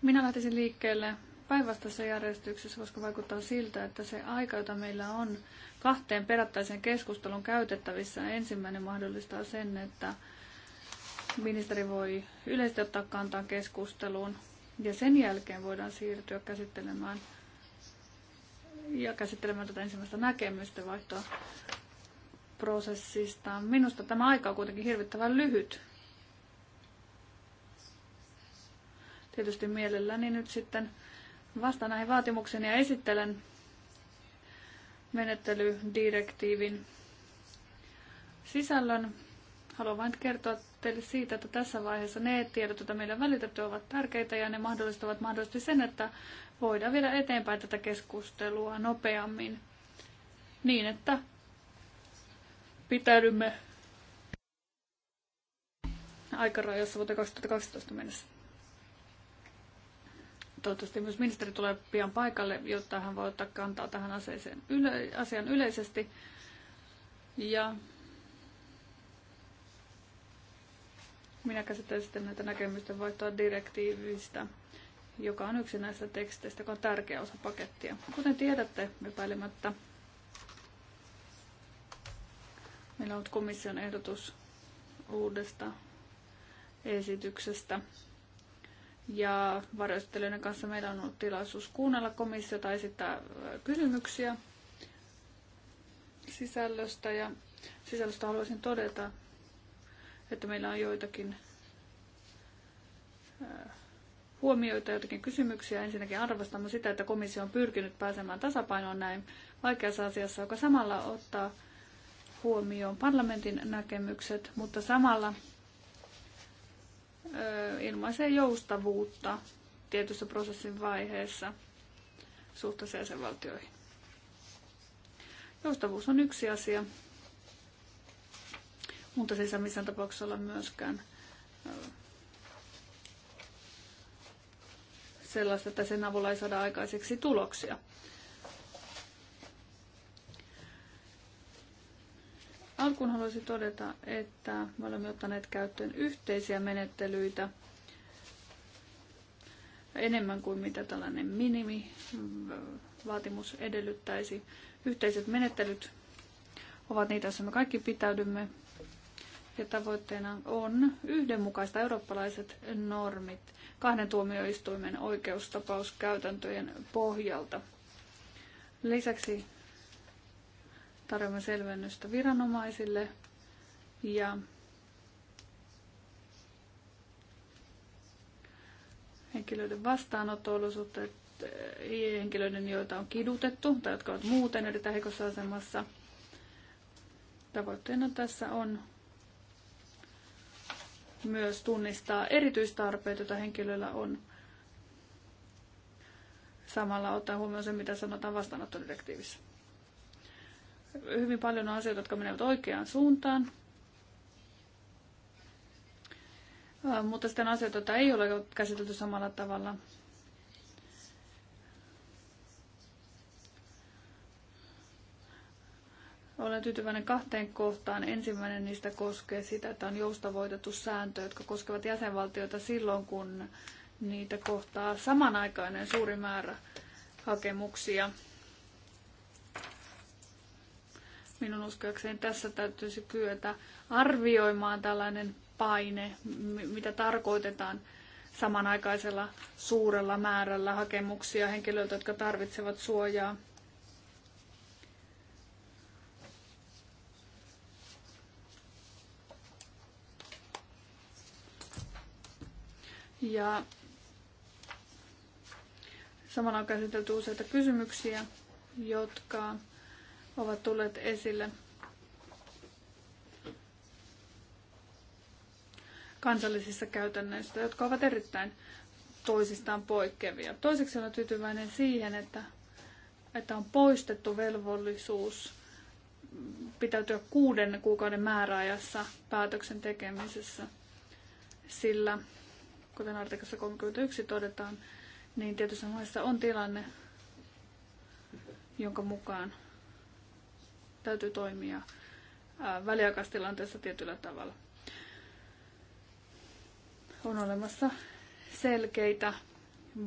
Minä lähtisin liikkeelle päinvastaisessa järjestyksessä, koska vaikuttaa siltä, että se aika, jota meillä on kahteen perättäisen keskustelun käytettävissä, ensimmäinen mahdollistaa sen, että ministeri voi yleisesti ottaa kantaa keskusteluun ja sen jälkeen voidaan siirtyä käsittelemään ja käsittelemään tätä ensimmäistä näkemystä vaihtoa prosessista. Minusta tämä aika on kuitenkin hirvittävän lyhyt. Tietysti mielelläni nyt sitten vastaan näihin vaatimuksiin ja esittelen menettelydirektiivin sisällön. Haluan vain kertoa teille siitä, että tässä vaiheessa ne tiedot, joita meillä on välitetty, ovat tärkeitä ja ne mahdollistavat mahdollisesti sen, että voidaan viedä eteenpäin tätä keskustelua nopeammin niin, että pitäydymme aikarajassa vuoteen 2012 mennessä. Toivottavasti myös ministeri tulee pian paikalle, jotta hän voi ottaa kantaa tähän aseeseen yle- asian yleisesti. Ja Minä käsittelen sitten näitä näkemysten vaihtoa direktiivistä, joka on yksi näistä teksteistä, joka on tärkeä osa pakettia. Kuten tiedätte, epäilemättä meillä on komission ehdotus uudesta esityksestä. Ja varjostelijoiden kanssa meillä on ollut tilaisuus kuunnella komissiota esittää kysymyksiä sisällöstä. Ja sisällöstä haluaisin todeta, että meillä on joitakin huomioita, joitakin kysymyksiä. Ensinnäkin arvostamme sitä, että komissio on pyrkinyt pääsemään tasapainoon näin vaikeassa asiassa, joka samalla ottaa huomioon parlamentin näkemykset, mutta samalla ilmaisee joustavuutta tietyssä prosessin vaiheessa suhteessa jäsenvaltioihin. Joustavuus on yksi asia, mutta se siis ei saa missään tapauksessa olla myöskään äh, sellaista, että sen avulla ei saada aikaiseksi tuloksia. Alkuun haluaisin todeta, että me olemme ottaneet käyttöön yhteisiä menettelyitä enemmän kuin mitä tällainen minimi vaatimus edellyttäisi. Yhteiset menettelyt ovat niitä, joissa me kaikki pitäydymme ja tavoitteena on yhdenmukaista eurooppalaiset normit kahden tuomioistuimen oikeustapauskäytäntöjen pohjalta. Lisäksi tarjoamme selvennystä viranomaisille ja henkilöiden vastaanotto-olosuhteet, henkilöiden, joita on kidutettu tai jotka ovat muuten erittäin heikossa asemassa. Tavoitteena tässä on myös tunnistaa erityistarpeet, joita henkilöllä on. Samalla ottaa huomioon se, mitä sanotaan vastaanottodirektiivissä. Hyvin paljon on asioita, jotka menevät oikeaan suuntaan, mutta sitten asioita, joita ei ole käsitelty samalla tavalla – Olen tyytyväinen kahteen kohtaan. Ensimmäinen niistä koskee sitä, että on joustavoitettu sääntö, jotka koskevat jäsenvaltioita silloin, kun niitä kohtaa samanaikainen suuri määrä hakemuksia. Minun uskoakseni tässä täytyisi kyetä arvioimaan tällainen paine, mitä tarkoitetaan samanaikaisella suurella määrällä hakemuksia henkilöiltä, jotka tarvitsevat suojaa Ja samalla on käsitelty useita kysymyksiä, jotka ovat tulleet esille kansallisissa käytännöissä, jotka ovat erittäin toisistaan poikkeavia. Toiseksi olen tyytyväinen siihen, että, että on poistettu velvollisuus pitäytyä kuuden kuukauden määräajassa päätöksen tekemisessä, sillä kuten artikassa 31 todetaan, niin tietyissä maissa on tilanne, jonka mukaan täytyy toimia väliaikaistilanteessa tietyllä tavalla. On olemassa selkeitä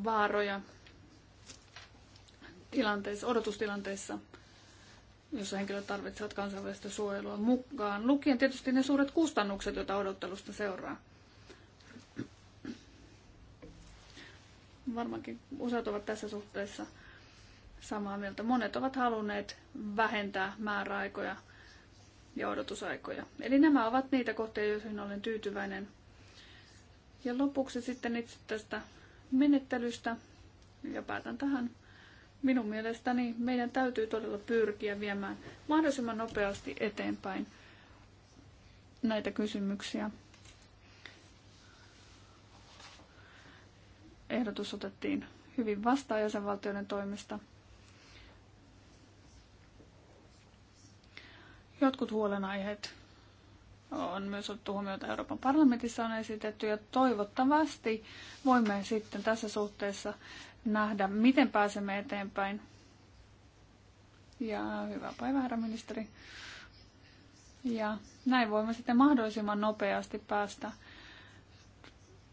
vaaroja tilanteissa, odotustilanteissa, jossa henkilöt tarvitsevat kansainvälistä suojelua mukaan, lukien tietysti ne suuret kustannukset, joita odottelusta seuraa. Varmaankin useat ovat tässä suhteessa samaa mieltä. Monet ovat halunneet vähentää määräaikoja ja odotusaikoja. Eli nämä ovat niitä kohtia, joihin olen tyytyväinen. Ja lopuksi sitten itse tästä menettelystä, ja päätän tähän. Minun mielestäni meidän täytyy todella pyrkiä viemään mahdollisimman nopeasti eteenpäin näitä kysymyksiä. ehdotus otettiin hyvin vastaan jäsenvaltioiden toimista. Jotkut huolenaiheet on myös otettu että Euroopan parlamentissa on esitetty ja toivottavasti voimme sitten tässä suhteessa nähdä, miten pääsemme eteenpäin. Ja hyvää päivää, herra ministeri. Ja näin voimme sitten mahdollisimman nopeasti päästä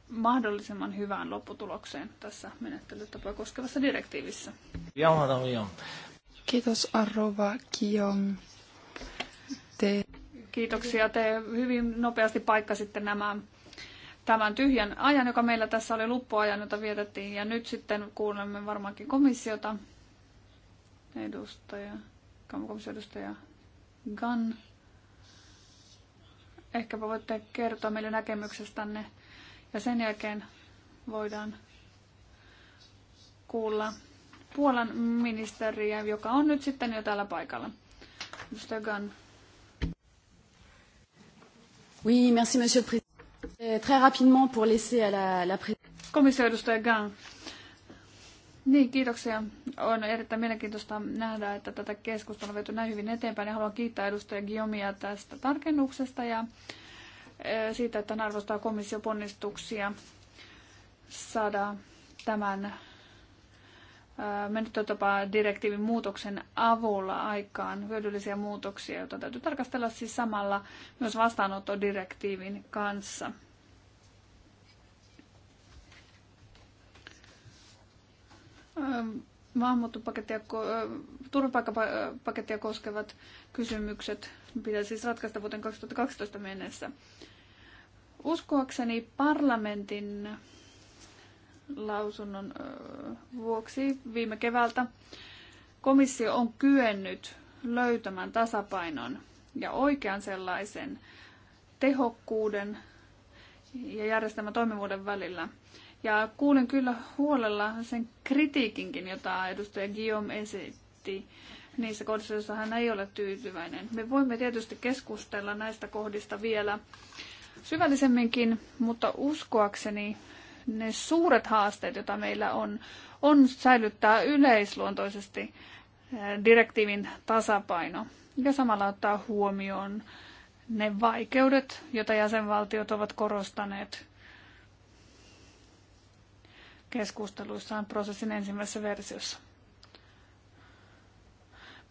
mahdollisimman hyvään lopputulokseen tässä menettelytapoja koskevassa direktiivissä. Kiitos Arrova Kion. Te... Kiitoksia. Te hyvin nopeasti paikkasitte nämä tämän tyhjän ajan, joka meillä tässä oli luppuajan, jota vietettiin. Ja nyt sitten kuulemme varmaankin komissiota. Edustaja, edustaja Gunn. Ehkäpä voitte kertoa meille näkemyksestänne ja sen jälkeen voidaan kuulla Puolan ministeriä, joka on nyt sitten jo täällä paikalla. Edustaja Oui, merci monsieur le président. Eh, très rapidement pour laisser à la, la Komissioedustaja Gunn. Niin, kiitoksia. On erittäin mielenkiintoista nähdä, että tätä keskustelua on viety näin hyvin eteenpäin. Ja haluan kiittää edustaja Giomia tästä tarkennuksesta ja Eh, siitä, että hän arvostaa komission ponnistuksia saada tämän eh, menettelytapa direktiivin muutoksen avulla aikaan hyödyllisiä muutoksia, joita täytyy tarkastella siis samalla myös vastaanottodirektiivin kanssa. Ehm, maahanmuuttopakettia, turvapaikkapakettia koskevat kysymykset pitäisi siis ratkaista vuoteen 2012 mennessä. Uskoakseni parlamentin lausunnon vuoksi viime keväältä komissio on kyennyt löytämään tasapainon ja oikean sellaisen tehokkuuden ja järjestelmän toimivuuden välillä. Ja kuulen kyllä huolella sen kritiikinkin, jota edustaja Guillaume esitti niissä kohdissa, joissa hän ei ole tyytyväinen. Me voimme tietysti keskustella näistä kohdista vielä syvällisemminkin, mutta uskoakseni ne suuret haasteet, joita meillä on, on säilyttää yleisluontoisesti eh, direktiivin tasapaino ja samalla ottaa huomioon ne vaikeudet, joita jäsenvaltiot ovat korostaneet keskusteluissaan prosessin ensimmäisessä versiossa.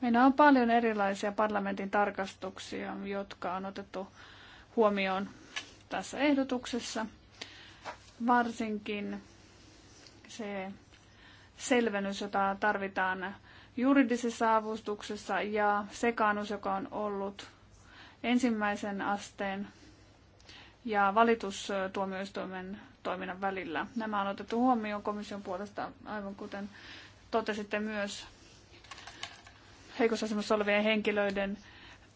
Meillä on paljon erilaisia parlamentin tarkastuksia, jotka on otettu huomioon tässä ehdotuksessa. Varsinkin se selvennys, jota tarvitaan juridisessa avustuksessa ja sekaannus, joka on ollut ensimmäisen asteen ja valitustuomioistuimen toiminnan välillä. Nämä on otettu huomioon komission puolesta, aivan kuten totesitte myös heikossa asemassa olevien henkilöiden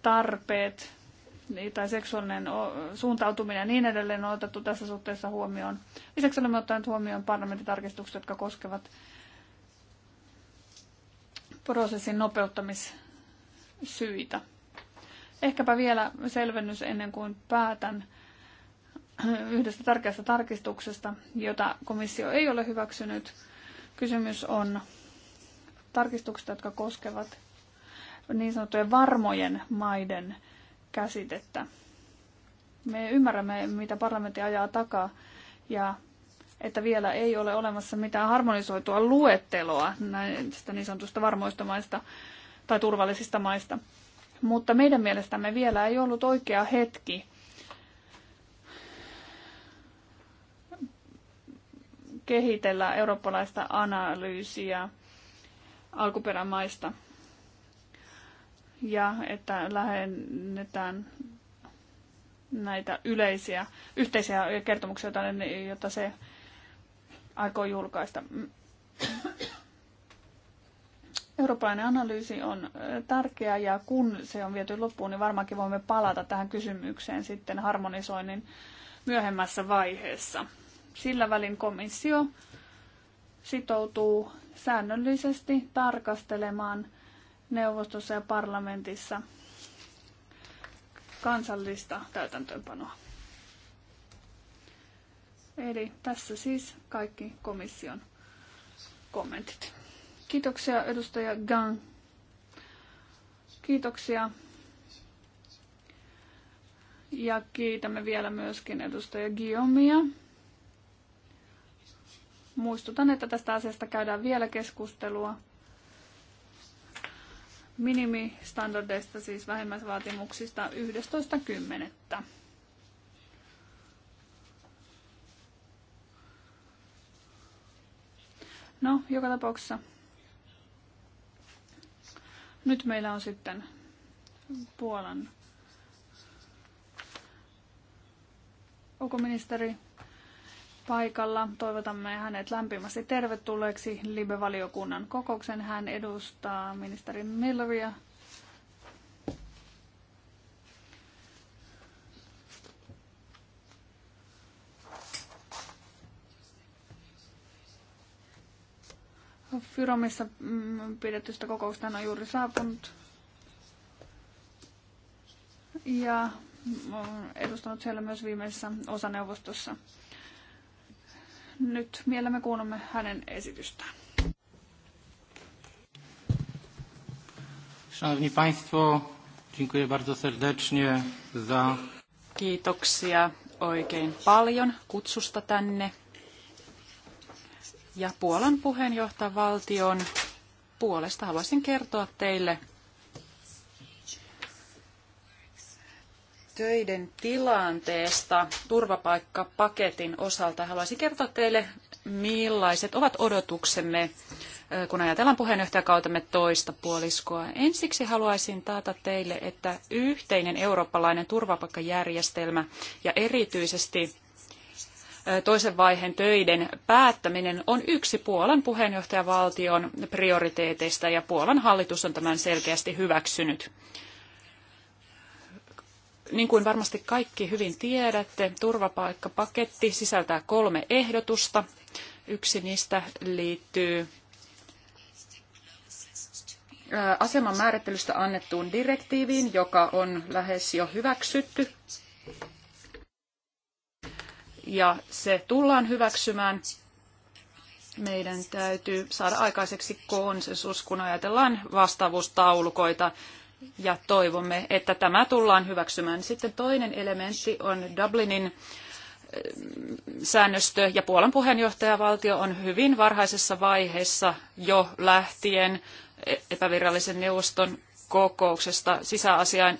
tarpeet tai seksuaalinen suuntautuminen ja niin edelleen on otettu tässä suhteessa huomioon. Lisäksi olemme ottaneet huomioon parlamentitarkistukset, jotka koskevat prosessin nopeuttamissyitä. Ehkäpä vielä selvennys ennen kuin päätän yhdestä tärkeästä tarkistuksesta, jota komissio ei ole hyväksynyt. Kysymys on tarkistuksista, jotka koskevat niin sanottujen varmojen maiden käsitettä. Me ymmärrämme, mitä parlamentti ajaa takaa ja että vielä ei ole olemassa mitään harmonisoitua luetteloa näistä niin sanotusta varmoista maista tai turvallisista maista. Mutta meidän mielestämme vielä ei ollut oikea hetki kehitellä eurooppalaista analyysiä alkuperämaista ja että lähennetään näitä yleisiä, yhteisiä kertomuksia, joita se aikoo julkaista. Eurooppalainen analyysi on tärkeä ja kun se on viety loppuun, niin varmaankin voimme palata tähän kysymykseen sitten harmonisoinnin myöhemmässä vaiheessa. Sillä välin komissio sitoutuu säännöllisesti tarkastelemaan neuvostossa ja parlamentissa kansallista täytäntöönpanoa. Eli tässä siis kaikki komission kommentit. Kiitoksia edustaja Gang. Kiitoksia. Ja kiitämme vielä myöskin edustaja Guillaumea. Muistutan, että tästä asiasta käydään vielä keskustelua. Minimistandardeista, siis vähimmäisvaatimuksista 11.10. No, joka tapauksessa nyt meillä on sitten Puolan ulkoministeri paikalla. Toivotamme hänet lämpimästi tervetulleeksi Libe-valiokunnan kokouksen. Hän edustaa ministeri Milleria. Fyromissa mm, pidetystä kokousta on juuri saapunut. Ja mm, edustanut siellä myös viimeisessä osaneuvostossa nyt mielemme kuunnemme hänen esitystään. Szanowni Państwo, dziękuję bardzo serdecznie za... Kiitoksia oikein paljon kutsusta tänne. Ja Puolan puheenjohtajavaltion puolesta haluaisin kertoa teille töiden tilanteesta turvapaikkapaketin osalta. Haluaisin kertoa teille, millaiset ovat odotuksemme, kun ajatellaan puheenjohtajakautemme toista puoliskoa. Ensiksi haluaisin taata teille, että yhteinen eurooppalainen turvapaikkajärjestelmä ja erityisesti toisen vaiheen töiden päättäminen on yksi Puolan puheenjohtajavaltion prioriteeteista ja Puolan hallitus on tämän selkeästi hyväksynyt. Niin kuin varmasti kaikki hyvin tiedätte, turvapaikkapaketti sisältää kolme ehdotusta. Yksi niistä liittyy aseman määrittelystä annettuun direktiiviin, joka on lähes jo hyväksytty. Ja se tullaan hyväksymään. Meidän täytyy saada aikaiseksi konsensus, kun ajatellaan vastaavuustaulukoita ja toivomme, että tämä tullaan hyväksymään. Sitten toinen elementti on Dublinin eh, säännöstö ja Puolan puheenjohtajavaltio on hyvin varhaisessa vaiheessa jo lähtien eh, epävirallisen neuvoston kokouksesta sisäasiain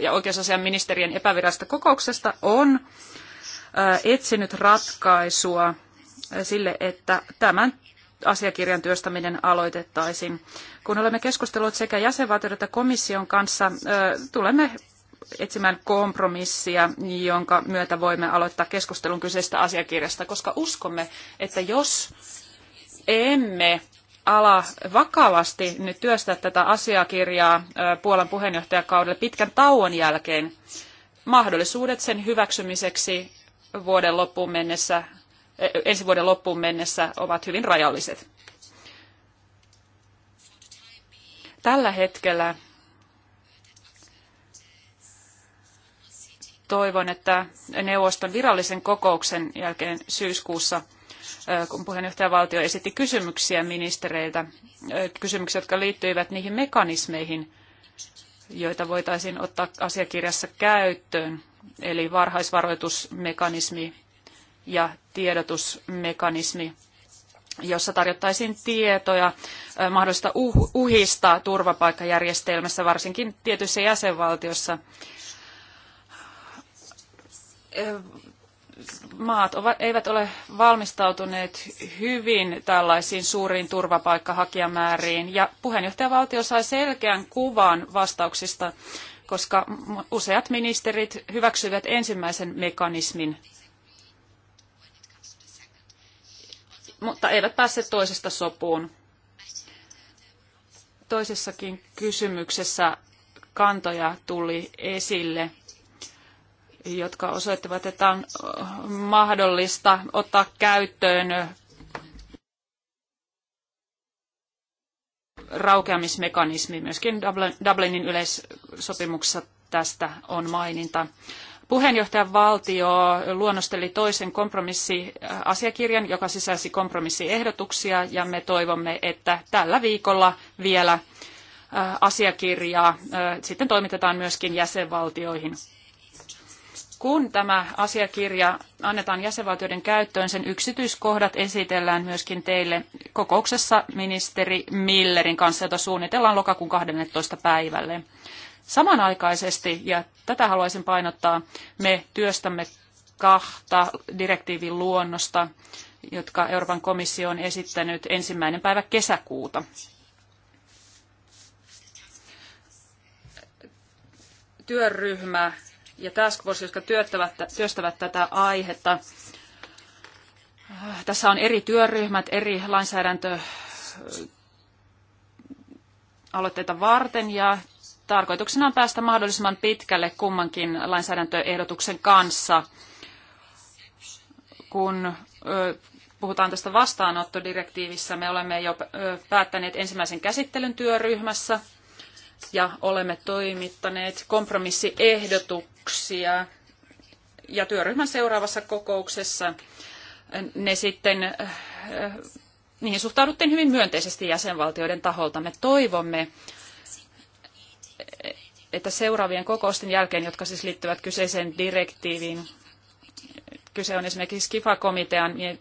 ja oikeusasian ministerien epävirallisesta kokouksesta on eh, etsinyt ratkaisua sille, että tämän asiakirjan työstäminen aloitettaisiin. Kun olemme keskustelleet sekä jäsenvaltioiden että komission kanssa, tulemme etsimään kompromissia, jonka myötä voimme aloittaa keskustelun kyseisestä asiakirjasta, koska uskomme, että jos emme ala vakavasti nyt työstää tätä asiakirjaa Puolan puheenjohtajakaudelle pitkän tauon jälkeen, mahdollisuudet sen hyväksymiseksi vuoden loppuun mennessä ensi vuoden loppuun mennessä ovat hyvin rajalliset. Tällä hetkellä toivon, että neuvoston virallisen kokouksen jälkeen syyskuussa, kun puheenjohtajavaltio esitti kysymyksiä ministereiltä, kysymyksiä, jotka liittyivät niihin mekanismeihin, joita voitaisiin ottaa asiakirjassa käyttöön, eli varhaisvaroitusmekanismi ja tiedotusmekanismi, jossa tarjottaisiin tietoja mahdollisista uh-, uhista turvapaikkajärjestelmässä, varsinkin tietyissä jäsenvaltiossa. Maat eivät ole valmistautuneet hyvin tällaisiin suuriin turvapaikkahakijamääriin, ja puheenjohtajavaltio sai selkeän kuvan vastauksista, koska useat ministerit hyväksyivät ensimmäisen mekanismin mutta eivät päässeet toisesta sopuun. Toisessakin kysymyksessä kantoja tuli esille, jotka osoittavat, että on mahdollista ottaa käyttöön raukeamismekanismi. Myöskin Dublinin yleissopimuksessa tästä on maininta. Puheenjohtajan valtio luonnosteli toisen kompromissiasiakirjan, joka sisälsi kompromissiehdotuksia, ja me toivomme, että tällä viikolla vielä asiakirjaa sitten toimitetaan myöskin jäsenvaltioihin. Kun tämä asiakirja annetaan jäsenvaltioiden käyttöön, sen yksityiskohdat esitellään myöskin teille kokouksessa ministeri Millerin kanssa, jota suunnitellaan lokakuun 12. päivälle. Samanaikaisesti, ja tätä haluaisin painottaa, me työstämme kahta direktiivin luonnosta, jotka Euroopan komissio on esittänyt ensimmäinen päivä kesäkuuta. Työryhmä ja task force, jotka työttävät, työstävät tätä aihetta. Tässä on eri työryhmät, eri lainsäädäntö aloitteita varten ja tarkoituksena on päästä mahdollisimman pitkälle kummankin lainsäädäntöehdotuksen kanssa, kun puhutaan tästä vastaanottodirektiivissä. Me olemme jo päättäneet ensimmäisen käsittelyn työryhmässä ja olemme toimittaneet kompromissiehdotuksia. Ja työryhmän seuraavassa kokouksessa ne sitten, niihin suhtauduttiin hyvin myönteisesti jäsenvaltioiden taholta. Me toivomme, että seuraavien kokousten jälkeen, jotka siis liittyvät kyseiseen direktiiviin, kyse on esimerkiksi KIFA-komitean niin,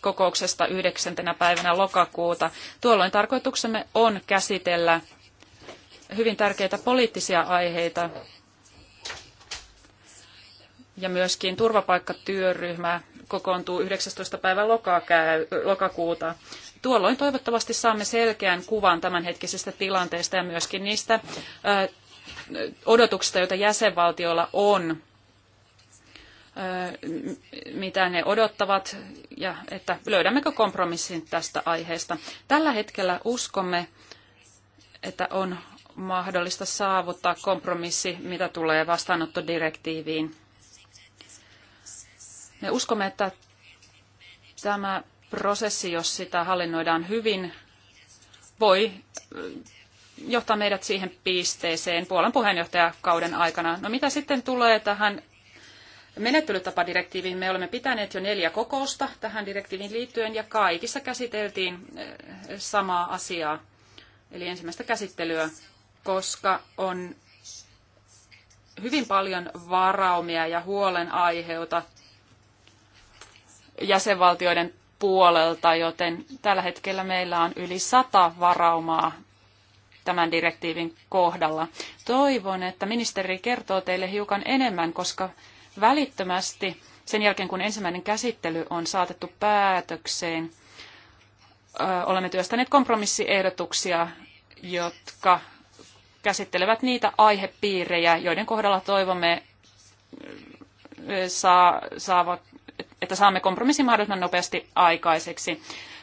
kokouksesta 9. päivänä lokakuuta. Tuolloin tarkoituksemme on käsitellä hyvin tärkeitä poliittisia aiheita ja myöskin turvapaikkatyöryhmä kokoontuu 19. päivä lokakuuta. Tuolloin toivottavasti saamme selkeän kuvan tämänhetkisestä tilanteesta ja myöskin niistä odotuksista, joita jäsenvaltioilla on mitä ne odottavat ja että löydämmekö kompromissin tästä aiheesta. Tällä hetkellä uskomme, että on mahdollista saavuttaa kompromissi, mitä tulee vastaanottodirektiiviin. Me uskomme, että tämä prosessi, jos sitä hallinnoidaan hyvin, voi äh, johtaa meidät siihen pisteeseen Puolan puheenjohtajakauden aikana. No mitä sitten tulee tähän menettelytapadirektiiviin? Me olemme pitäneet jo neljä kokousta tähän direktiiviin liittyen ja kaikissa käsiteltiin äh, samaa asiaa, eli ensimmäistä käsittelyä, koska on hyvin paljon varaumia ja huolenaiheuta jäsenvaltioiden puolelta, joten tällä hetkellä meillä on yli sata varaumaa tämän direktiivin kohdalla. Toivon, että ministeri kertoo teille hiukan enemmän, koska välittömästi sen jälkeen, kun ensimmäinen käsittely on saatettu päätökseen, olemme työstäneet kompromissiehdotuksia, jotka käsittelevät niitä aihepiirejä, joiden kohdalla toivomme saa, saavat, että saamme kompromissin mahdollisimman nopeasti aikaiseksi.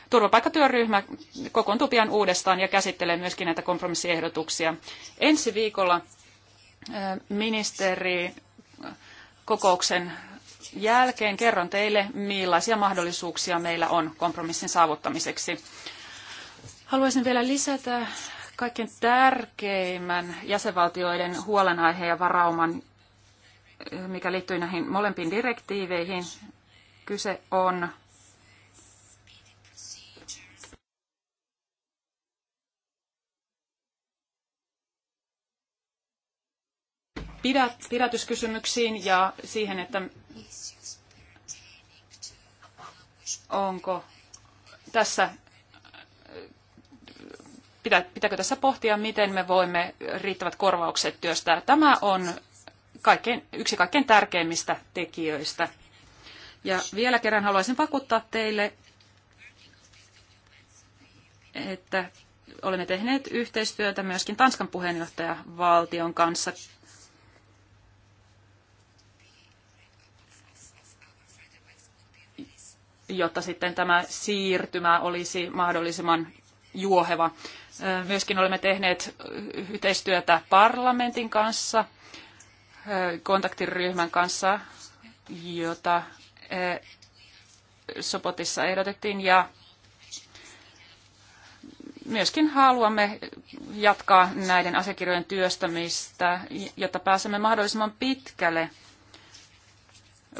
Turvapaikkatyöryhmä kokoontuu pian uudestaan ja käsittelee myöskin näitä kompromissiehdotuksia. Ensi viikolla ministeri kokouksen jälkeen kerron teille, millaisia mahdollisuuksia meillä on kompromissin saavuttamiseksi. Haluaisin vielä lisätä kaikkein tärkeimmän jäsenvaltioiden huolenaiheen ja varauman, mikä liittyy näihin molempiin direktiiveihin, Kyse on pidät, pidätyskysymyksiin ja siihen, että onko tässä, pitä, pitääkö tässä pohtia, miten me voimme riittävät korvaukset työstää. Tämä on kaikkein, yksi kaikkein tärkeimmistä tekijöistä. Ja vielä kerran haluaisin vakuuttaa teille, että olemme tehneet yhteistyötä myöskin Tanskan puheenjohtajavaltion kanssa. jotta sitten tämä siirtymä olisi mahdollisimman juoheva. Myöskin olemme tehneet yhteistyötä parlamentin kanssa, kontaktiryhmän kanssa, jota Sopotissa ehdotettiin ja myöskin haluamme jatkaa näiden asiakirjojen työstämistä, jotta pääsemme mahdollisimman pitkälle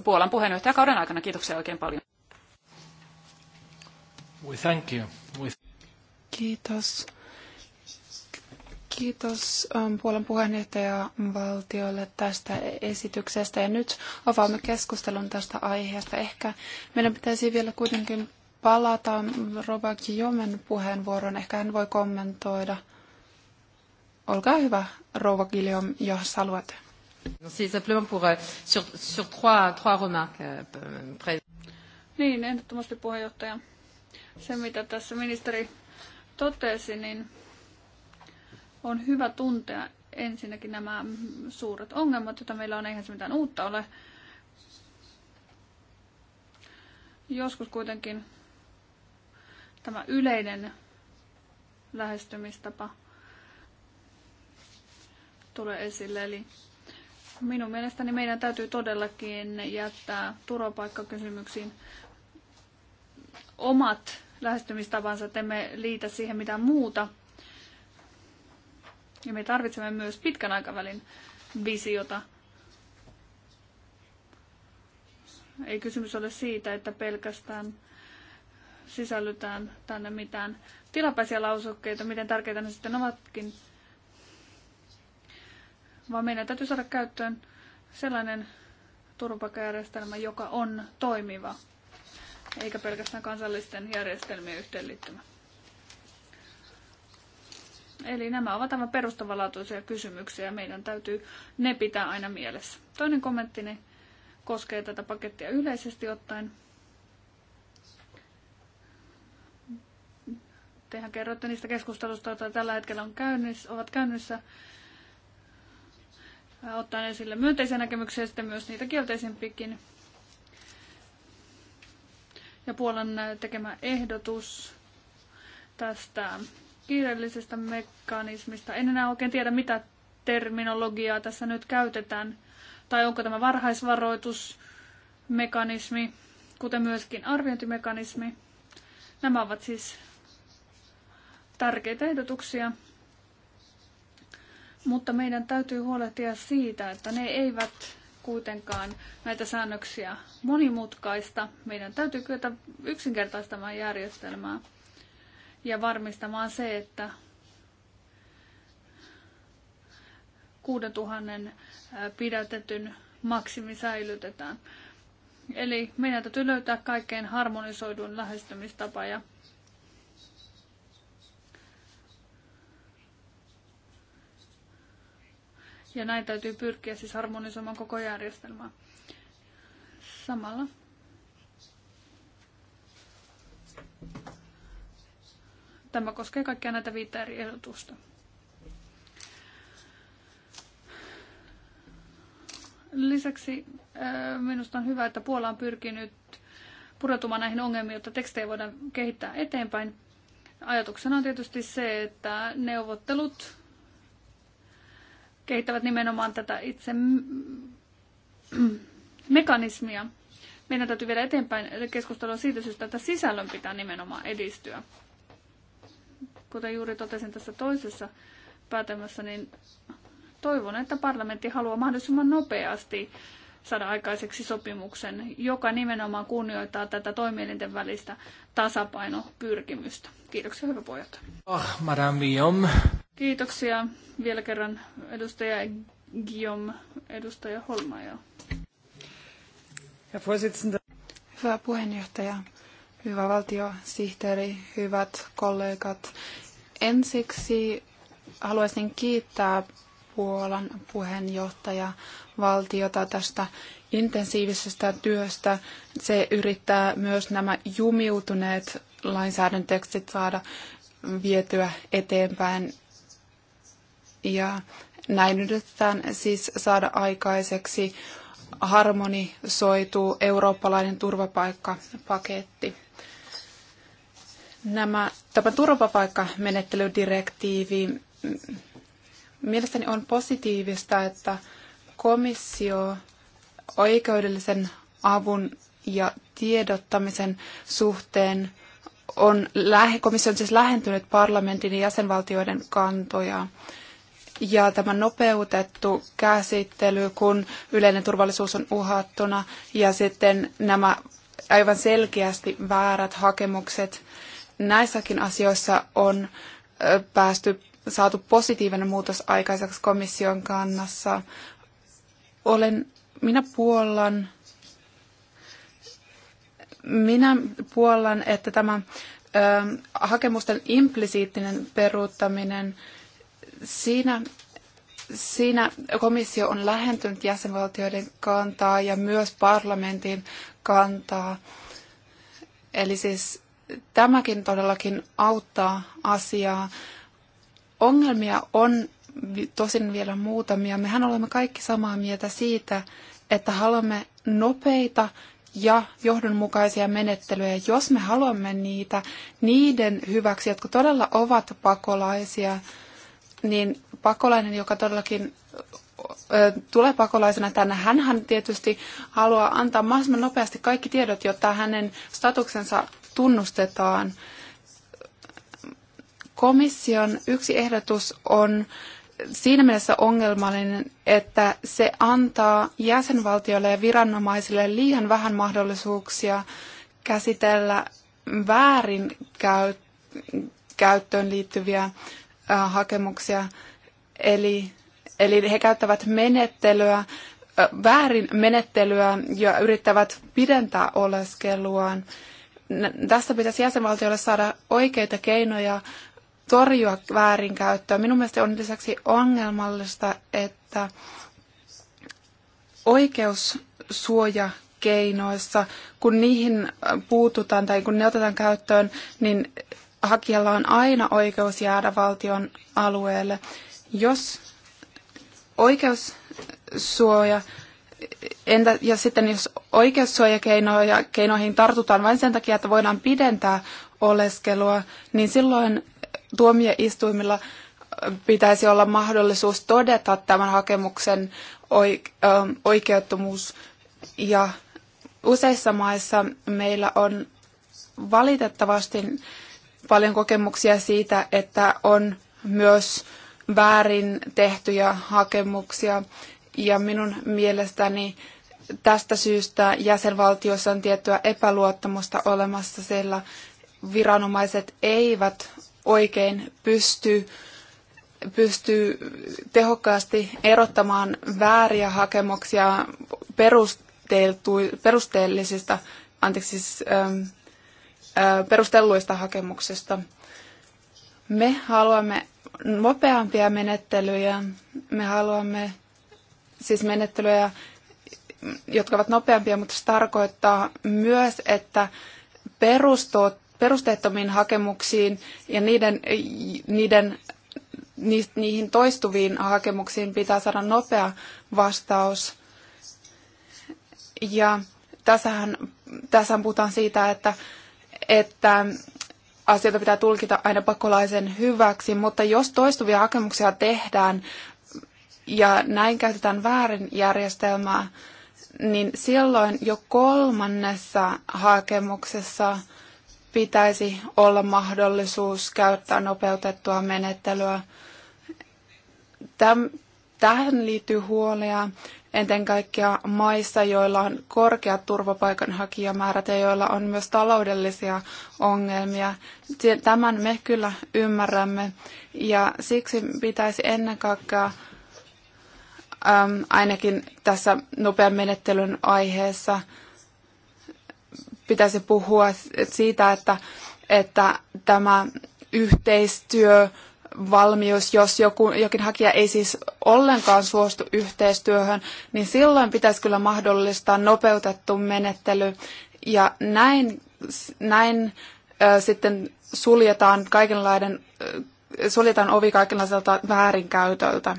Puolan puheenjohtajakauden aikana. Kiitoksia oikein paljon. We thank you. We... Kiitos. Kiitos ähm, Puolan puheenjohtaja valtiolle tästä esityksestä ja nyt avaamme keskustelun tästä aiheesta. Ehkä meidän pitäisi vielä kuitenkin palata Robert Jomen puheenvuoroon. Ehkä hän voi kommentoida. Olkaa hyvä, Rouva Guillaume, jos haluatte. Euh, sur, sur trois, trois remarques. Euh, niin, ehdottomasti puheenjohtaja. Se, mitä tässä ministeri totesi, niin on hyvä tuntea ensinnäkin nämä suuret ongelmat, joita meillä on, eihän se mitään uutta ole. Joskus kuitenkin tämä yleinen lähestymistapa tulee esille. Eli minun mielestäni meidän täytyy todellakin jättää turvapaikkakysymyksiin omat lähestymistapansa, että emme liitä siihen mitään muuta ja me tarvitsemme myös pitkän aikavälin visiota. Ei kysymys ole siitä, että pelkästään sisällytään tänne mitään tilapäisiä lausukkeita, miten tärkeitä ne sitten ovatkin, vaan meidän täytyy saada käyttöön sellainen turvapaikkajärjestelmä, joka on toimiva, eikä pelkästään kansallisten järjestelmien yhteenliittymä. Eli nämä ovat aivan perustavanlaatuisia kysymyksiä ja meidän täytyy ne pitää aina mielessä. Toinen ne koskee tätä pakettia yleisesti ottaen. Tehän kerroitte niistä keskustelusta, joita tällä hetkellä on käynnissä, ovat käynnissä. Ottaen esille myönteisiä näkemyksiä ja sitten myös niitä kielteisempikin. Ja Puolan tekemä ehdotus tästä kiireellisestä mekanismista. En enää oikein tiedä, mitä terminologiaa tässä nyt käytetään, tai onko tämä varhaisvaroitusmekanismi, kuten myöskin arviointimekanismi. Nämä ovat siis tärkeitä ehdotuksia, mutta meidän täytyy huolehtia siitä, että ne eivät kuitenkaan näitä säännöksiä monimutkaista. Meidän täytyy kyetä yksinkertaistamaan järjestelmää ja varmistamaan se, että 6000 pidätetyn maksimi säilytetään. Eli meidän täytyy löytää kaikkein harmonisoidun lähestymistapa ja Ja näin täytyy pyrkiä siis harmonisoimaan koko järjestelmää. Samalla Tämä koskee kaikkia näitä viittä eri ehdotusta. Lisäksi äh, minusta on hyvä, että Puola on pyrkinyt pureutumaan näihin ongelmiin, jotta tekstejä voidaan kehittää eteenpäin. Ajatuksena on tietysti se, että neuvottelut kehittävät nimenomaan tätä itse mekanismia. Meidän täytyy viedä eteenpäin keskustelua siitä syystä, että sisällön pitää nimenomaan edistyä. Kuten juuri totesin tässä toisessa päätelmässä, niin toivon, että parlamentti haluaa mahdollisimman nopeasti saada aikaiseksi sopimuksen, joka nimenomaan kunnioittaa tätä toimielinten välistä tasapainopyrkimystä. Kiitoksia, hyvä pojat. Oh, ah, Madame Guillaume. Kiitoksia vielä kerran edustaja Guillaume, edustaja Holmaja. Herr Vorsitzender. Hyvä puheenjohtaja, Hyvä valtiosihteeri, hyvät kollegat. Ensiksi haluaisin kiittää Puolan puheenjohtaja valtiota tästä intensiivisestä työstä. Se yrittää myös nämä jumiutuneet lainsäädäntötekstit saada vietyä eteenpäin. Ja näin yritetään siis saada aikaiseksi harmonisoitu eurooppalainen turvapaikkapaketti. Nämä, tämä turvapaikkamenettelydirektiivi, mm, mielestäni on positiivista, että komissio oikeudellisen avun ja tiedottamisen suhteen on, komissio on siis lähentynyt parlamentin ja jäsenvaltioiden kantoja. Ja tämä nopeutettu käsittely, kun yleinen turvallisuus on uhattuna ja sitten nämä aivan selkeästi väärät hakemukset näissäkin asioissa on päästy saatu positiivinen muutos aikaiseksi komission kannassa. Olen, minä puollan, minä puollan, että tämä ö, hakemusten implisiittinen peruuttaminen, siinä, siinä komissio on lähentynyt jäsenvaltioiden kantaa ja myös parlamentin kantaa. Eli siis tämäkin todellakin auttaa asiaa. Ongelmia on tosin vielä muutamia. Mehän olemme kaikki samaa mieltä siitä, että haluamme nopeita ja johdonmukaisia menettelyjä. Jos me haluamme niitä niiden hyväksi, jotka todella ovat pakolaisia, niin pakolainen, joka todellakin tulee pakolaisena tänne, hän tietysti haluaa antaa mahdollisimman nopeasti kaikki tiedot, jotta hänen statuksensa tunnustetaan. Komission yksi ehdotus on siinä mielessä ongelmallinen, että se antaa jäsenvaltioille ja viranomaisille liian vähän mahdollisuuksia käsitellä väärin käyttöön liittyviä hakemuksia. Eli, eli he käyttävät menettelyä, väärin menettelyä ja yrittävät pidentää oleskeluaan tästä pitäisi jäsenvaltioille saada oikeita keinoja torjua väärinkäyttöä. Minun mielestä on lisäksi ongelmallista, että oikeussuoja keinoissa, kun niihin puututaan tai kun ne otetaan käyttöön, niin hakijalla on aina oikeus jäädä valtion alueelle. Jos oikeussuoja entä, ja sitten jos oikeussuojakeinoihin tartutaan vain sen takia, että voidaan pidentää oleskelua, niin silloin tuomioistuimilla pitäisi olla mahdollisuus todeta tämän hakemuksen oikeuttomuus. Ja useissa maissa meillä on valitettavasti paljon kokemuksia siitä, että on myös väärin tehtyjä hakemuksia. Ja minun mielestäni tästä syystä jäsenvaltiossa on tiettyä epäluottamusta olemassa, sillä viranomaiset eivät oikein pysty, pysty tehokkaasti erottamaan vääriä hakemuksia perusteellisista, anteeksi, siis, ähm, äh, perustelluista hakemuksista. Me haluamme nopeampia menettelyjä, me haluamme siis menettelyjä, jotka ovat nopeampia, mutta se tarkoittaa myös, että perustot, perusteettomiin hakemuksiin ja niiden, niiden ni, niihin toistuviin hakemuksiin pitää saada nopea vastaus. Ja tässähän, tässähän puhutaan siitä, että, että asioita pitää tulkita aina pakolaisen hyväksi, mutta jos toistuvia hakemuksia tehdään ja näin käytetään väärin järjestelmää, niin silloin jo kolmannessa hakemuksessa pitäisi olla mahdollisuus käyttää nopeutettua menettelyä. Täm, tähän liittyy huolia enten kaikkea maissa, joilla on korkeat turvapaikanhakijamäärät ja joilla on myös taloudellisia ongelmia. Tämän me kyllä ymmärrämme ja siksi pitäisi ennen kaikkea ähm, ainakin tässä nopean menettelyn aiheessa pitäisi puhua siitä, että, että tämä yhteistyö valmius, jos joku, jokin hakija ei siis ollenkaan suostu yhteistyöhön, niin silloin pitäisi kyllä mahdollistaa nopeutettu menettely. Ja näin, näin äh, sitten suljetaan, kaikenlaiden, suljetaan ovi kaikenlaiselta väärinkäytöltä.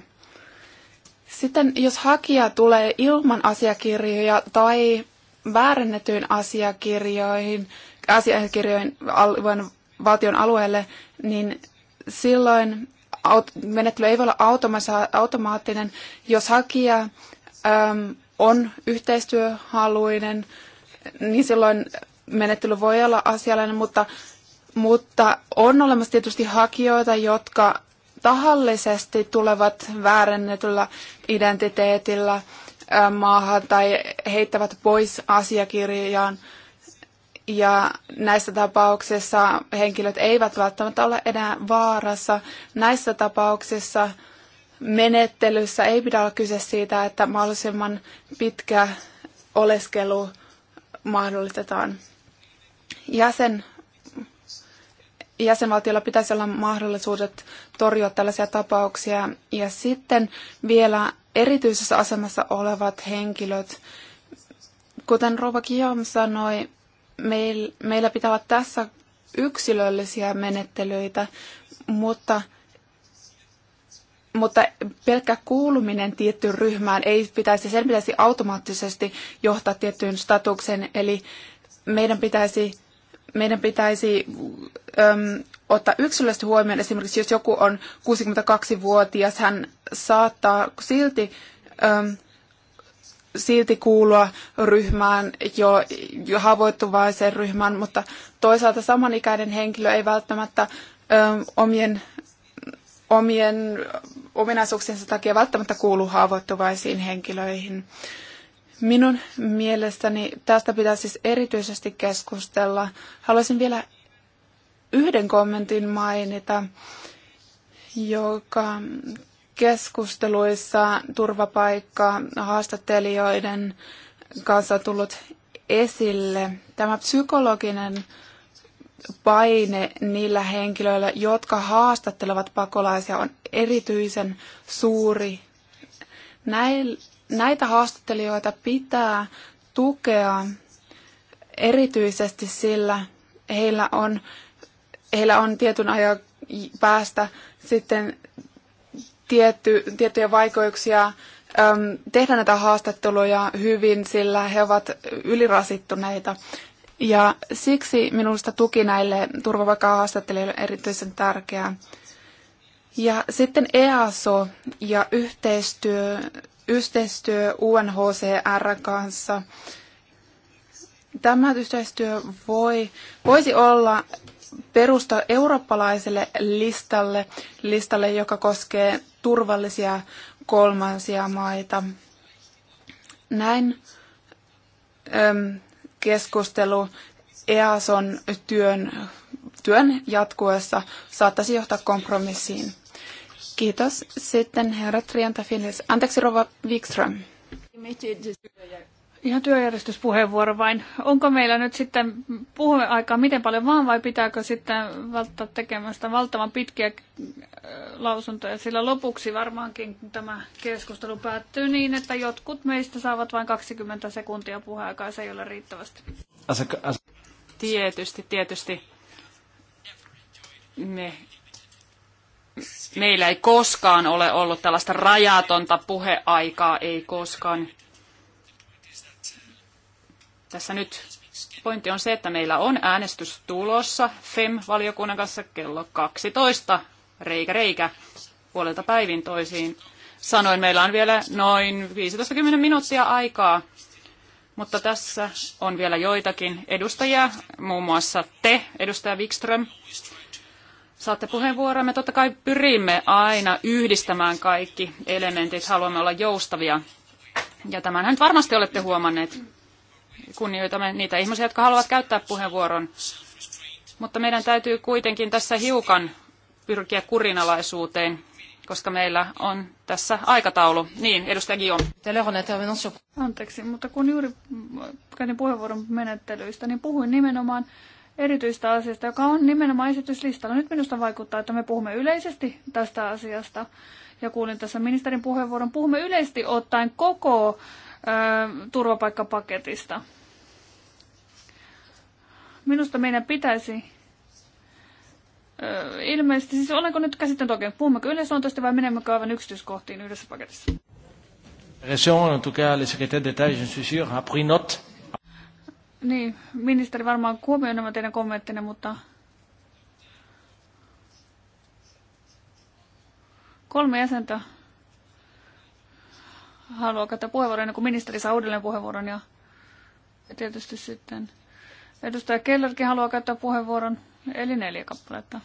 Sitten jos hakija tulee ilman asiakirjoja tai väärennetyin asiakirjoihin, asiakirjoihin alueen, valtion alueelle, niin silloin menettely ei voi olla automaattinen, jos hakija äm, on yhteistyöhaluinen, niin silloin menettely voi olla asiallinen, mutta, mutta on olemassa tietysti hakijoita, jotka tahallisesti tulevat väärennetyllä identiteetillä maahan tai heittävät pois asiakirjaan. Ja näissä tapauksissa henkilöt eivät välttämättä ole enää vaarassa. Näissä tapauksissa menettelyssä ei pidä olla kyse siitä, että mahdollisimman pitkä oleskelu mahdollistetaan. Jäsen, jäsenvaltiolla pitäisi olla mahdollisuudet torjua tällaisia tapauksia. Ja sitten vielä erityisessä asemassa olevat henkilöt. Kuten Rova Kiom sanoi, meil, meillä pitää olla tässä yksilöllisiä menettelyitä, mutta, mutta pelkkä kuuluminen tiettyyn ryhmään ei pitäisi, sen pitäisi automaattisesti johtaa tiettyyn statukseen, eli meidän pitäisi meidän pitäisi ottaa yksilöllisesti huomioon. Esimerkiksi jos joku on 62-vuotias, hän saattaa silti, silti kuulua ryhmään, jo, jo haavoittuvaiseen ryhmään, mutta toisaalta samanikäinen henkilö ei välttämättä omien omien ominaisuuksiensa takia välttämättä kuulu haavoittuvaisiin henkilöihin. Minun mielestäni tästä pitää siis erityisesti keskustella. Haluaisin vielä yhden kommentin mainita, joka keskusteluissa turvapaikka haastattelijoiden kanssa tullut esille. Tämä psykologinen paine niillä henkilöillä, jotka haastattelevat pakolaisia, on erityisen suuri. Näin näitä haastattelijoita pitää tukea erityisesti sillä heillä on, heillä on tietyn ajan päästä sitten tietty, tiettyjä vaikeuksia äm, tehdä näitä haastatteluja hyvin, sillä he ovat ylirasittuneita. Ja siksi minusta tuki näille turvapaikka-haastattelijoille on erityisen tärkeää. Ja sitten EASO ja yhteistyö yhteistyö UNHCR kanssa. Tämä yhteistyö voi, voisi olla perusta eurooppalaiselle listalle, listalle, joka koskee turvallisia kolmansia maita. Näin äm, keskustelu EASON työn, työn jatkuessa saattaisi johtaa kompromissiin. Kiitos. Sitten herra Triantafilis. Anteeksi, Rova Wikström. Ihan työjärjestyspuheenvuoro vain. Onko meillä nyt sitten puheaikaa miten paljon vaan vai pitääkö sitten välttää tekemästä valtavan pitkiä äh, lausuntoja? Sillä lopuksi varmaankin tämä keskustelu päättyy niin, että jotkut meistä saavat vain 20 sekuntia puheaikaa, se ei ole riittävästi. Tietysti, tietysti. Me meillä ei koskaan ole ollut tällaista rajatonta puheaikaa, ei koskaan. Tässä nyt pointti on se, että meillä on äänestys tulossa FEM-valiokunnan kanssa kello 12, reikä reikä, puolelta päivin toisiin. Sanoin, meillä on vielä noin 15-10 minuuttia aikaa, mutta tässä on vielä joitakin edustajia, muun muassa te, edustaja Wikström, saatte puheenvuoron. Me totta kai pyrimme aina yhdistämään kaikki elementit, haluamme olla joustavia. Ja tämänhän nyt varmasti olette huomanneet. Kunnioitamme niitä ihmisiä, jotka haluavat käyttää puheenvuoron. Mutta meidän täytyy kuitenkin tässä hiukan pyrkiä kurinalaisuuteen, koska meillä on tässä aikataulu. Niin, edustaja Gion. Anteeksi, mutta kun juuri käytin puheenvuoron menettelyistä, niin puhuin nimenomaan erityistä asiasta, joka on nimenomaan esityslistalla. Nyt minusta vaikuttaa, että me puhumme yleisesti tästä asiasta. Ja kuulin tässä ministerin puheenvuoron. Puhumme yleisesti ottaen koko ö, turvapaikkapaketista. Minusta meidän pitäisi ö, ilmeisesti, siis olenko nyt käsittänyt oikein, puhummeko yleisluontoisesti vai menemmekö aivan yksityiskohtiin yhdessä paketissa? Région, en tout cas, le secrétaire d'État, je suis sûr, a pris note niin, ministeri varmaan huomioi nämä teidän kommenttinne, mutta kolme jäsentä haluaa käyttää puheenvuoron ennen kuin ministeri saa uudelleen puheenvuoron ja tietysti sitten edustaja Kellerkin haluaa käyttää puheenvuoron, eli neljä kappaletta.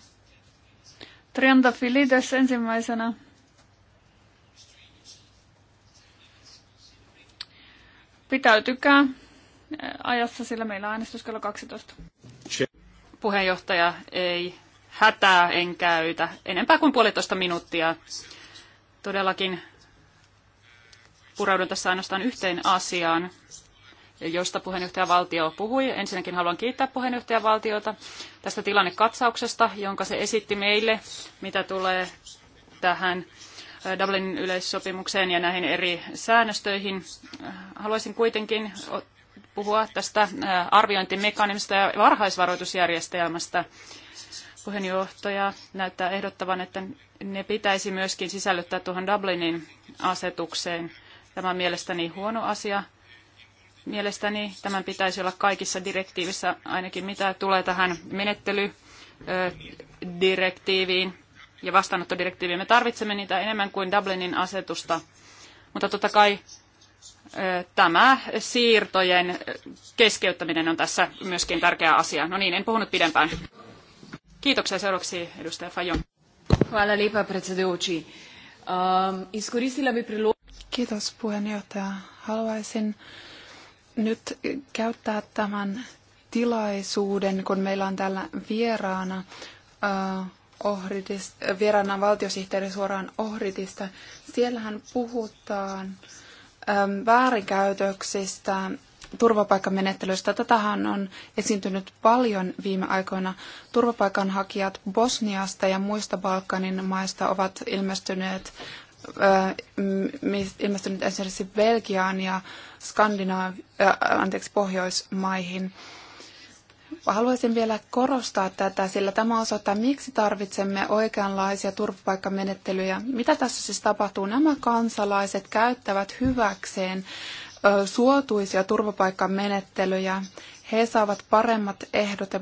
Trianta Filides ensimmäisenä. Pitäytykää ajassa, sillä meillä on äänestys kello 12. Puheenjohtaja ei hätää en käytä enempää kuin puolitoista minuuttia. Todellakin pureudun tässä ainoastaan yhteen asiaan, josta puheenjohtaja valtio puhui. Ensinnäkin haluan kiittää Valtiota tästä tilannekatsauksesta, jonka se esitti meille, mitä tulee tähän Dublinin yleissopimukseen ja näihin eri säännöstöihin. Haluaisin kuitenkin puhua tästä arviointimekanismista ja varhaisvaroitusjärjestelmästä. Puheenjohtaja näyttää ehdottavan, että ne pitäisi myöskin sisällyttää tuohon Dublinin asetukseen. Tämä on mielestäni huono asia. Mielestäni tämän pitäisi olla kaikissa direktiivissä, ainakin mitä tulee tähän menettelydirektiiviin ja vastaanottodirektiiviin. Me tarvitsemme niitä enemmän kuin Dublinin asetusta, mutta totta kai tämä siirtojen keskeyttäminen on tässä myöskin tärkeä asia. No niin, en puhunut pidempään. Kiitoksia seuraavaksi edustaja Fajon. Hvala lepa, predsedujući. Um, ehm, iskoristila bi prilo... Kiitos puheenjohtaja. Haluaisin nyt käyttää tämän tilaisuuden, kun meillä on täällä vieraana uh, Ohridist, vieraana valtiosihteeri suoraan Ohridista. Siellähän puhutaan uh, väärinkäytöksistä, turvapaikkamenettelystä. Tätähän on esiintynyt paljon viime aikoina. Turvapaikanhakijat Bosniasta ja muista Balkanin maista ovat ilmestyneet, ilmestyneet esimerkiksi Belgiaan ja Skandinaavi- anteeksi, Pohjoismaihin haluaisin vielä korostaa tätä, sillä tämä osoittaa, miksi tarvitsemme oikeanlaisia turvapaikkamenettelyjä. Mitä tässä siis tapahtuu? Nämä kansalaiset käyttävät hyväkseen suotuisia turvapaikkamenettelyjä. He saavat paremmat ehdot ja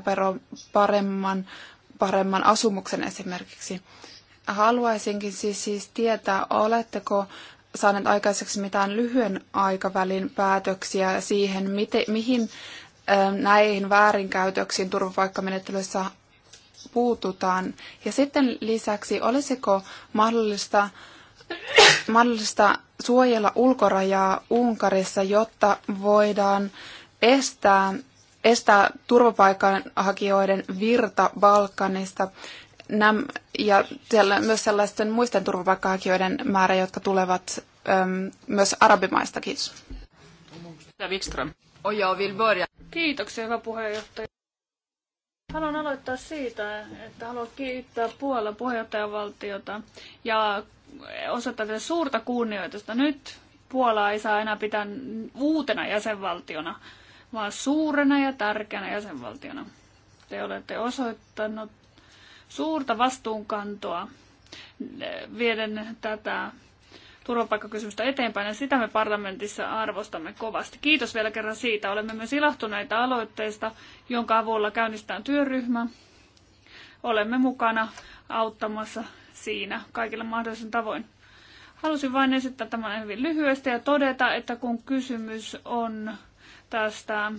paremman, paremman asumuksen esimerkiksi. Haluaisinkin siis, siis tietää, oletteko saaneet aikaiseksi mitään lyhyen aikavälin päätöksiä siihen, miten, mihin näihin väärinkäytöksiin turvapaikkamenettelyssä puututaan. Ja sitten lisäksi, olisiko mahdollista, mahdollista suojella ulkorajaa Unkarissa, jotta voidaan estää, estää turvapaikanhakijoiden virta Balkanista Näm, ja siellä myös sellaisten muisten turvapaikanhakijoiden määrä, jotka tulevat äm, myös arabimaistakin. Kiitos. Wikström. Oja vill börja. Kiitoksia, hyvä puheenjohtaja. Haluan aloittaa siitä, että haluan kiittää Puolan puheenjohtajavaltiota ja osoittaa teille suurta kunnioitusta. Nyt Puola ei saa enää pitää uutena jäsenvaltiona, vaan suurena ja tärkeänä jäsenvaltiona. Te olette osoittanut suurta vastuunkantoa vieden tätä turvapaikkakysymystä eteenpäin, ja sitä me parlamentissa arvostamme kovasti. Kiitos vielä kerran siitä. Olemme myös ilahtuneita aloitteesta, jonka avulla käynnistään työryhmä. Olemme mukana auttamassa siinä kaikilla mahdollisin tavoin. Halusin vain esittää tämän hyvin lyhyesti ja todeta, että kun kysymys on tästä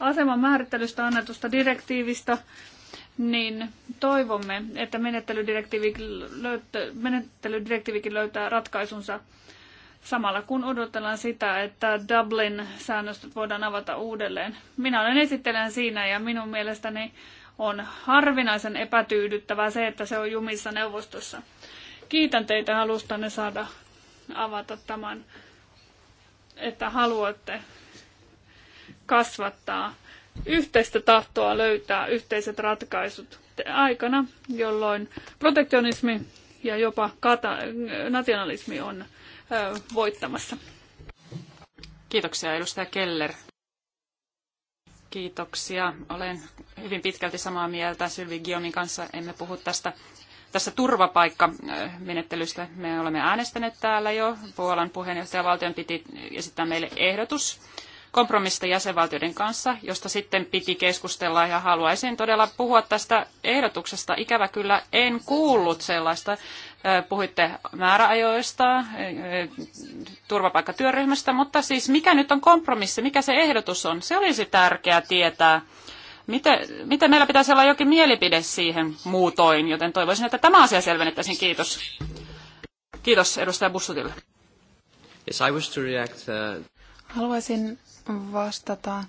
aseman määrittelystä annetusta direktiivistä, niin toivomme, että menettelydirektiivikin, löyt- menettelydirektiivikin löytää ratkaisunsa samalla kun odotellaan sitä, että Dublin-säännöstöt voidaan avata uudelleen. Minä olen esittelen siinä ja minun mielestäni on harvinaisen epätyydyttävää se, että se on jumissa neuvostossa. Kiitän teitä halustanne saada avata tämän, että haluatte kasvattaa yhteistä tahtoa löytää yhteiset ratkaisut aikana, jolloin protektionismi ja jopa kata- nationalismi on ö, voittamassa. Kiitoksia edustaja Keller. Kiitoksia. Olen hyvin pitkälti samaa mieltä Sylvi Giomin kanssa. Emme puhu tästä tässä turvapaikkamenettelystä. Me olemme äänestäneet täällä jo. Puolan puheenjohtajavaltion piti esittää meille ehdotus kompromista jäsenvaltioiden kanssa, josta sitten piti keskustella ja haluaisin todella puhua tästä ehdotuksesta. Ikävä kyllä en kuullut sellaista. Puhuitte määräajoista, turvapaikkatyöryhmästä, mutta siis mikä nyt on kompromissi, mikä se ehdotus on? Se olisi tärkeää tietää. Miten, miten meillä pitäisi olla jokin mielipide siihen muutoin, joten toivoisin, että tämä asia selvennettäisiin. Kiitos. Kiitos edustaja Bussutille. Yes, I to react, uh... Haluaisin vastata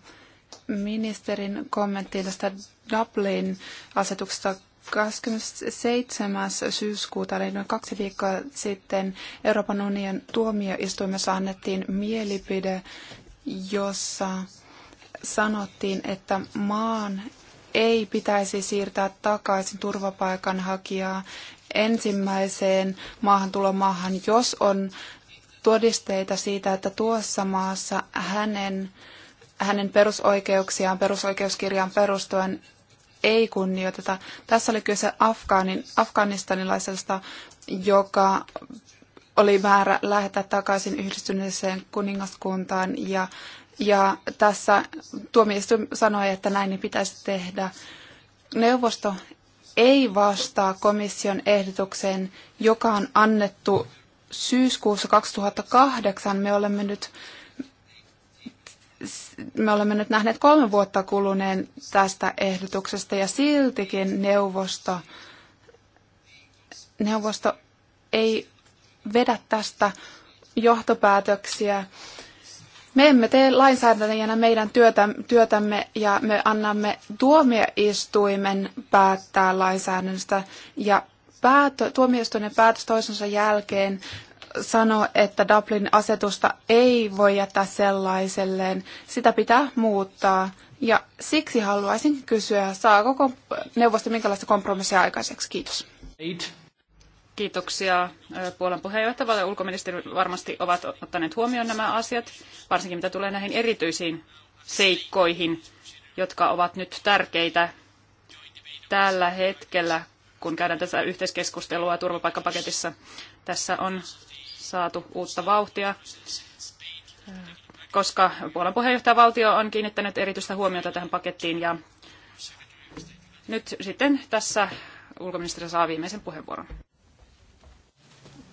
ministerin kommenttiin tästä Dublin-asetuksesta 27. syyskuuta, eli noin kaksi viikkoa sitten, Euroopan unionin tuomioistuimessa annettiin mielipide, jossa sanottiin, että maan ei pitäisi siirtää takaisin turvapaikanhakijaa ensimmäiseen maahantulomaahan, jos on todisteita siitä, että tuossa maassa hänen, hänen perusoikeuksiaan, perusoikeuskirjaan perustuen ei kunnioiteta. Tässä oli kyse Afgaanin, afganistanilaisesta, joka oli määrä lähettää takaisin yhdistyneeseen kuningaskuntaan ja, ja tässä tuomioistuin sanoi, että näin ei pitäisi tehdä. Neuvosto ei vastaa komission ehdotukseen, joka on annettu syyskuussa 2008 me olemme nyt me olemme nyt nähneet kolme vuotta kuluneen tästä ehdotuksesta ja siltikin neuvosto, neuvosto ei vedä tästä johtopäätöksiä. Me emme tee lainsäätäjänä meidän työtä, työtämme ja me annamme tuomioistuimen päättää lainsäädännöstä ja päätö, tuomioistuinen päätös toisensa jälkeen sanoi, että Dublin-asetusta ei voi jättää sellaiselleen. Sitä pitää muuttaa. Ja siksi haluaisin kysyä, saako neuvosto minkälaista kompromissia aikaiseksi? Kiitos. Eight. Kiitoksia Puolan puheenjohtaja Ja ulkoministeri varmasti ovat ottaneet huomioon nämä asiat, varsinkin mitä tulee näihin erityisiin seikkoihin, jotka ovat nyt tärkeitä tällä hetkellä, kun käydään tässä yhteiskeskustelua turvapaikkapaketissa. Tässä on saatu uutta vauhtia, koska Puolan puheenjohtajavaltio on kiinnittänyt erityistä huomiota tähän pakettiin ja nyt sitten tässä ulkoministeri saa viimeisen puheenvuoron.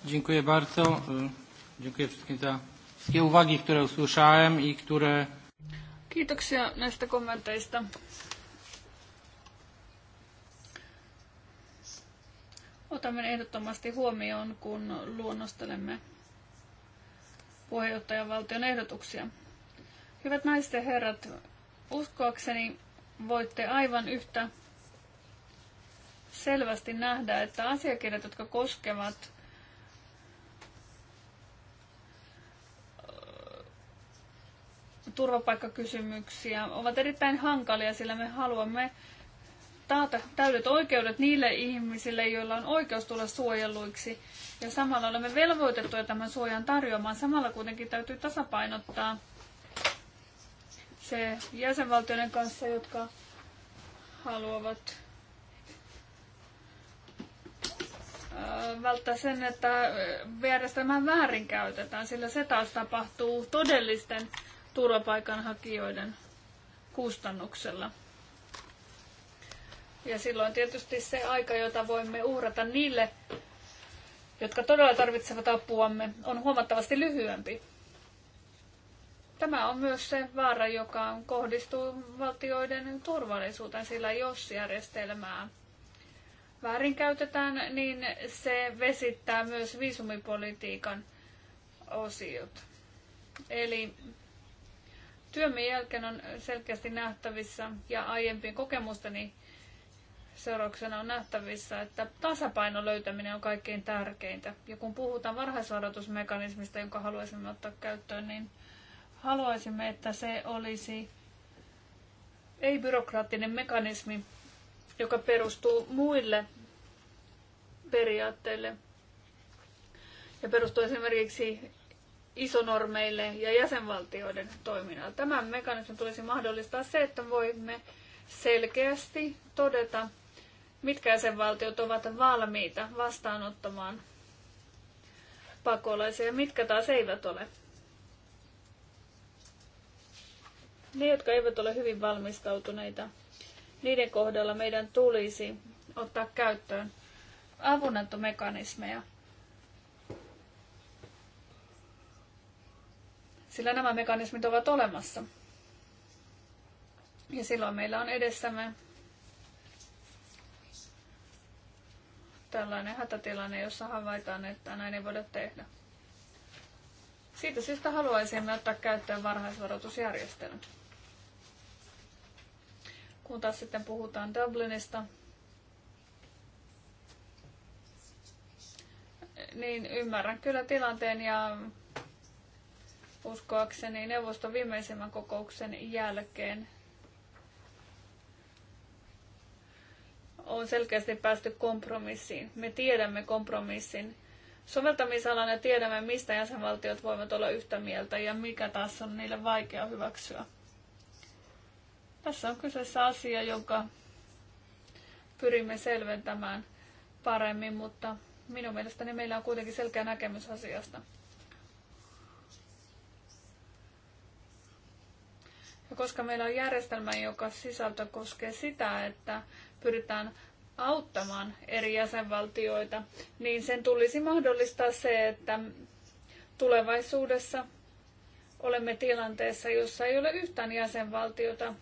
Dziękuję bardzo. Dziękuję wszystkim za wszystkie uwagi, które usłyszałem i które... Kiitoksia näistä kommenteista. otamme ehdottomasti huomioon, kun luonnostelemme puheenjohtajavaltion ehdotuksia. Hyvät naiset ja herrat, uskoakseni voitte aivan yhtä selvästi nähdä, että asiakirjat, jotka koskevat äh, turvapaikkakysymyksiä, ovat erittäin hankalia, sillä me haluamme taata täydet oikeudet niille ihmisille, joilla on oikeus tulla suojeluiksi. Ja samalla olemme velvoitettuja tämän suojan tarjoamaan. Samalla kuitenkin täytyy tasapainottaa se jäsenvaltioiden kanssa, jotka haluavat äh, välttää sen, että äh, järjestelmää väärinkäytetään, sillä se taas tapahtuu todellisten turvapaikanhakijoiden kustannuksella. Ja silloin tietysti se aika, jota voimme uhrata niille, jotka todella tarvitsevat apuamme, on huomattavasti lyhyempi. Tämä on myös se vaara, joka kohdistuu valtioiden turvallisuuteen, sillä jos järjestelmää väärinkäytetään, niin se vesittää myös viisumipolitiikan osiot. Eli työmme jälkeen on selkeästi nähtävissä ja aiempien kokemusteni seurauksena on nähtävissä, että tasapainon löytäminen on kaikkein tärkeintä. Ja kun puhutaan varhaisvaroitusmekanismista, jonka haluaisimme ottaa käyttöön, niin haluaisimme, että se olisi ei-byrokraattinen mekanismi, joka perustuu muille periaatteille ja perustuu esimerkiksi isonormeille ja jäsenvaltioiden toiminnalle. Tämän mekanismin tulisi mahdollistaa se, että voimme selkeästi todeta, mitkä jäsenvaltiot ovat valmiita vastaanottamaan pakolaisia ja mitkä taas eivät ole. Ne, jotka eivät ole hyvin valmistautuneita, niiden kohdalla meidän tulisi ottaa käyttöön avunantomekanismeja. Sillä nämä mekanismit ovat olemassa. Ja silloin meillä on edessämme tällainen hätätilanne, jossa havaitaan, että näin ei voida tehdä. Siitä syystä haluaisimme ottaa käyttöön varhaisvaroitusjärjestelmän. Kun taas sitten puhutaan Dublinista, niin ymmärrän kyllä tilanteen ja uskoakseni neuvoston viimeisimmän kokouksen jälkeen on selkeästi päästy kompromissiin. Me tiedämme kompromissin soveltamisalan ja tiedämme, mistä jäsenvaltiot voivat olla yhtä mieltä ja mikä taas on niille vaikea hyväksyä. Tässä on kyseessä asia, jonka pyrimme selventämään paremmin, mutta minun mielestäni meillä on kuitenkin selkeä näkemys asiasta. Ja koska meillä on järjestelmä, joka sisältö koskee sitä, että pyritään auttamaan eri jäsenvaltioita, niin sen tulisi mahdollistaa se, että tulevaisuudessa olemme tilanteessa, jossa ei ole yhtään jäsenvaltiota,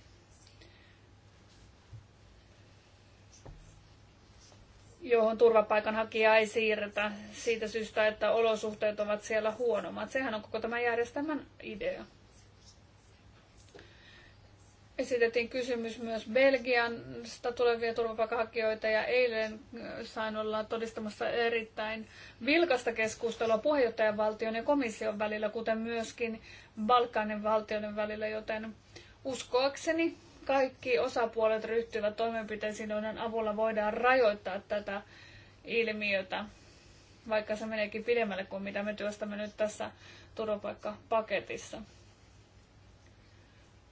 johon turvapaikanhakija ei siirretä siitä syystä, että olosuhteet ovat siellä huonommat. Sehän on koko tämän järjestelmän idea. Esitettiin kysymys myös Belgiasta tulevia turvapaikanhakijoita ja eilen äh, sain olla todistamassa erittäin vilkasta keskustelua puheenjohtajavaltion ja komission välillä, kuten myöskin Balkanin valtioiden välillä, joten uskoakseni kaikki osapuolet ryhtyvät toimenpiteisiin, joiden avulla voidaan rajoittaa tätä ilmiötä, vaikka se meneekin pidemmälle kuin mitä me työstämme nyt tässä turvapaikkapaketissa.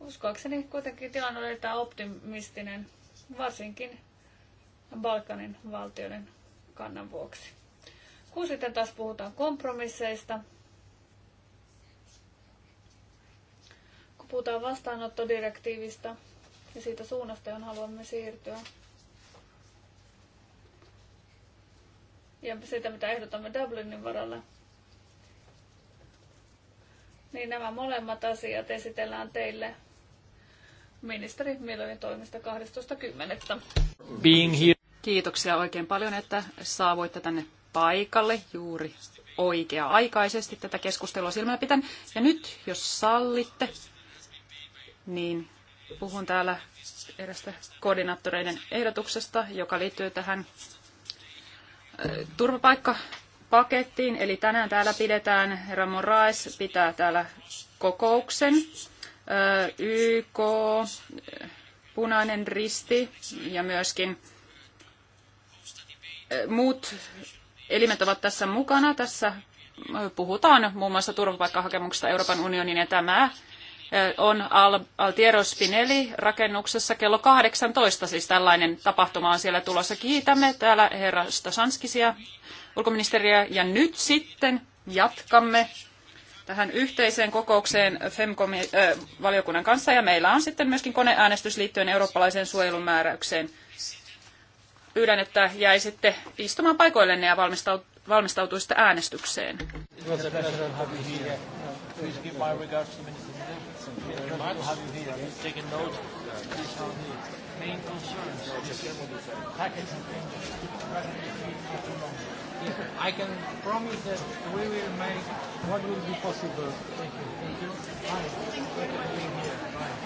Uskoakseni kuitenkin tilanne oli tämä optimistinen, varsinkin Balkanin valtioiden kannan vuoksi. Kun sitten taas puhutaan kompromisseista, kun puhutaan vastaanottodirektiivistä ja niin siitä suunnasta, johon haluamme siirtyä, ja sitä, mitä ehdotamme Dublinin varalle, niin nämä molemmat asiat esitellään teille ministeri Milojen toimesta 12.10. Being here. Kiitoksia oikein paljon, että saavoitte tänne paikalle juuri oikea-aikaisesti tätä keskustelua silmällä pitän. Ja nyt, jos sallitte, niin puhun täällä erästä koordinaattoreiden ehdotuksesta, joka liittyy tähän äh, turvapaikkapakettiin. Eli tänään täällä pidetään, herra Moraes pitää täällä kokouksen YK, Punainen Risti ja myöskin muut elimet ovat tässä mukana. Tässä puhutaan muun muassa turvapaikkahakemuksesta Euroopan unionin ja tämä on Altiero Spinelli rakennuksessa kello 18, siis tällainen tapahtuma on siellä tulossa. Kiitämme täällä herra Stasanskisia, ulkoministeriä, ja nyt sitten jatkamme tähän yhteiseen kokoukseen FEM-valiokunnan äh, kanssa ja meillä on sitten myöskin koneäänestys liittyen eurooppalaiseen suojelumääräykseen, Pyydän, että jäisitte istumaan paikoillenne ja valmistautuisitte äänestykseen. I can promise that we will make What will be possible? Thank you. Thank you. Bye. Thank you. Bye.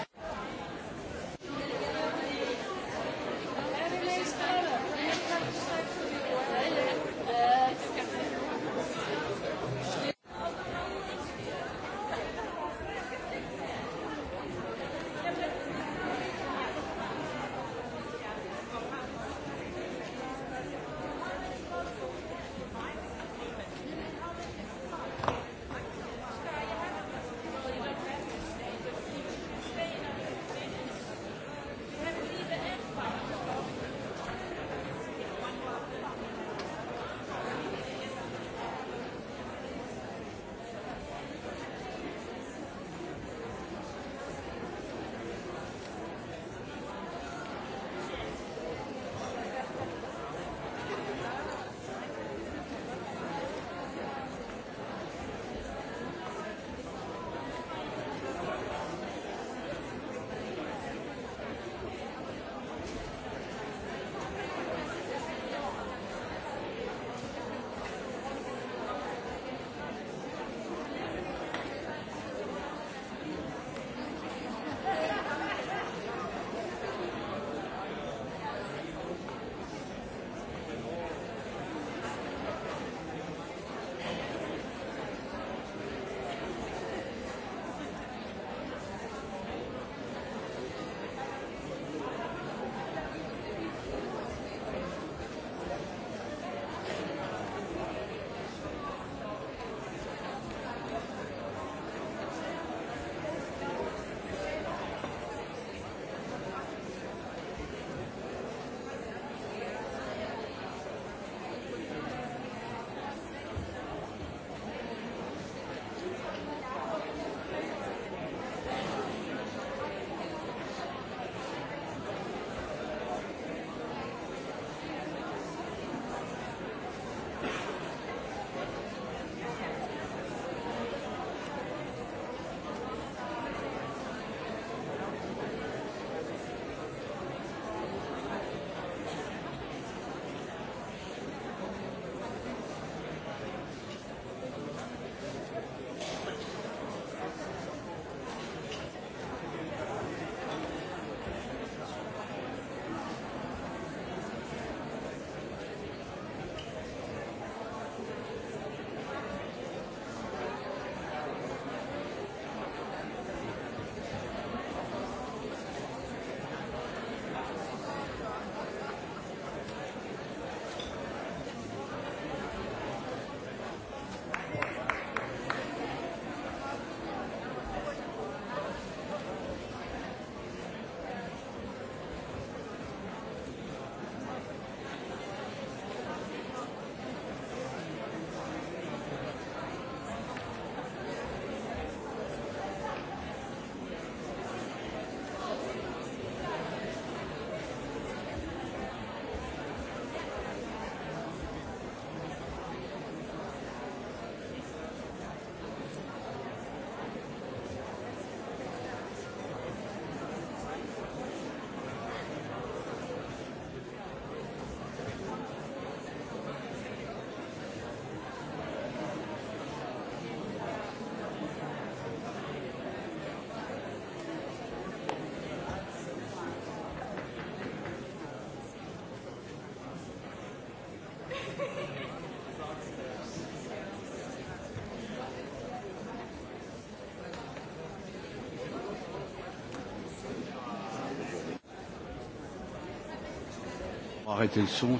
Arrêtez le son.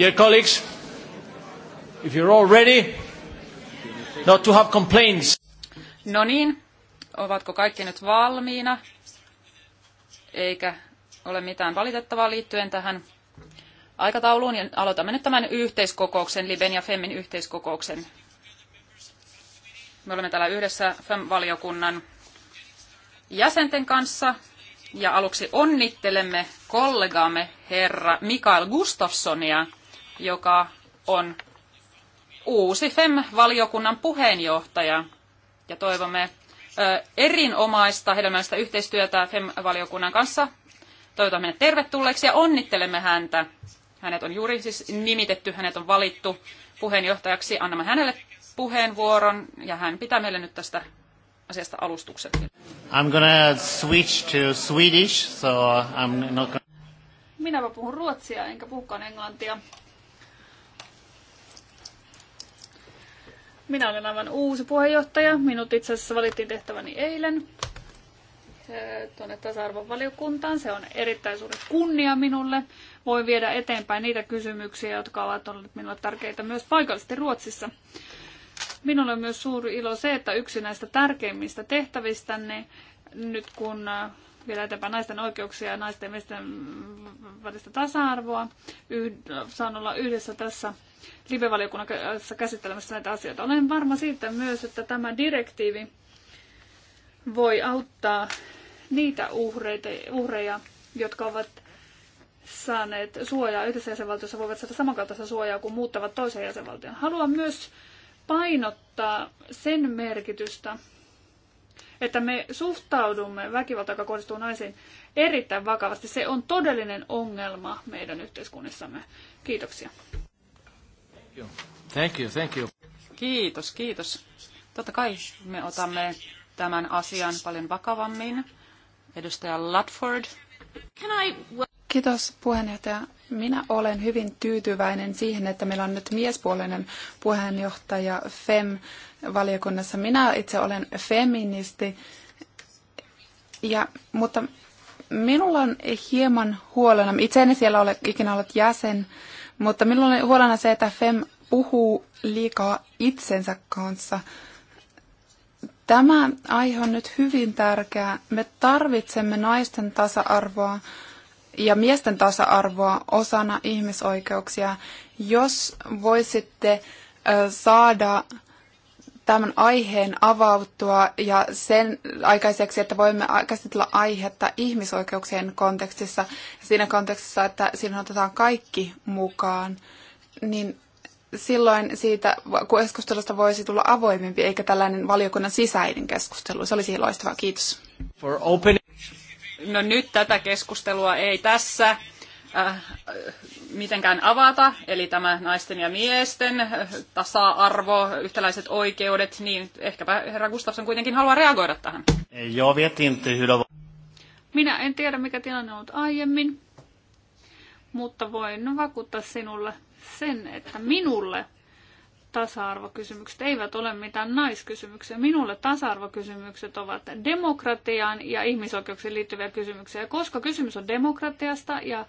Dear colleagues, if you're all ready, not to have complaints. No niin, ovatko kaikki nyt valmiina? Eikä ole mitään valitettavaa liittyen tähän aikatauluun. Ja aloitamme nyt tämän yhteiskokouksen, Liben ja Femmin yhteiskokouksen. Me olemme täällä yhdessä FEM-valiokunnan jäsenten kanssa. Ja aluksi onnittelemme kollegaamme herra Mikael Gustafssonia – joka on uusi FEM-valiokunnan puheenjohtaja. Ja toivomme erinomaista hedelmällistä yhteistyötä FEM-valiokunnan kanssa. Toivotamme hänet tervetulleeksi ja onnittelemme häntä. Hänet on juuri siis nimitetty, hänet on valittu puheenjohtajaksi. Annamme hänelle puheenvuoron ja hän pitää meille nyt tästä asiasta alustuksen. I'm gonna switch to Swedish, so I'm not gonna... Minäpä puhun ruotsia, enkä puhukaan englantia. Minä olen aivan uusi puheenjohtaja. Minut itse asiassa valittiin tehtäväni eilen eh, tuonne tasa-arvon valiokuntaan. Se on erittäin suuri kunnia minulle. Voin viedä eteenpäin niitä kysymyksiä, jotka ovat olleet minulle tärkeitä myös paikallisesti Ruotsissa. Minulle on myös suuri ilo se, että yksi näistä tärkeimmistä tehtävistänne, nyt kun eh, vielä eteenpäin naisten oikeuksia ja naisten ja miesten välistä tasa-arvoa. Yh, saan olla yhdessä tässä live-valiokunnan käsittelemässä näitä asioita. Olen varma siitä myös, että tämä direktiivi voi auttaa niitä uhreita, uhreja, jotka ovat saaneet suojaa yhdessä jäsenvaltiossa, voivat saada samankaltaista suojaa kuin muuttavat toisen jäsenvaltion. Haluan myös painottaa sen merkitystä, että me suhtaudumme väkivaltaan, joka kohdistuu naisiin, erittäin vakavasti. Se on todellinen ongelma meidän yhteiskunnissamme. Kiitoksia. Thank you. Thank you, thank you. Kiitos, kiitos. Totta kai me otamme tämän asian paljon vakavammin. Edustaja Latford. Can I... Kiitos puheenjohtaja. Minä olen hyvin tyytyväinen siihen, että meillä on nyt miespuolinen puheenjohtaja FEM valiokunnassa. Minä itse olen feministi, ja, mutta minulla on hieman huolena, itse en siellä ole ikinä ollut jäsen, mutta minulla on huolena se, että FEM puhuu liikaa itsensä kanssa. Tämä aihe on nyt hyvin tärkeä. Me tarvitsemme naisten tasa-arvoa ja miesten tasa-arvoa osana ihmisoikeuksia. Jos voisitte saada tämän aiheen avauttua ja sen aikaiseksi, että voimme käsitellä aihetta ihmisoikeuksien kontekstissa ja siinä kontekstissa, että siinä otetaan kaikki mukaan, niin silloin siitä keskustelusta voisi tulla avoimempi, eikä tällainen valiokunnan sisäinen keskustelu. Se olisi loistavaa. Kiitos. For No nyt tätä keskustelua ei tässä äh, mitenkään avata, eli tämä naisten ja miesten tasa-arvo, yhtäläiset oikeudet, niin ehkäpä herra Gustafsson kuitenkin haluaa reagoida tähän. Minä en tiedä, mikä tilanne on ollut aiemmin, mutta voin vakuuttaa sinulle sen, että minulle tasa-arvokysymykset eivät ole mitään naiskysymyksiä. Minulle tasa-arvokysymykset ovat demokratiaan ja ihmisoikeuksiin liittyviä kysymyksiä. Koska kysymys on demokratiasta ja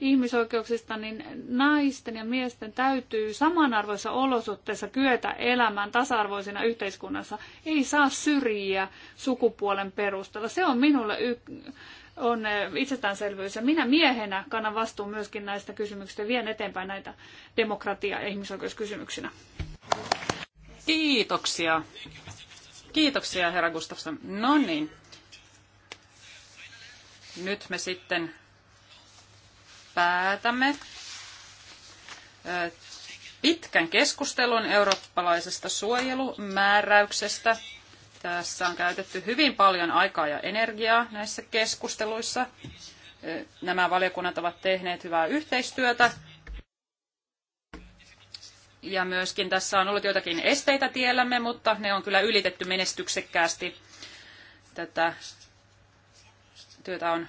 ihmisoikeuksista, niin naisten ja miesten täytyy samanarvoissa olosuhteissa kyetä elämään tasa-arvoisina yhteiskunnassa. Ei saa syrjiä sukupuolen perusteella. Se on minulle y- on eh, itsestäänselvyys. Ja minä miehenä kannan vastuun myöskin näistä kysymyksistä ja vien eteenpäin näitä demokratia- ja ihmisoikeuskysymyksinä. Kiitoksia. Kiitoksia, herra Gustafsson. No niin. Nyt me sitten päätämme pitkän keskustelun eurooppalaisesta suojelumääräyksestä. Tässä on käytetty hyvin paljon aikaa ja energiaa näissä keskusteluissa. Nämä valiokunnat ovat tehneet hyvää yhteistyötä. Ja myöskin tässä on ollut joitakin esteitä tiellämme, mutta ne on kyllä ylitetty menestyksekkäästi. Tätä työtä on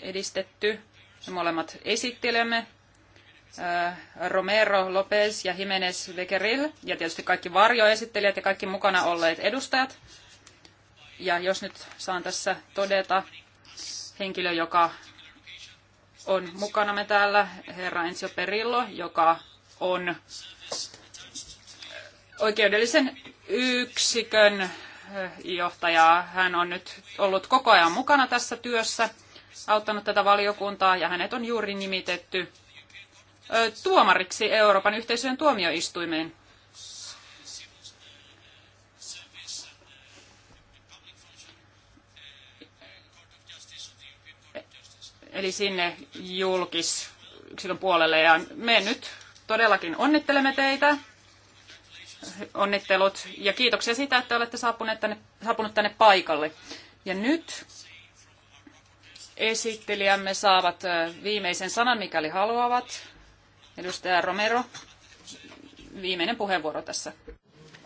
edistetty me molemmat esittelemme, äh, Romero, Lopez ja Jimenez Vekeril ja tietysti kaikki varjoesittelijät ja kaikki mukana olleet edustajat. Ja jos nyt saan tässä todeta henkilö, joka on mukana me täällä, herra Enzio Perillo, joka on oikeudellisen yksikön äh, johtaja. Hän on nyt ollut koko ajan mukana tässä työssä – auttanut tätä valiokuntaa ja hänet on juuri nimitetty tuomariksi Euroopan yhteisöjen tuomioistuimeen. Eli sinne julkisyksikön puolelle. Ja me nyt todellakin onnittelemme teitä. Onnittelut ja kiitoksia siitä, että olette saapuneet tänne, saapunut tänne paikalle. Ja nyt esittelijämme saavat viimeisen sanan, mikäli haluavat. Edustaja Romero, viimeinen puheenvuoro tässä.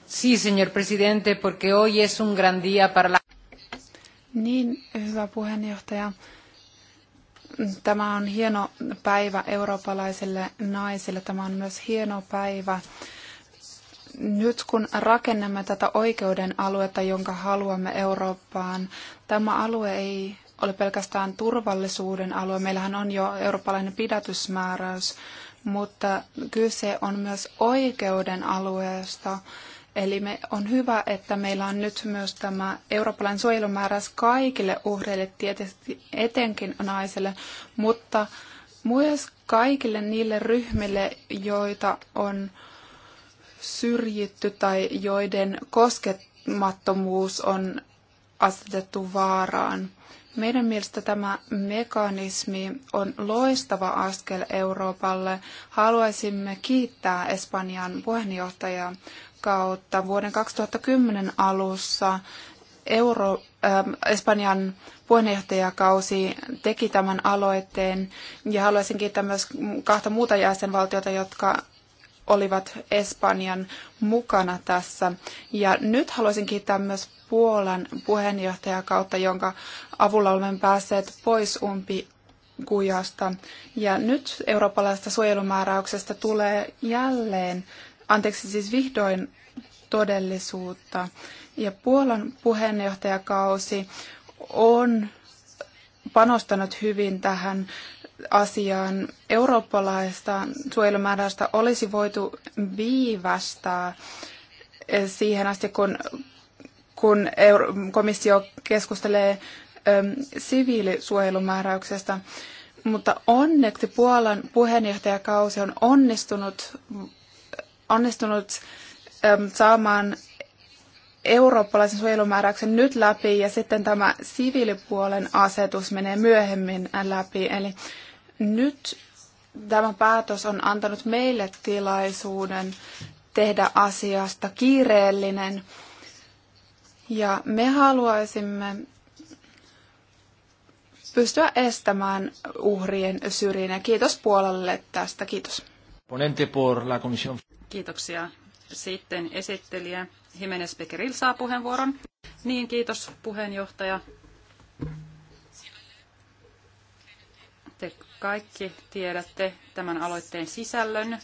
Sí, señor presidente, porque hoy es un gran día para la... Niin, hyvä puheenjohtaja. Tämä on hieno päivä eurooppalaisille naisille. Tämä on myös hieno päivä nyt kun rakennamme tätä oikeuden aluetta, jonka haluamme Eurooppaan, tämä alue ei ole pelkästään turvallisuuden alue. Meillähän on jo eurooppalainen pidätysmääräys, mutta kyse on myös oikeuden alueesta. Eli me, on hyvä, että meillä on nyt myös tämä eurooppalainen suojelumääräys kaikille uhreille, tietysti etenkin naisille, mutta myös kaikille niille ryhmille, joita on syrjitty tai joiden kosket, mattomuus on asetettu vaaraan. Meidän mielestä tämä mekanismi on loistava askel Euroopalle. Haluaisimme kiittää Espanjan puheenjohtajaa kautta vuoden 2010 alussa Euro, äh, Espanjan puheenjohtajakausi teki tämän aloitteen ja haluaisin kiittää myös kahta muuta jäsenvaltiota, jotka olivat Espanjan mukana tässä. Ja nyt haluaisin kiittää myös Puolan puheenjohtajakautta, jonka avulla olemme päässeet pois umpi kujasta. Ja nyt eurooppalaisesta suojelumääräyksestä tulee jälleen, anteeksi siis vihdoin todellisuutta. Ja Puolan puheenjohtajakausi on panostanut hyvin tähän asiaan eurooppalaista suojelumääräystä olisi voitu viivästää siihen asti, kun, kun Euro- komissio keskustelee äm, siviilisuojelumääräyksestä. Mutta onneksi Puolan puheenjohtajakausi on onnistunut, onnistunut äm, saamaan eurooppalaisen suojelumääräyksen nyt läpi ja sitten tämä siviilipuolen asetus menee myöhemmin läpi. Eli nyt tämä päätös on antanut meille tilaisuuden tehdä asiasta kiireellinen. Ja me haluaisimme pystyä estämään uhrien syrjinnän. Kiitos puolelle tästä. Kiitos. Kiitoksia. Sitten esittelijä Jimenez Pekeril saa puheenvuoron. Niin, kiitos puheenjohtaja. Te kaikki tiedätte tämän aloitteen sisällön.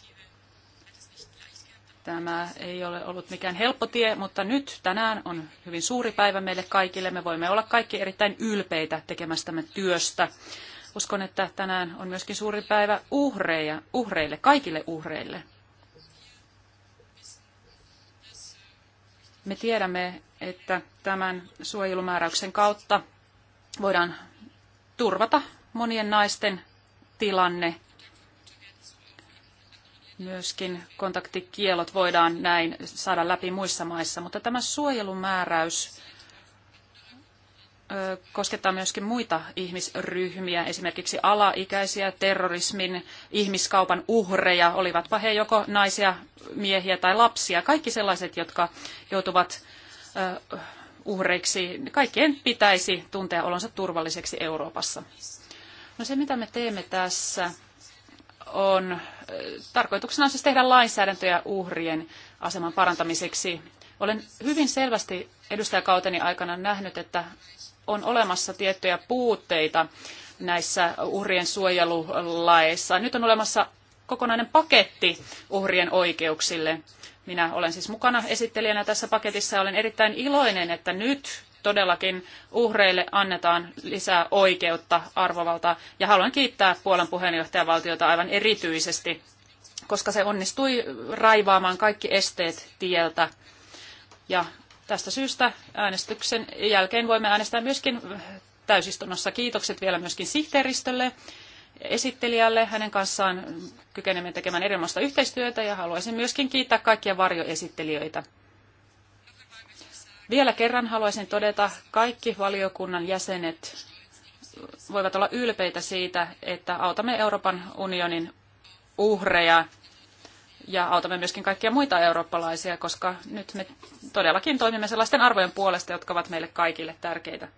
Tämä ei ole ollut mikään helppo tie, mutta nyt tänään on hyvin suuri päivä meille kaikille. Me voimme olla kaikki erittäin ylpeitä tekemästämme työstä. Uskon, että tänään on myöskin suuri päivä uhreja, uhreille, kaikille uhreille. Me tiedämme, että tämän suojelumääräyksen kautta voidaan turvata monien naisten tilanne. Myöskin kontaktikielot voidaan näin saada läpi muissa maissa, mutta tämä suojelumääräys koskettaa myöskin muita ihmisryhmiä, esimerkiksi alaikäisiä, terrorismin, ihmiskaupan uhreja, olivatpa he joko naisia, miehiä tai lapsia. Kaikki sellaiset, jotka joutuvat uhreiksi, kaikkien pitäisi tuntea olonsa turvalliseksi Euroopassa. No se, mitä me teemme tässä, on tarkoituksena on siis tehdä lainsäädäntöjä uhrien aseman parantamiseksi. Olen hyvin selvästi edustajakauteni aikana nähnyt, että on olemassa tiettyjä puutteita näissä uhrien suojelulaeissa. Nyt on olemassa kokonainen paketti uhrien oikeuksille. Minä olen siis mukana esittelijänä tässä paketissa ja olen erittäin iloinen, että nyt todellakin uhreille annetaan lisää oikeutta, arvovaltaa. Ja haluan kiittää Puolan puheenjohtajavaltiota aivan erityisesti, koska se onnistui raivaamaan kaikki esteet tieltä. Ja tästä syystä äänestyksen jälkeen voimme äänestää myöskin täysistunnossa. Kiitokset vielä myöskin sihteeristölle esittelijälle. Hänen kanssaan kykenemme tekemään erilaista yhteistyötä ja haluaisin myöskin kiittää kaikkia varjoesittelijöitä. Vielä kerran haluaisin todeta, kaikki valiokunnan jäsenet voivat olla ylpeitä siitä, että autamme Euroopan unionin uhreja ja autamme myöskin kaikkia muita eurooppalaisia, koska nyt me todellakin toimimme sellaisten arvojen puolesta, jotka ovat meille kaikille tärkeitä.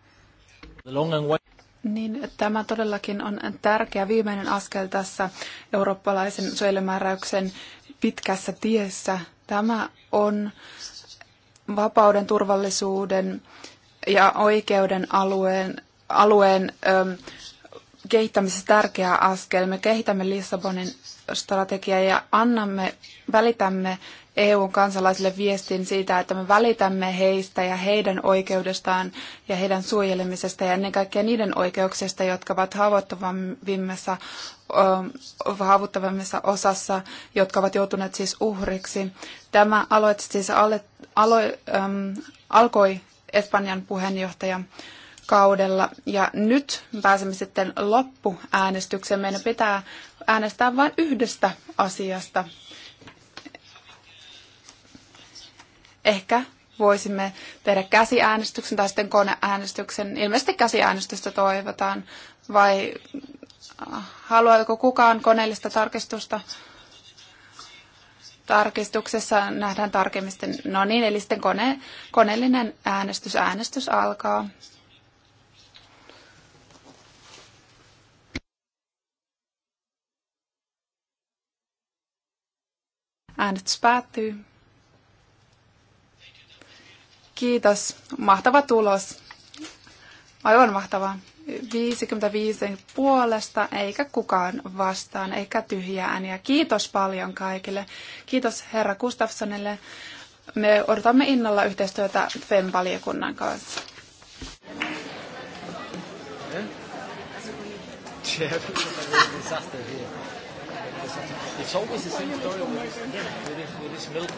Niin, tämä todellakin on tärkeä viimeinen askel tässä eurooppalaisen suojelumääräyksen pitkässä tiessä. Tämä on vapauden, turvallisuuden ja oikeuden alueen, alueen ö, ähm, kehittämisessä tärkeä askel. Me kehitämme Lissabonin strategiaa ja annamme, välitämme EU-kansalaisille viestin siitä, että me välitämme heistä ja heidän oikeudestaan ja heidän suojelemisesta ja ennen kaikkea niiden oikeuksista, jotka ovat haavoittavammissa, haavoittavammissa osassa, jotka ovat joutuneet siis uhriksi. Tämä aloite siis aloi, äm, alkoi Espanjan puheenjohtajan kaudella. Ja nyt pääsemme sitten loppuäänestykseen. Meidän pitää äänestää vain yhdestä asiasta. Ehkä voisimme tehdä käsiäänestyksen tai sitten koneäänestyksen. Ilmeisesti käsiäänestystä toivotaan. Vai äh, haluaako kukaan koneellista tarkistusta? Tarkistuksessa nähdään tarkemmin. No niin, eli sitten kone, koneellinen äänestys. Äänestys alkaa. Äänestys päättyy. Kiitos. Mahtava tulos. Aivan mahtavaa. 55 puolesta, eikä kukaan vastaan, eikä tyhjää ääniä. Kiitos paljon kaikille. Kiitos herra Gustafssonille. Me odotamme innolla yhteistyötä FEM-valiokunnan kanssa. It's always the same story milk